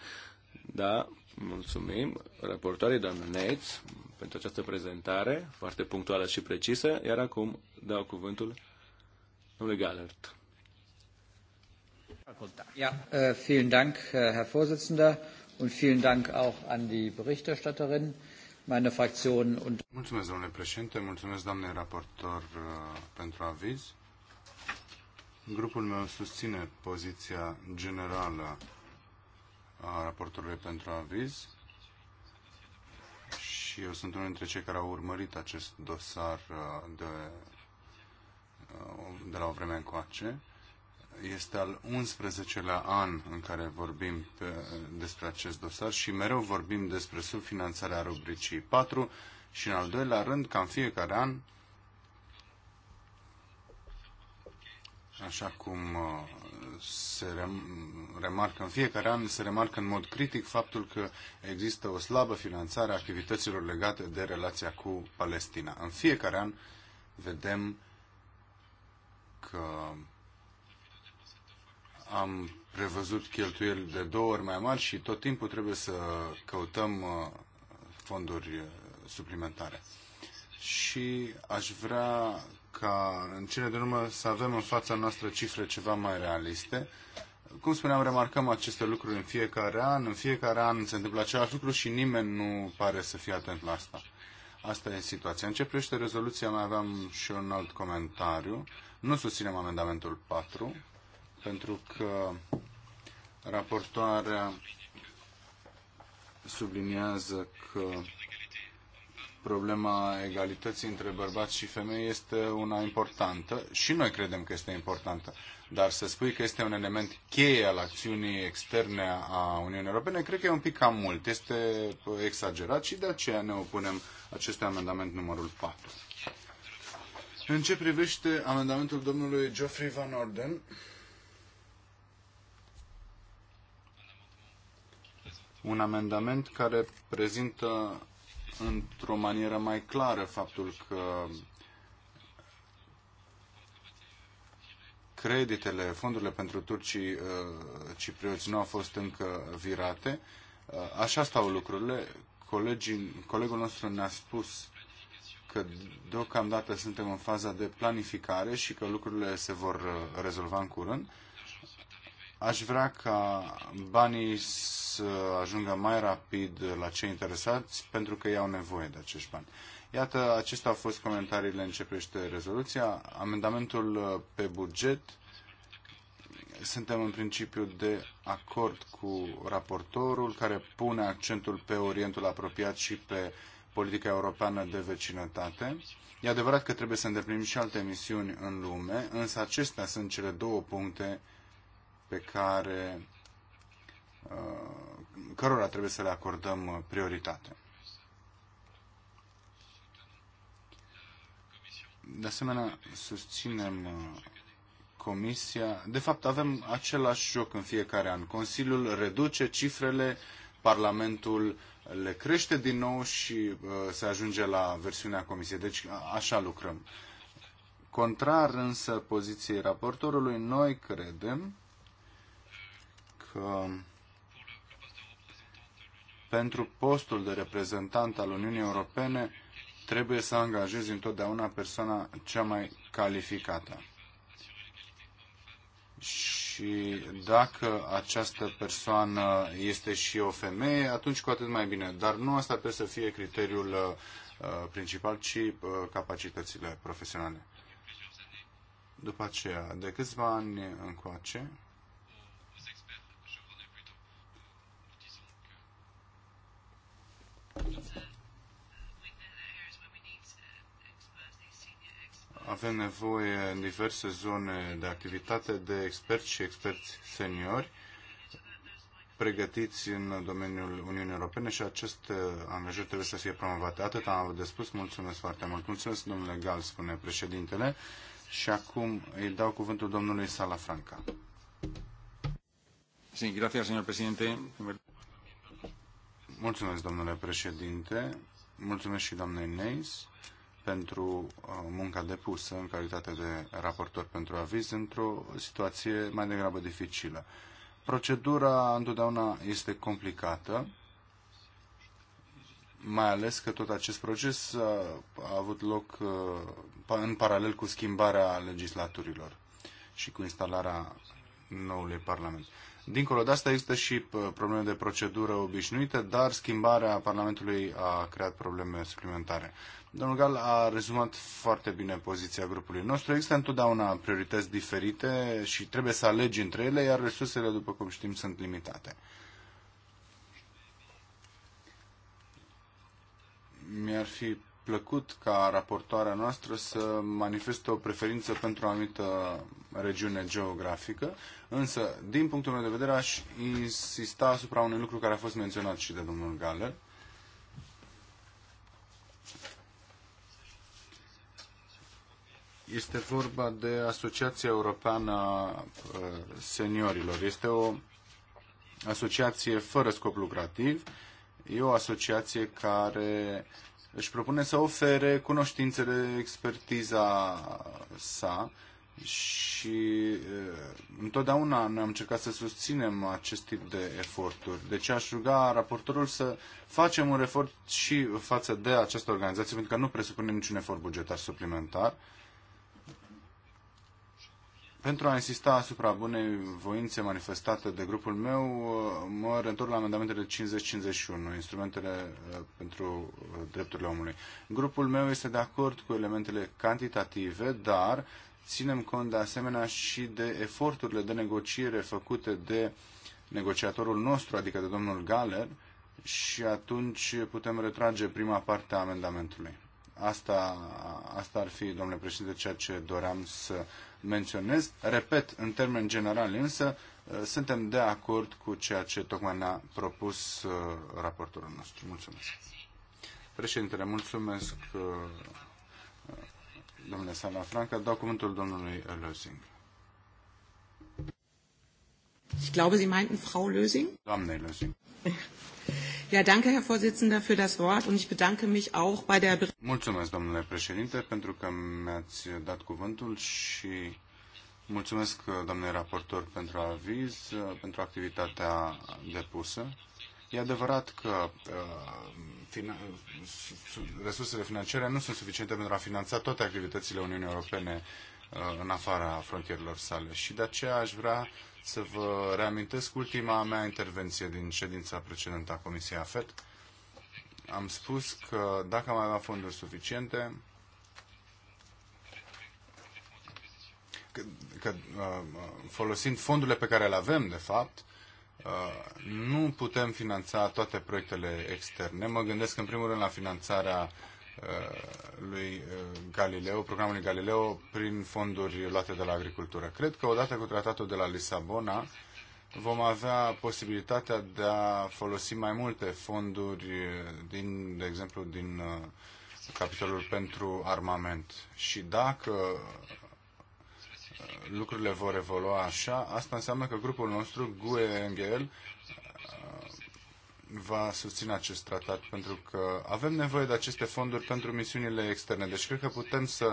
Da, mulțumim raportoarei doamna Neitz pentru această prezentare foarte punctuală și precisă, iar acum dau cuvântul domnului Gallert. Ja, äh, vielen Dank, äh, Herr Vorsitzender. Und vielen Dank auch an die Berichterstatterin, meine Fraktion und... Mulțumesc, domnule președinte, mulțumesc, doamne raportor, uh, pentru aviz. Grupul meu susține poziția generală a raportorului pentru aviz și eu sunt unul dintre cei care au urmărit acest dosar uh, de, uh, de la o vreme încoace este al 11-lea an în care vorbim pe, despre acest dosar și mereu vorbim despre subfinanțarea rubricii 4 și în al doilea rând, ca în fiecare an, așa cum uh, se remarcă în fiecare an, se remarcă în mod critic faptul că există o slabă finanțare a activităților legate de relația cu Palestina. În fiecare an vedem că am prevăzut cheltuieli de două ori mai mari și tot timpul trebuie să căutăm uh, fonduri uh, suplimentare. Și aș vrea ca în cele din urmă să avem în fața noastră cifre ceva mai realiste. Cum spuneam, remarcăm aceste lucruri în fiecare an. În fiecare an se întâmplă același lucru și nimeni nu pare să fie atent la asta. Asta e situația. În ce privește rezoluția, mai aveam și un alt comentariu. Nu susținem amendamentul 4, pentru că raportoarea subliniază că problema egalității între bărbați și femei este una importantă și noi credem că este importantă. Dar să spui că este un element cheie al acțiunii externe a Uniunii Europene, cred că e un pic cam mult. Este exagerat și de aceea ne opunem acest amendament numărul 4. În ce privește amendamentul domnului Geoffrey Van Orden, un amendament care prezintă într-o manieră mai clară faptul că creditele, fondurile pentru turcii uh, ciprioți nu au fost încă virate. Uh, așa stau lucrurile. Colegii, colegul nostru ne-a spus că deocamdată suntem în faza de planificare și că lucrurile se vor uh, rezolva în curând. Aș vrea ca banii să ajungă mai rapid la cei interesați pentru că ei au nevoie de acești bani. Iată, acestea au fost comentariile în ce privește rezoluția. Amendamentul uh, pe buget. Suntem în principiu de acord cu raportorul care pune accentul pe Orientul apropiat și pe politica europeană de vecinătate. E adevărat că trebuie să îndeplinim și alte misiuni în lume, însă acestea sunt cele două puncte pe care uh, cărora trebuie să le acordăm prioritate. De asemenea, susținem uh, Comisia. De fapt, avem același joc în fiecare an. Consiliul reduce cifrele, Parlamentul le crește din nou și uh, se ajunge la versiunea Comisiei. Deci, așa lucrăm. Contrar însă poziției raportorului, noi credem că pentru postul de reprezentant al Uniunii Europene trebuie să angajezi întotdeauna persoana cea mai calificată. Și dacă această persoană este și o femeie, atunci cu atât mai bine. Dar nu asta trebuie să fie criteriul uh, principal, ci uh, capacitățile profesionale. După aceea, de câțiva ani încoace, Avem nevoie în diverse zone de activitate de experți și experți seniori pregătiți în domeniul Uniunii Europene și aceste angajări trebuie să fie promovat. Atât am de spus, mulțumesc foarte mult. Mulțumesc, domnule Gal, spune președintele. Și acum îi dau cuvântul domnului Salafranca. Franca. gracias, Mulțumesc, domnule președinte. Mulțumesc și doamnei Neis pentru uh, munca depusă în calitate de raportor pentru aviz într-o situație mai degrabă dificilă. Procedura întotdeauna este complicată, mai ales că tot acest proces uh, a avut loc uh, în paralel cu schimbarea legislaturilor și cu instalarea noului Parlament. Dincolo de asta există și uh, probleme de procedură obișnuită, dar schimbarea Parlamentului a creat probleme suplimentare. Domnul Gal a rezumat foarte bine poziția grupului nostru. Există întotdeauna priorități diferite și trebuie să alegi între ele, iar resursele, după cum știm, sunt limitate. Mi-ar fi plăcut ca raportoarea noastră să manifeste o preferință pentru o anumită regiune geografică, însă, din punctul meu de vedere, aș insista asupra unui lucru care a fost menționat și de domnul Galer. Este vorba de Asociația Europeană a uh, Seniorilor. Este o asociație fără scop lucrativ, E o asociație care își propune să ofere cunoștințele, expertiza sa și întotdeauna ne-am încercat să susținem acest tip de eforturi. Deci aș ruga raportorul să facem un efort și față de această organizație, pentru că nu presupune niciun efort bugetar suplimentar pentru a insista asupra bunei voințe manifestate de grupul meu, mă reîntorc la amendamentele 50-51, instrumentele uh, pentru uh, drepturile omului. Grupul meu este de acord cu elementele cantitative, dar ținem cont de asemenea și de eforturile de negociere făcute de negociatorul nostru, adică de domnul Galer, și atunci putem retrage prima parte a amendamentului. Asta, asta ar fi, domnule președinte, ceea ce doream să menționez. Repet, în termeni general, însă, uh, suntem de acord cu ceea ce tocmai ne-a propus uh, raportorul nostru. Mulțumesc. Președintele, mulțumesc uh, domnule Sala Franca. Dau cuvântul domnului Lösing. Ich glaube, Sie meinten Frau Lösing? Doamne Lösing. Ja, danke, Herr Vorsitzender, für das Wort und ich bedanke mich auch bei der... Mulțumesc, domnule președinte, pentru că mi-ați dat cuvântul și mulțumesc, domnule raportor, pentru aviz, pentru activitatea depusă. E adevărat că uh, fina... Uh, resursele financiare nu sunt suficiente pentru a finanța toate activitățile Uniunii Europene uh, în afara frontierilor sale și de aceea aș vrea să vă reamintesc ultima mea intervenție din ședința precedentă a Comisiei AFET. Am spus că dacă am avea fonduri suficiente, că, că uh, folosind fondurile pe care le avem, de fapt, uh, nu putem finanța toate proiectele externe. Mă gândesc în primul rând la finanțarea Uh, lui uh, Galileo, programului Galileo, prin fonduri luate de la agricultură. Cred că odată cu tratatul de la Lisabona vom avea posibilitatea de a folosi mai multe fonduri din, de exemplu, din uh, capitolul pentru armament. Și dacă lucrurile vor evolua așa, asta înseamnă că grupul nostru, GUE-NGL, va susține acest tratat, pentru că avem nevoie de aceste fonduri pentru misiunile externe. Deci cred că putem să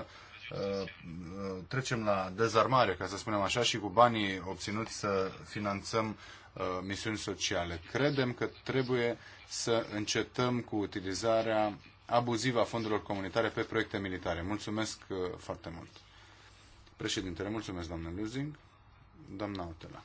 uh, uh, trecem la dezarmare, ca să spunem așa, și cu banii obținuți să finanțăm uh, misiuni sociale. Credem că trebuie să încetăm cu utilizarea abuzivă a fondurilor comunitare pe proiecte militare. Mulțumesc foarte mult. Președintele, mulțumesc, doamnă Luzing. Doamna Otela.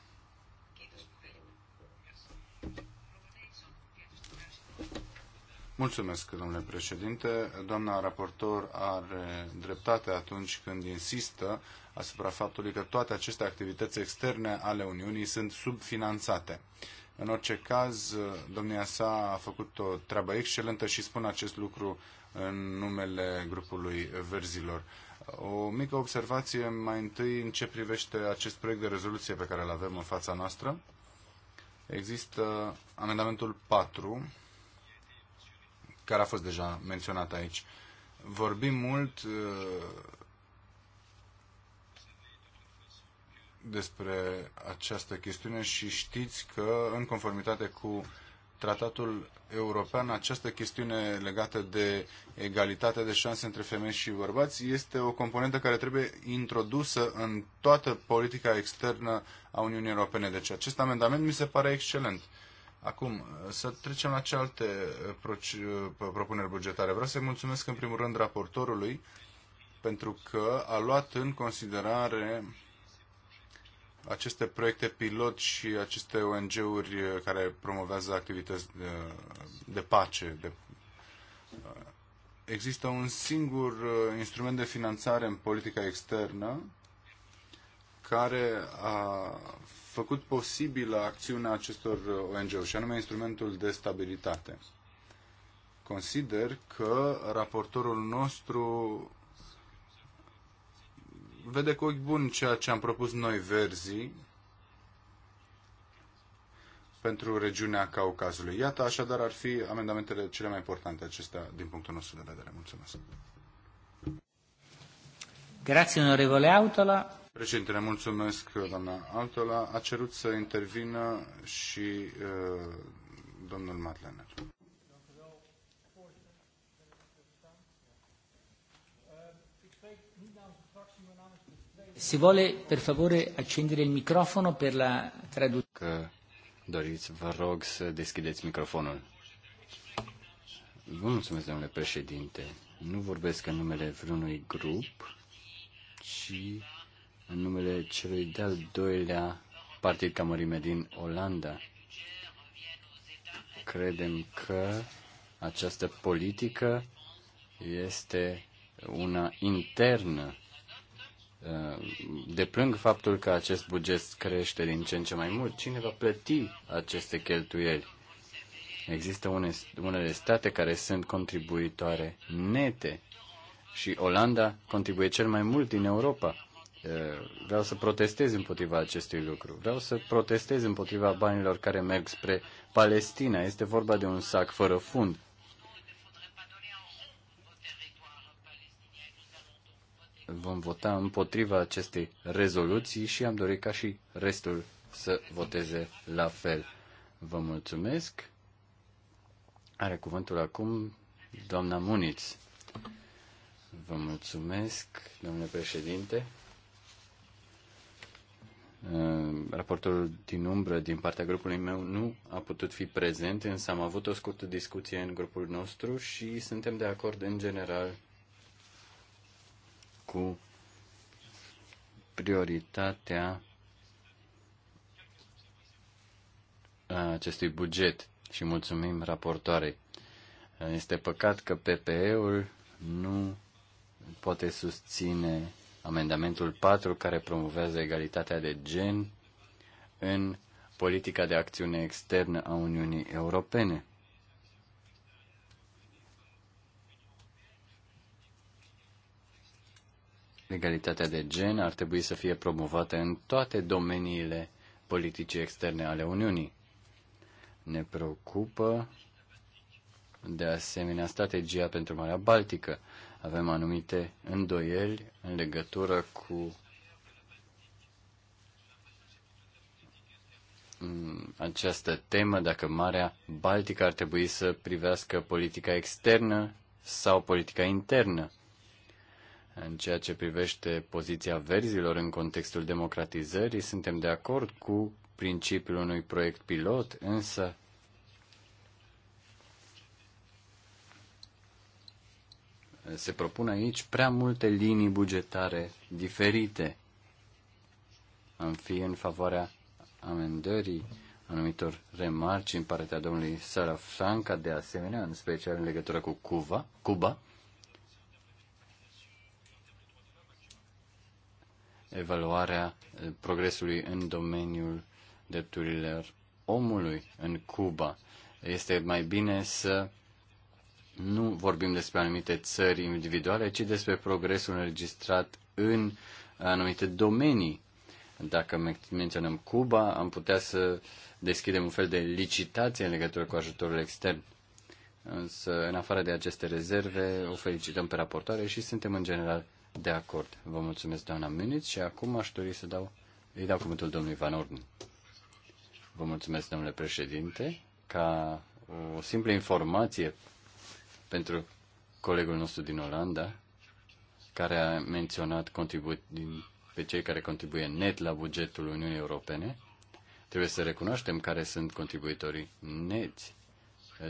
Mulțumesc, domnule președinte. Doamna raportor are dreptate atunci când insistă asupra faptului că toate aceste activități externe ale Uniunii sunt subfinanțate. În orice caz, domnia sa a făcut o treabă excelentă și spun acest lucru în numele grupului Verzilor. O mică observație mai întâi în ce privește acest proiect de rezoluție pe care îl avem în fața noastră. Există amendamentul 4 care a fost deja menționat aici. Vorbim mult uh, despre această chestiune și știți că, în conformitate cu tratatul european, această chestiune legată de egalitatea de șanse între femei și bărbați este o componentă care trebuie introdusă în toată politica externă a Uniunii Europene. Deci acest amendament mi se pare excelent. Acum, să trecem la cealaltă uh, uh, propuneri bugetare. Vreau să-i mulțumesc în primul rând raportorului pentru că a luat în considerare aceste proiecte pilot și aceste ONG-uri uh, care promovează activități de, de pace. De, există un singur instrument de finanțare în politica externă care a făcut posibilă acțiunea acestor uh, ONG-uri, și anume instrumentul de stabilitate. Consider că raportorul nostru vede cu ochi bun ceea ce am propus noi verzii pentru regiunea Caucazului. Iată, așadar, ar fi amendamentele cele mai importante acestea din punctul nostru de vedere. Mulțumesc. Grazie, onorevole Autola. Președintele, mulțumesc, doamna Altola. A cerut să intervină și uh, domnul Matlener. Se vuole, per favore, accendere il microfono per la traduzione. Doriți, vă rog să deschideți microfonul. Vă mulțumesc, domnule președinte. Nu vorbesc în numele vreunui grup, ci în numele celui de-al doilea partid ca mărime din Olanda. Credem că această politică este una internă. Uh, deplâng faptul că acest buget crește din ce în ce mai mult. Cine va plăti aceste cheltuieli? Există unele state care sunt contribuitoare nete și Olanda contribuie cel mai mult din Europa. Vreau să protestez împotriva acestui lucru. Vreau să protestez împotriva banilor care merg spre Palestina. Este vorba de un sac fără fund. Vom vota împotriva acestei rezoluții și am dorit ca și restul să voteze la fel. Vă mulțumesc. Are cuvântul acum doamna Muniț. Vă mulțumesc, domnule președinte. Eh, raportorul din umbră din partea grupului meu nu a putut fi prezent, însă am avut o scurtă discuție în grupul nostru și suntem de acord în general cu prioritatea acestui buget și mulțumim raportoarei. Este păcat că PPE-ul nu poate susține amendamentul 4 care promovează egalitatea de gen în politica de acțiune externă a Uniunii Europene. Egalitatea de gen ar trebui să fie promovată în toate domeniile politicii externe ale Uniunii. Ne preocupă de asemenea strategia pentru Marea Baltică avem anumite îndoieli în legătură cu mm, această temă dacă Marea Baltică ar trebui să privească politica externă sau politica internă în ceea ce privește poziția verzilor în contextul democratizării, suntem de acord cu principiul unui proiect pilot, însă se propun aici prea multe linii bugetare diferite. Am fi în favoarea amendării anumitor remarci în partea domnului Sara Franca, de asemenea, în special în legătură cu Cuba, Cuba. evaluarea progresului în domeniul drepturilor omului în Cuba. Este mai bine să nu vorbim despre anumite țări individuale, ci despre progresul înregistrat în anumite domenii. Dacă menționăm Cuba, am putea să deschidem un fel de licitație în legătură cu ajutorul extern. Însă, în afară de aceste rezerve, o felicităm pe raportoare și suntem în general de acord. Vă mulțumesc, doamna Muniz, și acum aș dori să dau, îi dau cuvântul domnului Van Orden. Vă mulțumesc, domnule președinte. Ca o simplă informație pentru colegul nostru din Olanda, care a menționat contribu- din, pe cei care contribuie net la bugetul Uniunii Europene. Trebuie să recunoaștem care sunt contribuitorii neți.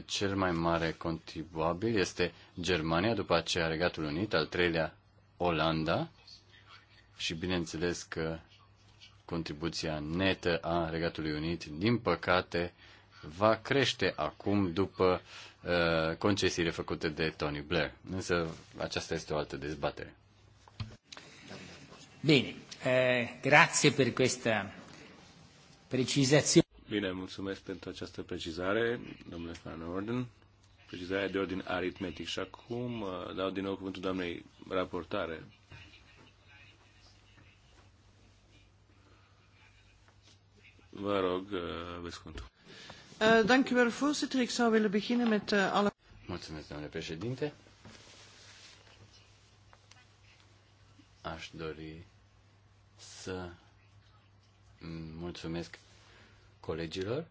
Cel mai mare contribuabil este Germania, după aceea Regatul Unit, al treilea Olanda și bineînțeles că contribuția netă a Regatului Unit, din păcate, va crește acum după uh, concesiile făcute de Tony Blair. Însă aceasta este o altă dezbatere. Bine, uh, eh, grație pentru această precizație. Bine, mulțumesc pentru această precizare, domnule Van Orden. Precizarea de ordin aritmetic. Și acum uh, dau din nou cuvântul doamnei raportare. Vă rog, uh, aveți cuvântul. Eh, eh, mulțumesc, domnule președinte. Aș dori să mulțumesc colegilor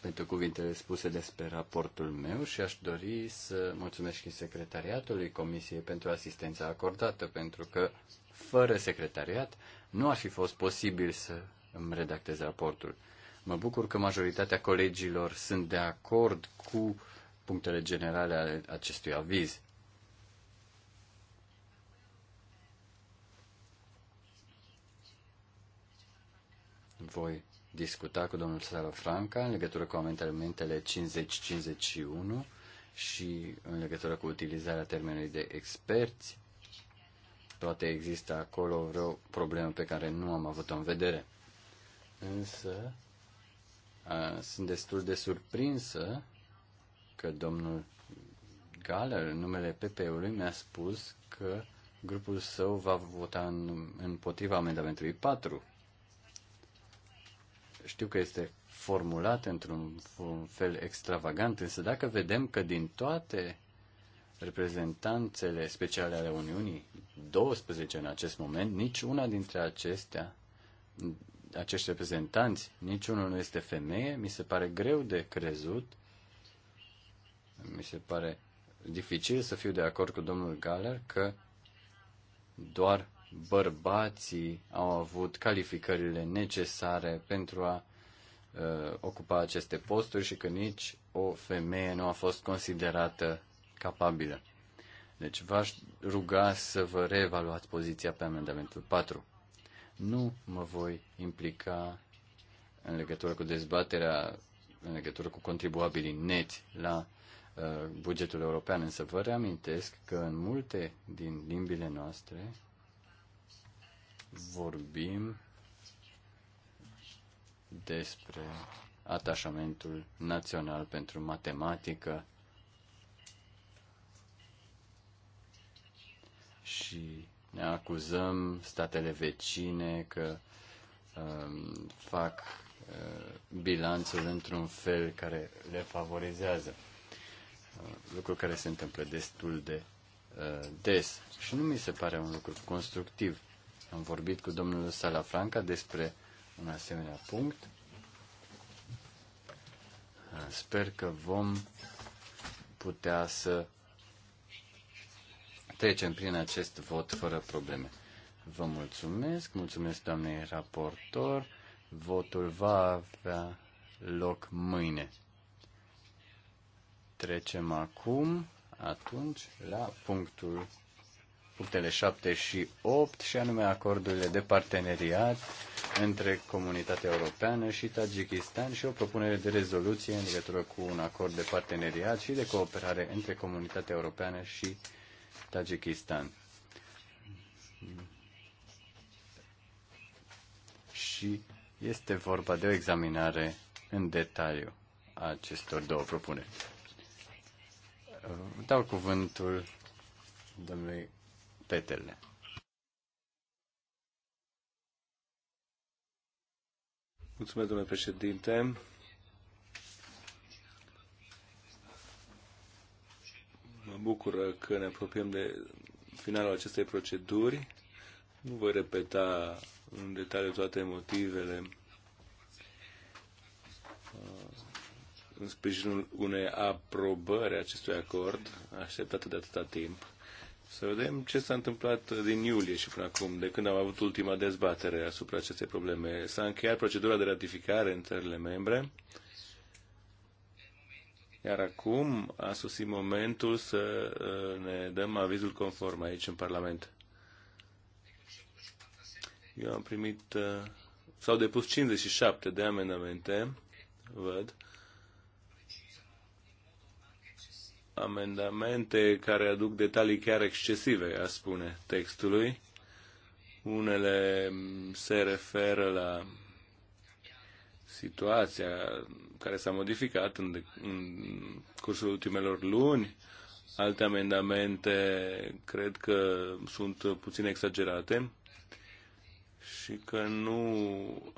pentru cuvintele spuse despre raportul meu și aș dori să mulțumesc și secretariatului Comisiei pentru asistența acordată, pentru că fără secretariat nu ar fi fost posibil să îmi redactez raportul. Mă bucur că majoritatea colegilor sunt de acord cu punctele generale ale acestui aviz. Voi discuta cu domnul Franca în legătură cu amendamentele 50-51 și în legătură cu utilizarea termenului de experți. Toate există acolo vreo problemă pe care nu am avut-o în vedere. Însă, Uh, sunt destul de surprinsă că domnul Galler, în numele PP-ului, mi-a spus că grupul său va vota în, împotriva amendamentului 4. Știu că este formulat într-un fel extravagant, însă dacă vedem că din toate reprezentanțele speciale ale Uniunii, 12 în acest moment, nici una dintre acestea acești reprezentanți, niciunul nu este femeie, mi se pare greu de crezut, mi se pare dificil să fiu de acord cu domnul Galer că doar bărbații au avut calificările necesare pentru a uh, ocupa aceste posturi și că nici o femeie nu a fost considerată capabilă. Deci v-aș ruga să vă reevaluați poziția pe amendamentul 4 nu mă voi implica în legătură cu dezbaterea, în legătură cu contribuabilii neti la uh, bugetul european, însă vă reamintesc că în multe din limbile noastre vorbim despre atașamentul național pentru matematică și ne acuzăm statele vecine că um, fac uh, bilanțul într-un fel care le favorizează. Uh, lucru care se întâmplă destul de uh, des și nu mi se pare un lucru constructiv. Am vorbit cu domnul Salafranca despre un asemenea punct. Uh, sper că vom putea să trecem prin acest vot fără probleme. Vă mulțumesc, mulțumesc doamnei raportor. Votul va avea loc mâine. Trecem acum, atunci, la punctul, punctele 7 și 8, și anume acordurile de parteneriat între Comunitatea Europeană și Tajikistan și o propunere de rezoluție în legătură cu un acord de parteneriat și de cooperare între Comunitatea Europeană și Tajikistan Tajikistan. Și este vorba de o examinare în detaliu a acestor două propuneri. Uh, dau cuvântul domnului Petele. Mulțumesc, domnule președinte. bucură că ne apropiem de finalul acestei proceduri. Nu voi repeta în detaliu toate motivele uh, în sprijinul unei aprobări acestui acord așteptat de atâta timp. Să vedem ce s-a întâmplat din iulie și până acum, de când am avut ultima dezbatere asupra acestei probleme. S-a încheiat procedura de ratificare în țările membre. Iar acum a sosit momentul să uh, ne dăm avizul conform aici în Parlament. Eu am primit, uh, s-au depus 57 de amendamente, văd, amendamente care aduc detalii chiar excesive, a spune textului. Unele se referă la situația care s-a modificat în, de, în cursul ultimelor luni. Alte amendamente cred că sunt puțin exagerate și că nu,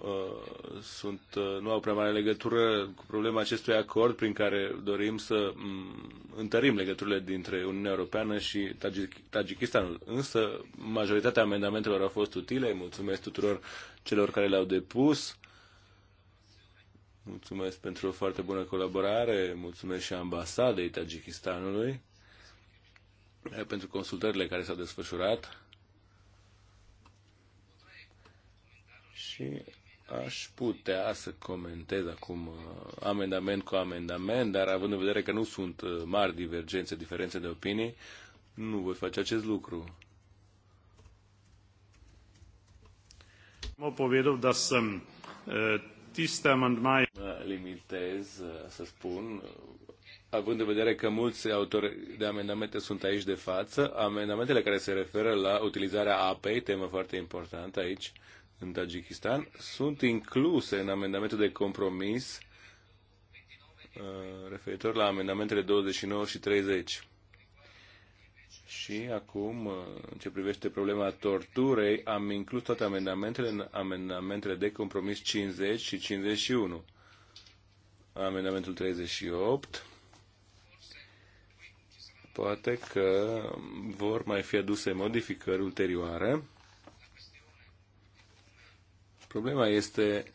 uh, sunt, uh, nu au prea mare legătură cu problema acestui acord prin care dorim să um, întărim legăturile dintre Uniunea Europeană și Tajikistanul. Însă majoritatea amendamentelor au fost utile. Mulțumesc tuturor celor care le-au depus Mulțumesc pentru o foarte bună colaborare, mulțumesc și ambasadei Tajikistanului eh, pentru consultările care s-au desfășurat. Și aș putea să comentez acum eh, amendament cu amendament, dar având în vedere că nu sunt eh, mari divergențe, diferențe de opinii, nu voi face acest lucru. Mă povedal dar sem tisztelmand mai... Limitez uh, să spun, uh, având în vedere că mulți autori de amendamente sunt aici de față, amendamentele care se referă la utilizarea apei, temă foarte importantă aici, în Tajikistan, sunt incluse în amendamentul de compromis uh, referitor la amendamentele 29 și 30. Și acum, uh, în ce privește problema torturei, am inclus toate amendamentele în amendamentele de compromis 50 și 51. Amendamentul 38. Poate că vor mai fi aduse modificări ulterioare. Problema este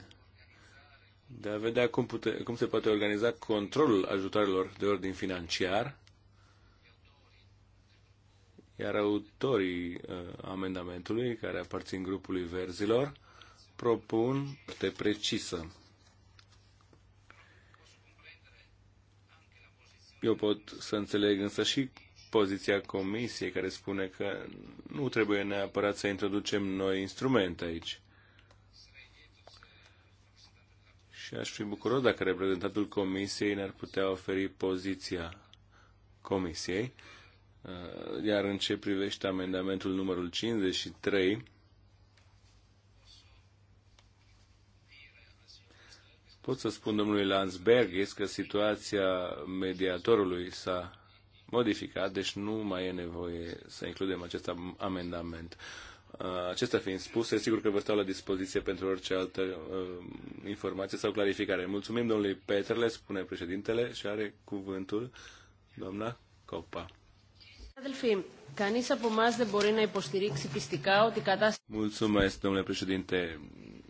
de a vedea cum, pute, cum se poate organiza controlul ajutoarelor de ordin financiar iar autorii uh, amendamentului, care aparțin grupului verzilor, propun te precisă. Eu pot să înțeleg însă și poziția comisiei care spune că nu trebuie neapărat să introducem noi instrumente aici. Și aș fi bucuros dacă reprezentantul comisiei ne-ar putea oferi poziția comisiei Uh, iar în ce privește amendamentul numărul 53, pot să spun domnului este că situația mediatorului s-a modificat, deci nu mai e nevoie să includem acest amendament. Uh, acesta fiind e sigur că vă stau la dispoziție pentru orice altă uh, informație sau clarificare. Mulțumim domnului Petrele, spune președintele, și are cuvântul doamna Copa. Mulțumesc, domnule președinte.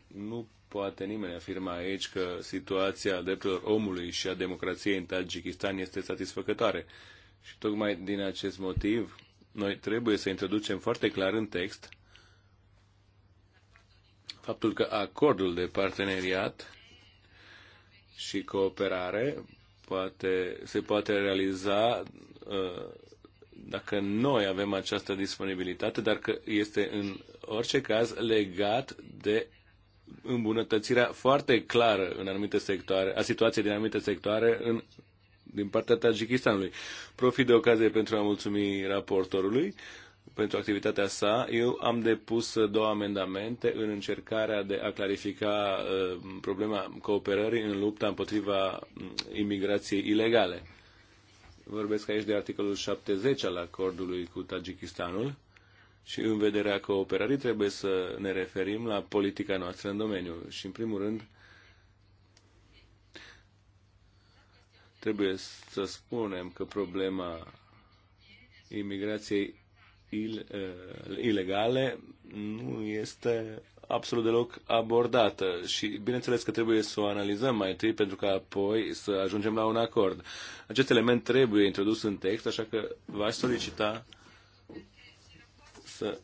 Nu poate nimeni afirma aici că situația drepturilor omului și a democrației în Tajikistan este satisfăcătoare. Și tocmai din acest motiv, noi trebuie să introducem foarte clar în text faptul că acordul de parteneriat și cooperare poate, se poate realiza uh, dacă noi avem această disponibilitate, dar că este în orice caz legat de îmbunătățirea foarte clară în anumite sectoare, a situației din anumite sectoare în, din partea Tajikistanului. Profit de ocazie pentru a mulțumi raportorului pentru activitatea sa. Eu am depus două amendamente în încercarea de a clarifica uh, problema cooperării în lupta împotriva mm, imigrației ilegale. Vorbesc aici de articolul 70 al acordului cu Tajikistanul și în vederea cooperării trebuie să ne referim la politica noastră în domeniu. Și în primul rând trebuie să spunem că problema imigrației eh, ilegale nu este absolut deloc abordată și bineînțeles că trebuie să o analizăm mai întâi pentru că apoi să ajungem la un acord. Acest element trebuie introdus în text, așa că v-aș solicita să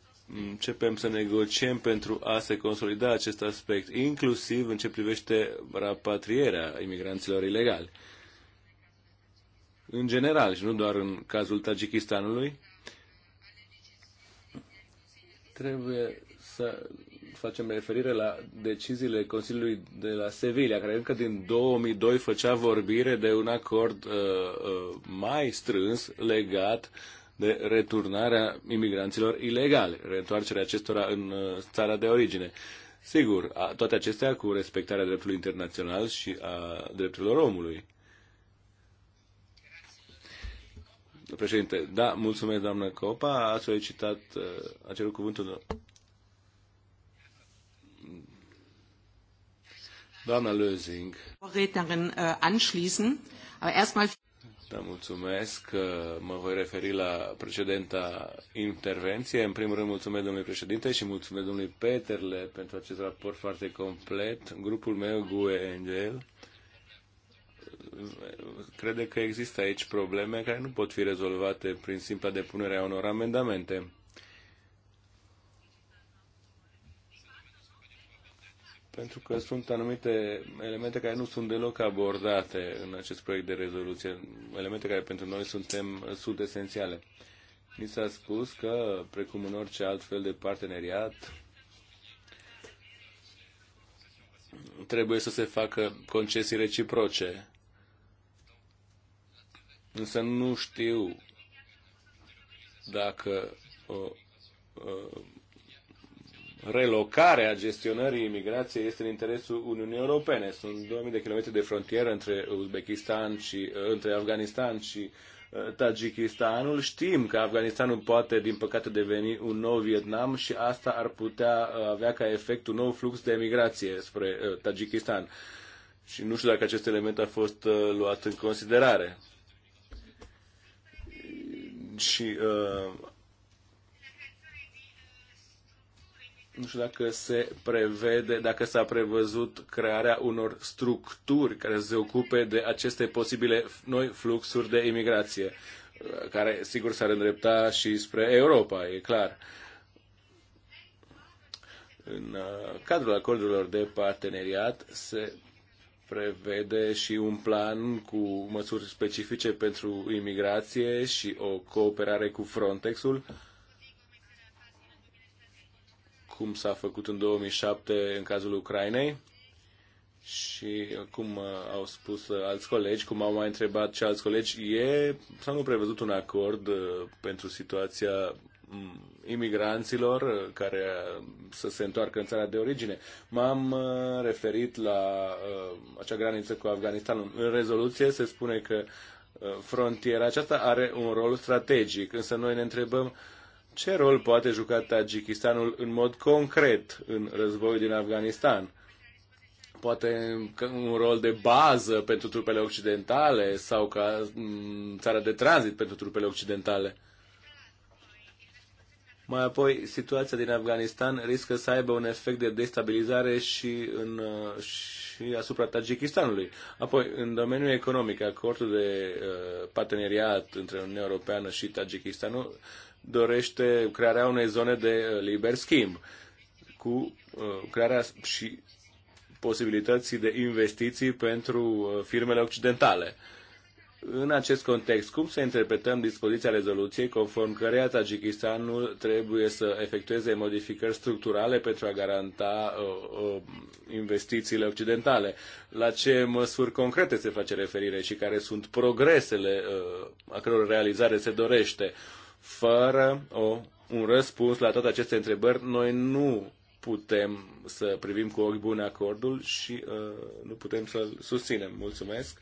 începem să negociem pentru a se consolida acest aspect, inclusiv în ce privește rapatrierea imigranților ilegali. În general și nu doar în cazul Tajikistanului, trebuie să facem referire la deciziile Consiliului de la Sevilla, care încă din 2002 făcea vorbire de un acord uh, uh, mai strâns legat de returnarea imigranților ilegali, reîntoarcerea acestora în uh, țara de origine. Sigur, a, toate acestea cu respectarea dreptului internațional și a drepturilor omului. Președinte, da, mulțumesc, doamnă Copa. A solicitat, uh, a cerut cuvântul Doamna Lösing. Uh, da, mulțumesc. Uh, mă voi referi la precedenta intervenție. În primul rând, mulțumesc domnului președinte și mulțumesc domnului Peterle pentru acest raport foarte complet. Grupul meu, GUE Angel, crede că există aici probleme care nu pot fi rezolvate prin simpla depunere a unor amendamente. pentru că sunt anumite elemente care nu sunt deloc abordate în acest proiect de rezoluție, elemente care pentru noi suntem, sunt esențiale. Mi s-a spus că, precum în orice alt fel de parteneriat, trebuie să se facă concesii reciproce. Însă nu știu dacă o, relocarea gestionării imigrației este în interesul Uniunii Europene. Sunt 2000 de kilometri de frontieră între Uzbekistan și uh, între Afganistan și uh, Tajikistanul. Știm că Afganistanul poate, din păcate, deveni un nou Vietnam și asta ar putea uh, avea ca efect un nou flux de emigrație spre Tajikistan. Și nu știu dacă acest element a fost luat în considerare și nu știu dacă se prevede, dacă s-a prevăzut crearea unor structuri care se ocupe de aceste posibile noi fluxuri de imigrație, care sigur s-ar îndrepta și spre Europa, e clar. În uh, cadrul acordurilor de parteneriat se prevede și un plan cu măsuri specifice pentru imigrație și o cooperare cu Frontexul cum s-a făcut în 2007 în cazul Ucrainei și cum uh, au spus uh, alți colegi, cum au mai întrebat și alți colegi, e sau nu prevăzut un acord uh, pentru situația mm, imigranților care să se întoarcă în țara de origine. M-am referit la acea graniță cu Afganistanul. În rezoluție se spune că frontiera aceasta are un rol strategic, însă noi ne întrebăm uh, ce rol poate juca Tajikistanul în mod concret în războiul din Afganistan? Poate un rol de bază pentru trupele occidentale sau ca mm, țara de tranzit pentru trupele occidentale? Mai apoi, situația din Afganistan riscă să aibă un efect de destabilizare și, în, uh, și asupra Tajikistanului. Apoi, în domeniul economic, acordul de uh, parteneriat între Uniunea Europeană și Tajikistanul dorește crearea unei zone de uh, liber schimb cu uh, crearea și posibilității de investiții pentru uh, firmele occidentale. În acest context, cum să interpretăm dispoziția rezoluției conform căreia Tajikistanul trebuie să efectueze modificări structurale pentru a garanta uh, investițiile occidentale? La ce măsuri concrete se face referire și care sunt progresele uh, a căror realizare se dorește? Uh, fără o, un răspuns la toate aceste întrebări, noi nu putem să privim cu ochi bune acordul și uh, nu putem să-l susținem. Mulțumesc.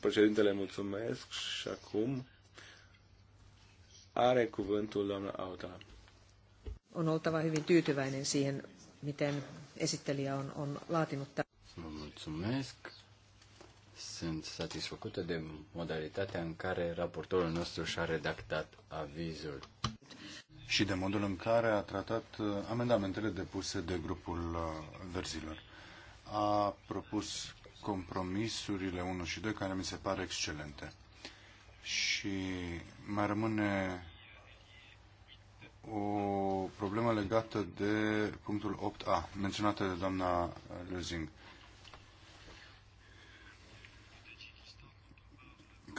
Președintele, mulțumesc. Și acum are cuvântul doamna Auta. On oltava hyvin tyytyväinen siihen, miten esittelijä on, on laatinut tämän. Mulțumesc. Sunt satisfăcută de modalitatea în care raportorul nostru și-a redactat avizul. Și de modul în care a tratat uh, amendamentele depuse de grupul uh, verzilor. A propus compromisurile 1 și 2 care mi se pare excelente. Și mai rămâne o problemă legată de punctul 8a, menționată de doamna Lezing.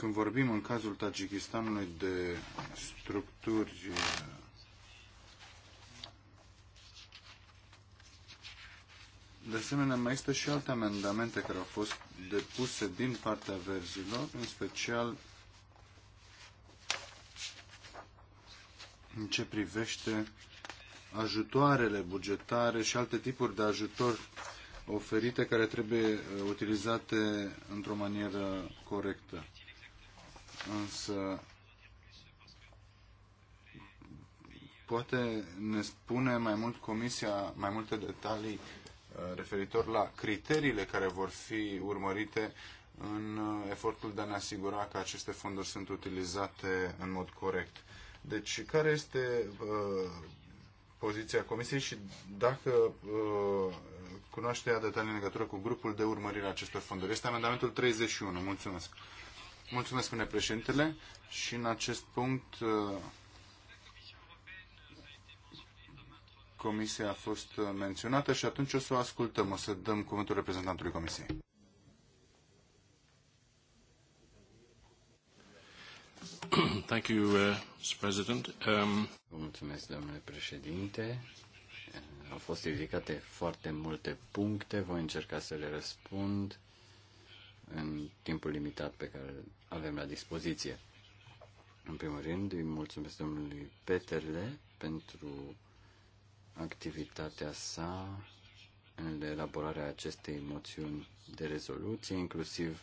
Când vorbim în cazul Tajikistanului de structuri De asemenea, mai există și alte amendamente care au fost depuse din partea verzilor, în special în ce privește ajutoarele bugetare și alte tipuri de ajutor oferite care trebuie uh, utilizate într-o manieră corectă însă poate ne spune mai mult Comisia mai multe detalii uh, referitor la criteriile care vor fi urmărite în uh, efortul de a ne asigura că aceste fonduri sunt utilizate în mod corect. Deci, care este uh, poziția Comisiei și dacă uh, cunoaște detalii în legătură cu grupul de urmărire a acestor fonduri? Este amendamentul 31. Mulțumesc. Mulțumesc, spune președintele. Și în acest punct uh, Comisia a fost uh, menționată și atunci o să o ascultăm. O să dăm cuvântul reprezentantului Comisiei. Thank you, uh, President. Um... Mulțumesc, domnule președinte. Au fost ridicate foarte multe puncte. Voi încerca să le răspund în timpul limitat pe care îl avem la dispoziție. În primul rând, îi mulțumesc domnului Peterle pentru activitatea sa în elaborarea acestei moțiuni de rezoluție, inclusiv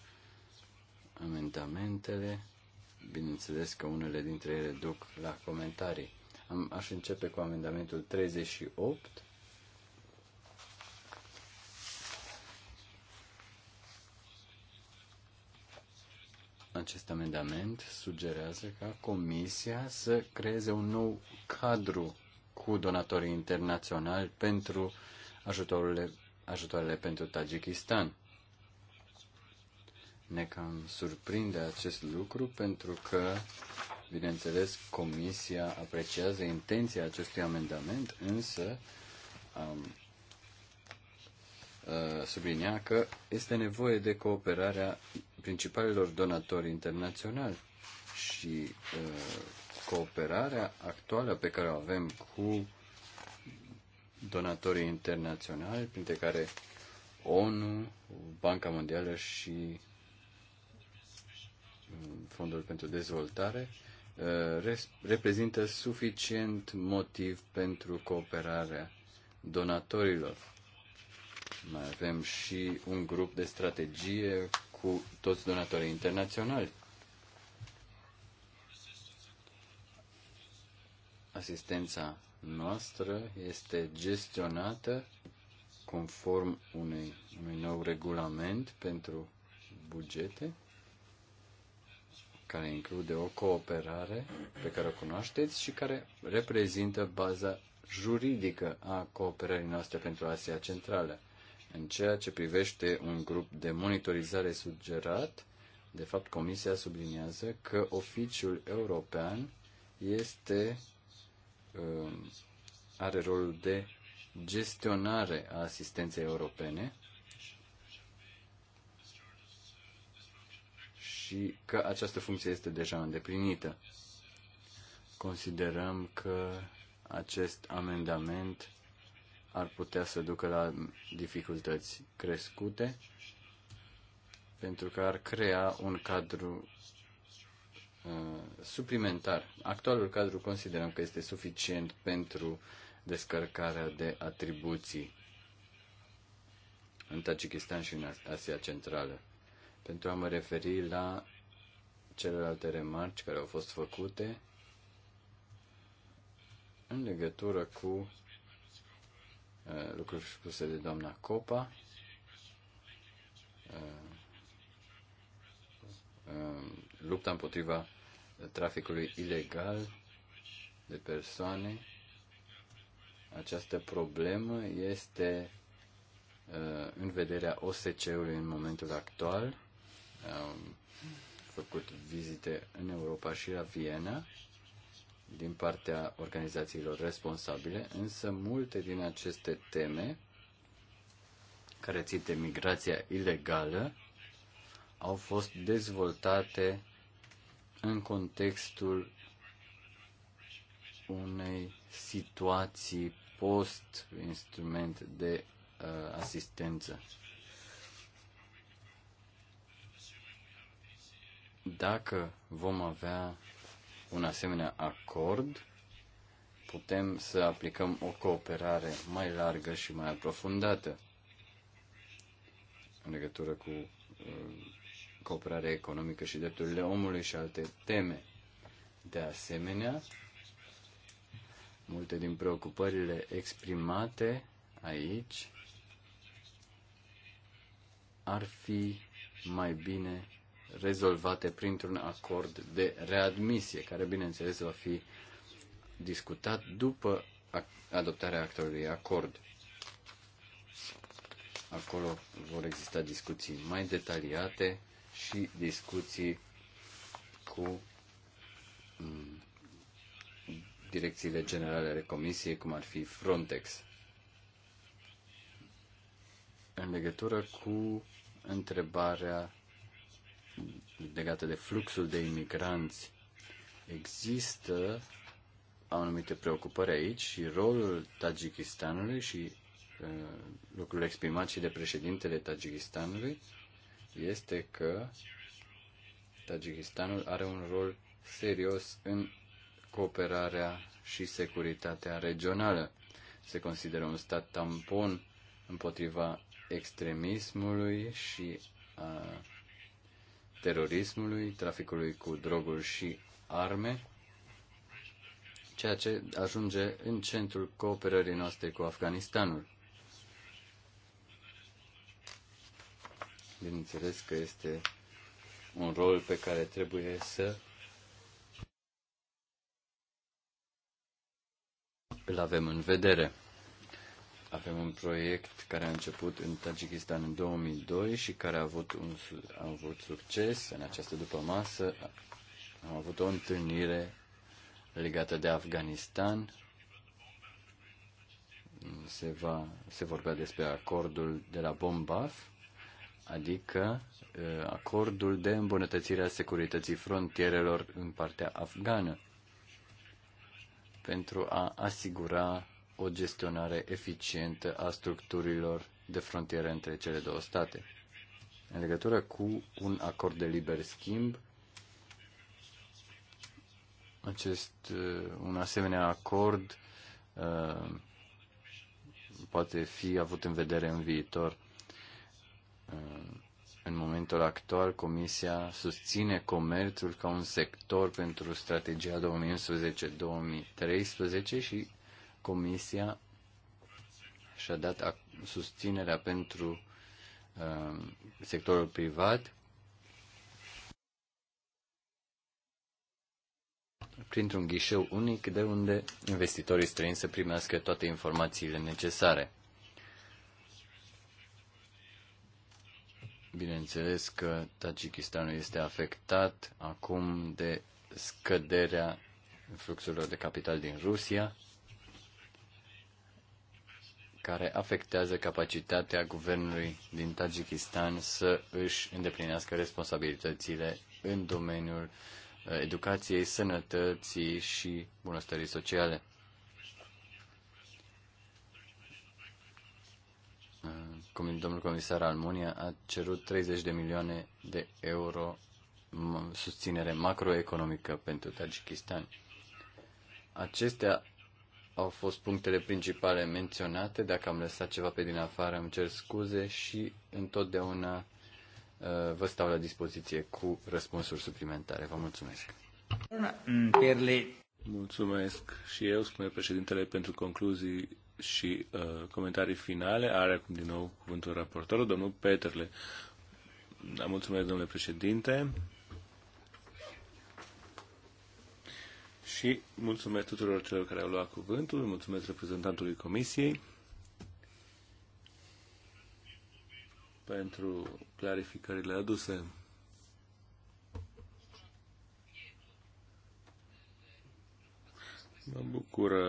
amendamentele. Bineînțeles că unele dintre ele duc la comentarii. Am, aș începe cu amendamentul 38 Acest amendament sugerează ca Comisia să creeze un nou cadru cu donatorii internaționali pentru ajutoarele, ajutoarele pentru Tajikistan. Ne cam surprinde acest lucru pentru că, bineînțeles, Comisia apreciază intenția acestui amendament, însă um, Uh, sublinia că este nevoie de cooperarea principalilor donatori internaționali și uh, cooperarea actuală pe care o avem cu donatorii internaționali, printre care ONU, Banca Mondială și uh, Fondul pentru Dezvoltare, reprezintă suficient motiv pentru cooperarea donatorilor mai avem și un grup de strategie cu toți donatorii internaționali. Asistența noastră este gestionată conform unei, unui nou regulament pentru bugete care include o cooperare pe care o cunoașteți și care reprezintă baza juridică a cooperării noastre pentru Asia Centrală. În ceea ce privește un grup de monitorizare sugerat, de fapt Comisia subliniază că oficiul european este um, are rolul de gestionare a asistenței europene și că această funcție este deja îndeplinită. Considerăm că acest amendament ar putea să ducă la dificultăți crescute pentru că ar crea un cadru uh, suplimentar. Actualul cadru considerăm că este suficient pentru descărcarea de atribuții în Tajikistan și în Asia Centrală. Pentru a mă referi la celelalte remarci care au fost făcute în legătură cu Eh, lucruri spuse de doamna Copa. Eh, eh, lupta împotriva traficului ilegal de persoane. Această problemă este în vederea OSCE-ului în momentul actual. Am făcut vizite în Europa și la Viena din partea organizațiilor responsabile, însă multe din aceste teme care țin de migrația ilegală au fost dezvoltate în contextul unei situații post-instrument de uh, asistență. Dacă vom avea un asemenea acord, putem să aplicăm o cooperare mai largă și mai aprofundată în legătură cu uh, cooperarea economică și drepturile omului și alte teme. De asemenea, multe din preocupările exprimate aici ar fi mai bine rezolvate printr-un acord de readmisie, care, bineînțeles, va fi discutat după adoptarea actului acord. Acolo vor exista discuții mai detaliate și discuții cu mm, direcțiile generale ale Comisiei, cum ar fi Frontex. În legătură cu întrebarea legate de fluxul de imigranți. Există anumite preocupări aici și rolul Tajikistanului și uh, lucrul exprimat și de președintele Tajikistanului este că Tajikistanul are un rol serios în cooperarea și securitatea regională. Se consideră un stat tampon împotriva extremismului și a terorismului, traficului cu droguri și arme, ceea ce ajunge în centrul cooperării noastre cu Afganistanul. Bineînțeles că este un rol pe care trebuie să îl avem în vedere. Avem un proiect care a început în Tajikistan în 2002 și care a avut, un, a avut succes în această masă Am avut o întâlnire legată de Afganistan. Se, va, se vorbea despre acordul de la Bombaf, adică uh, acordul de îmbunătățire a securității frontierelor în partea afgană pentru a asigura o gestionare eficientă a structurilor de frontieră între cele două state. În legătură cu un acord de liber schimb, acest, uh, un asemenea acord uh, poate fi avut în vedere în viitor. Uh, în momentul actual, Comisia susține comerțul ca un sector pentru strategia 2011-2013 și Comisia și-a dat susținerea pentru uh, sectorul privat printr-un ghișeu unic de unde investitorii străini să primească toate informațiile necesare. Bineînțeles că Tajikistanul este afectat acum de scăderea fluxurilor de capital din Rusia care afectează capacitatea guvernului din Tajikistan să își îndeplinească responsabilitățile în domeniul uh, educației, sănătății și bunăstării sociale. Uh, domnul comisar Almunia a cerut 30 de milioane de euro susținere macroeconomică pentru Tajikistan. Acestea au fost punctele principale menționate. Dacă am lăsat ceva pe din afară, îmi cer scuze și întotdeauna uh, vă stau la dispoziție cu răspunsuri suplimentare. Vă mulțumesc. Mulțumesc și eu, spune președintele, pentru concluzii și uh, comentarii finale. Are acum din nou cuvântul raportorul, domnul Peterle. Da, mulțumesc, domnule președinte. și mulțumesc tuturor celor care au luat cuvântul, mulțumesc reprezentantului Comisiei pentru clarificările aduse. Mă bucură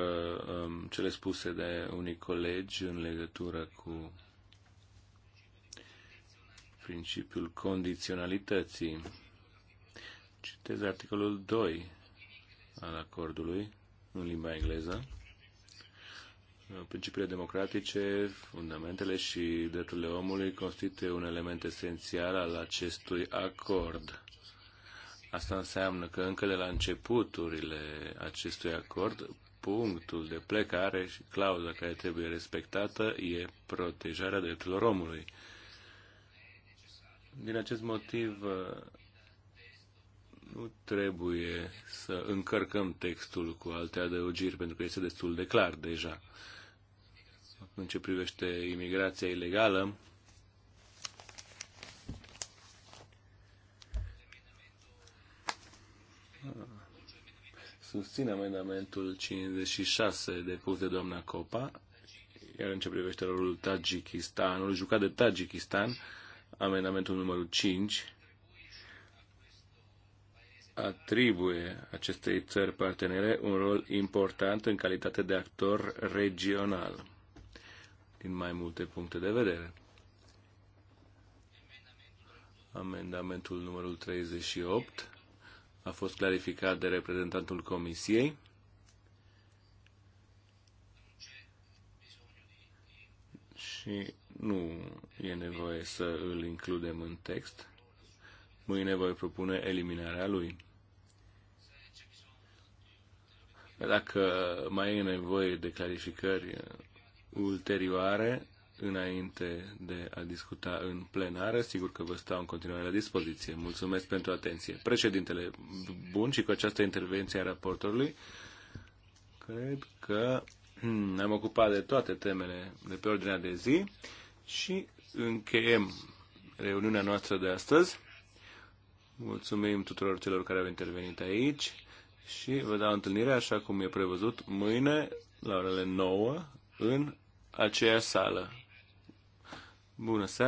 um, cele spuse de unii colegi în legătură cu principiul condiționalității. Citez articolul 2 al acordului în limba engleză. Principiile democratice, fundamentele și drepturile omului constituie un element esențial al acestui acord. Asta înseamnă că încă de la începuturile acestui acord, punctul de plecare și clauza care trebuie respectată e protejarea drepturilor omului. Din acest motiv, nu trebuie să încărcăm textul cu alte adăugiri, pentru că este destul de clar deja. În ce privește imigrația ilegală, susțin amendamentul 56 depus de doamna Copa, iar în ce privește rolul Tajikistanului, jucat de Tajikistan, amendamentul numărul 5, atribuie acestei țări partenere un rol important în calitate de actor regional, din mai multe puncte de vedere. Amendamentul numărul 38 a fost clarificat de reprezentantul Comisiei. Și nu e nevoie să îl includem în text. Mâine voi propune eliminarea lui. Dacă mai e nevoie de clarificări eh, ulterioare, înainte de a discuta în plenară. Sigur că vă stau în continuare la dispoziție. Mulțumesc pentru atenție. Președintele, bun și cu această intervenție a raportorului, cred că hmm, am ocupat de toate temele de pe ordinea de zi și încheiem reuniunea noastră de astăzi. Mulțumim tuturor celor care au intervenit aici și vă dau întâlnirea așa cum e prevăzut mâine la orele 9 în aceeași sală. Bună seara!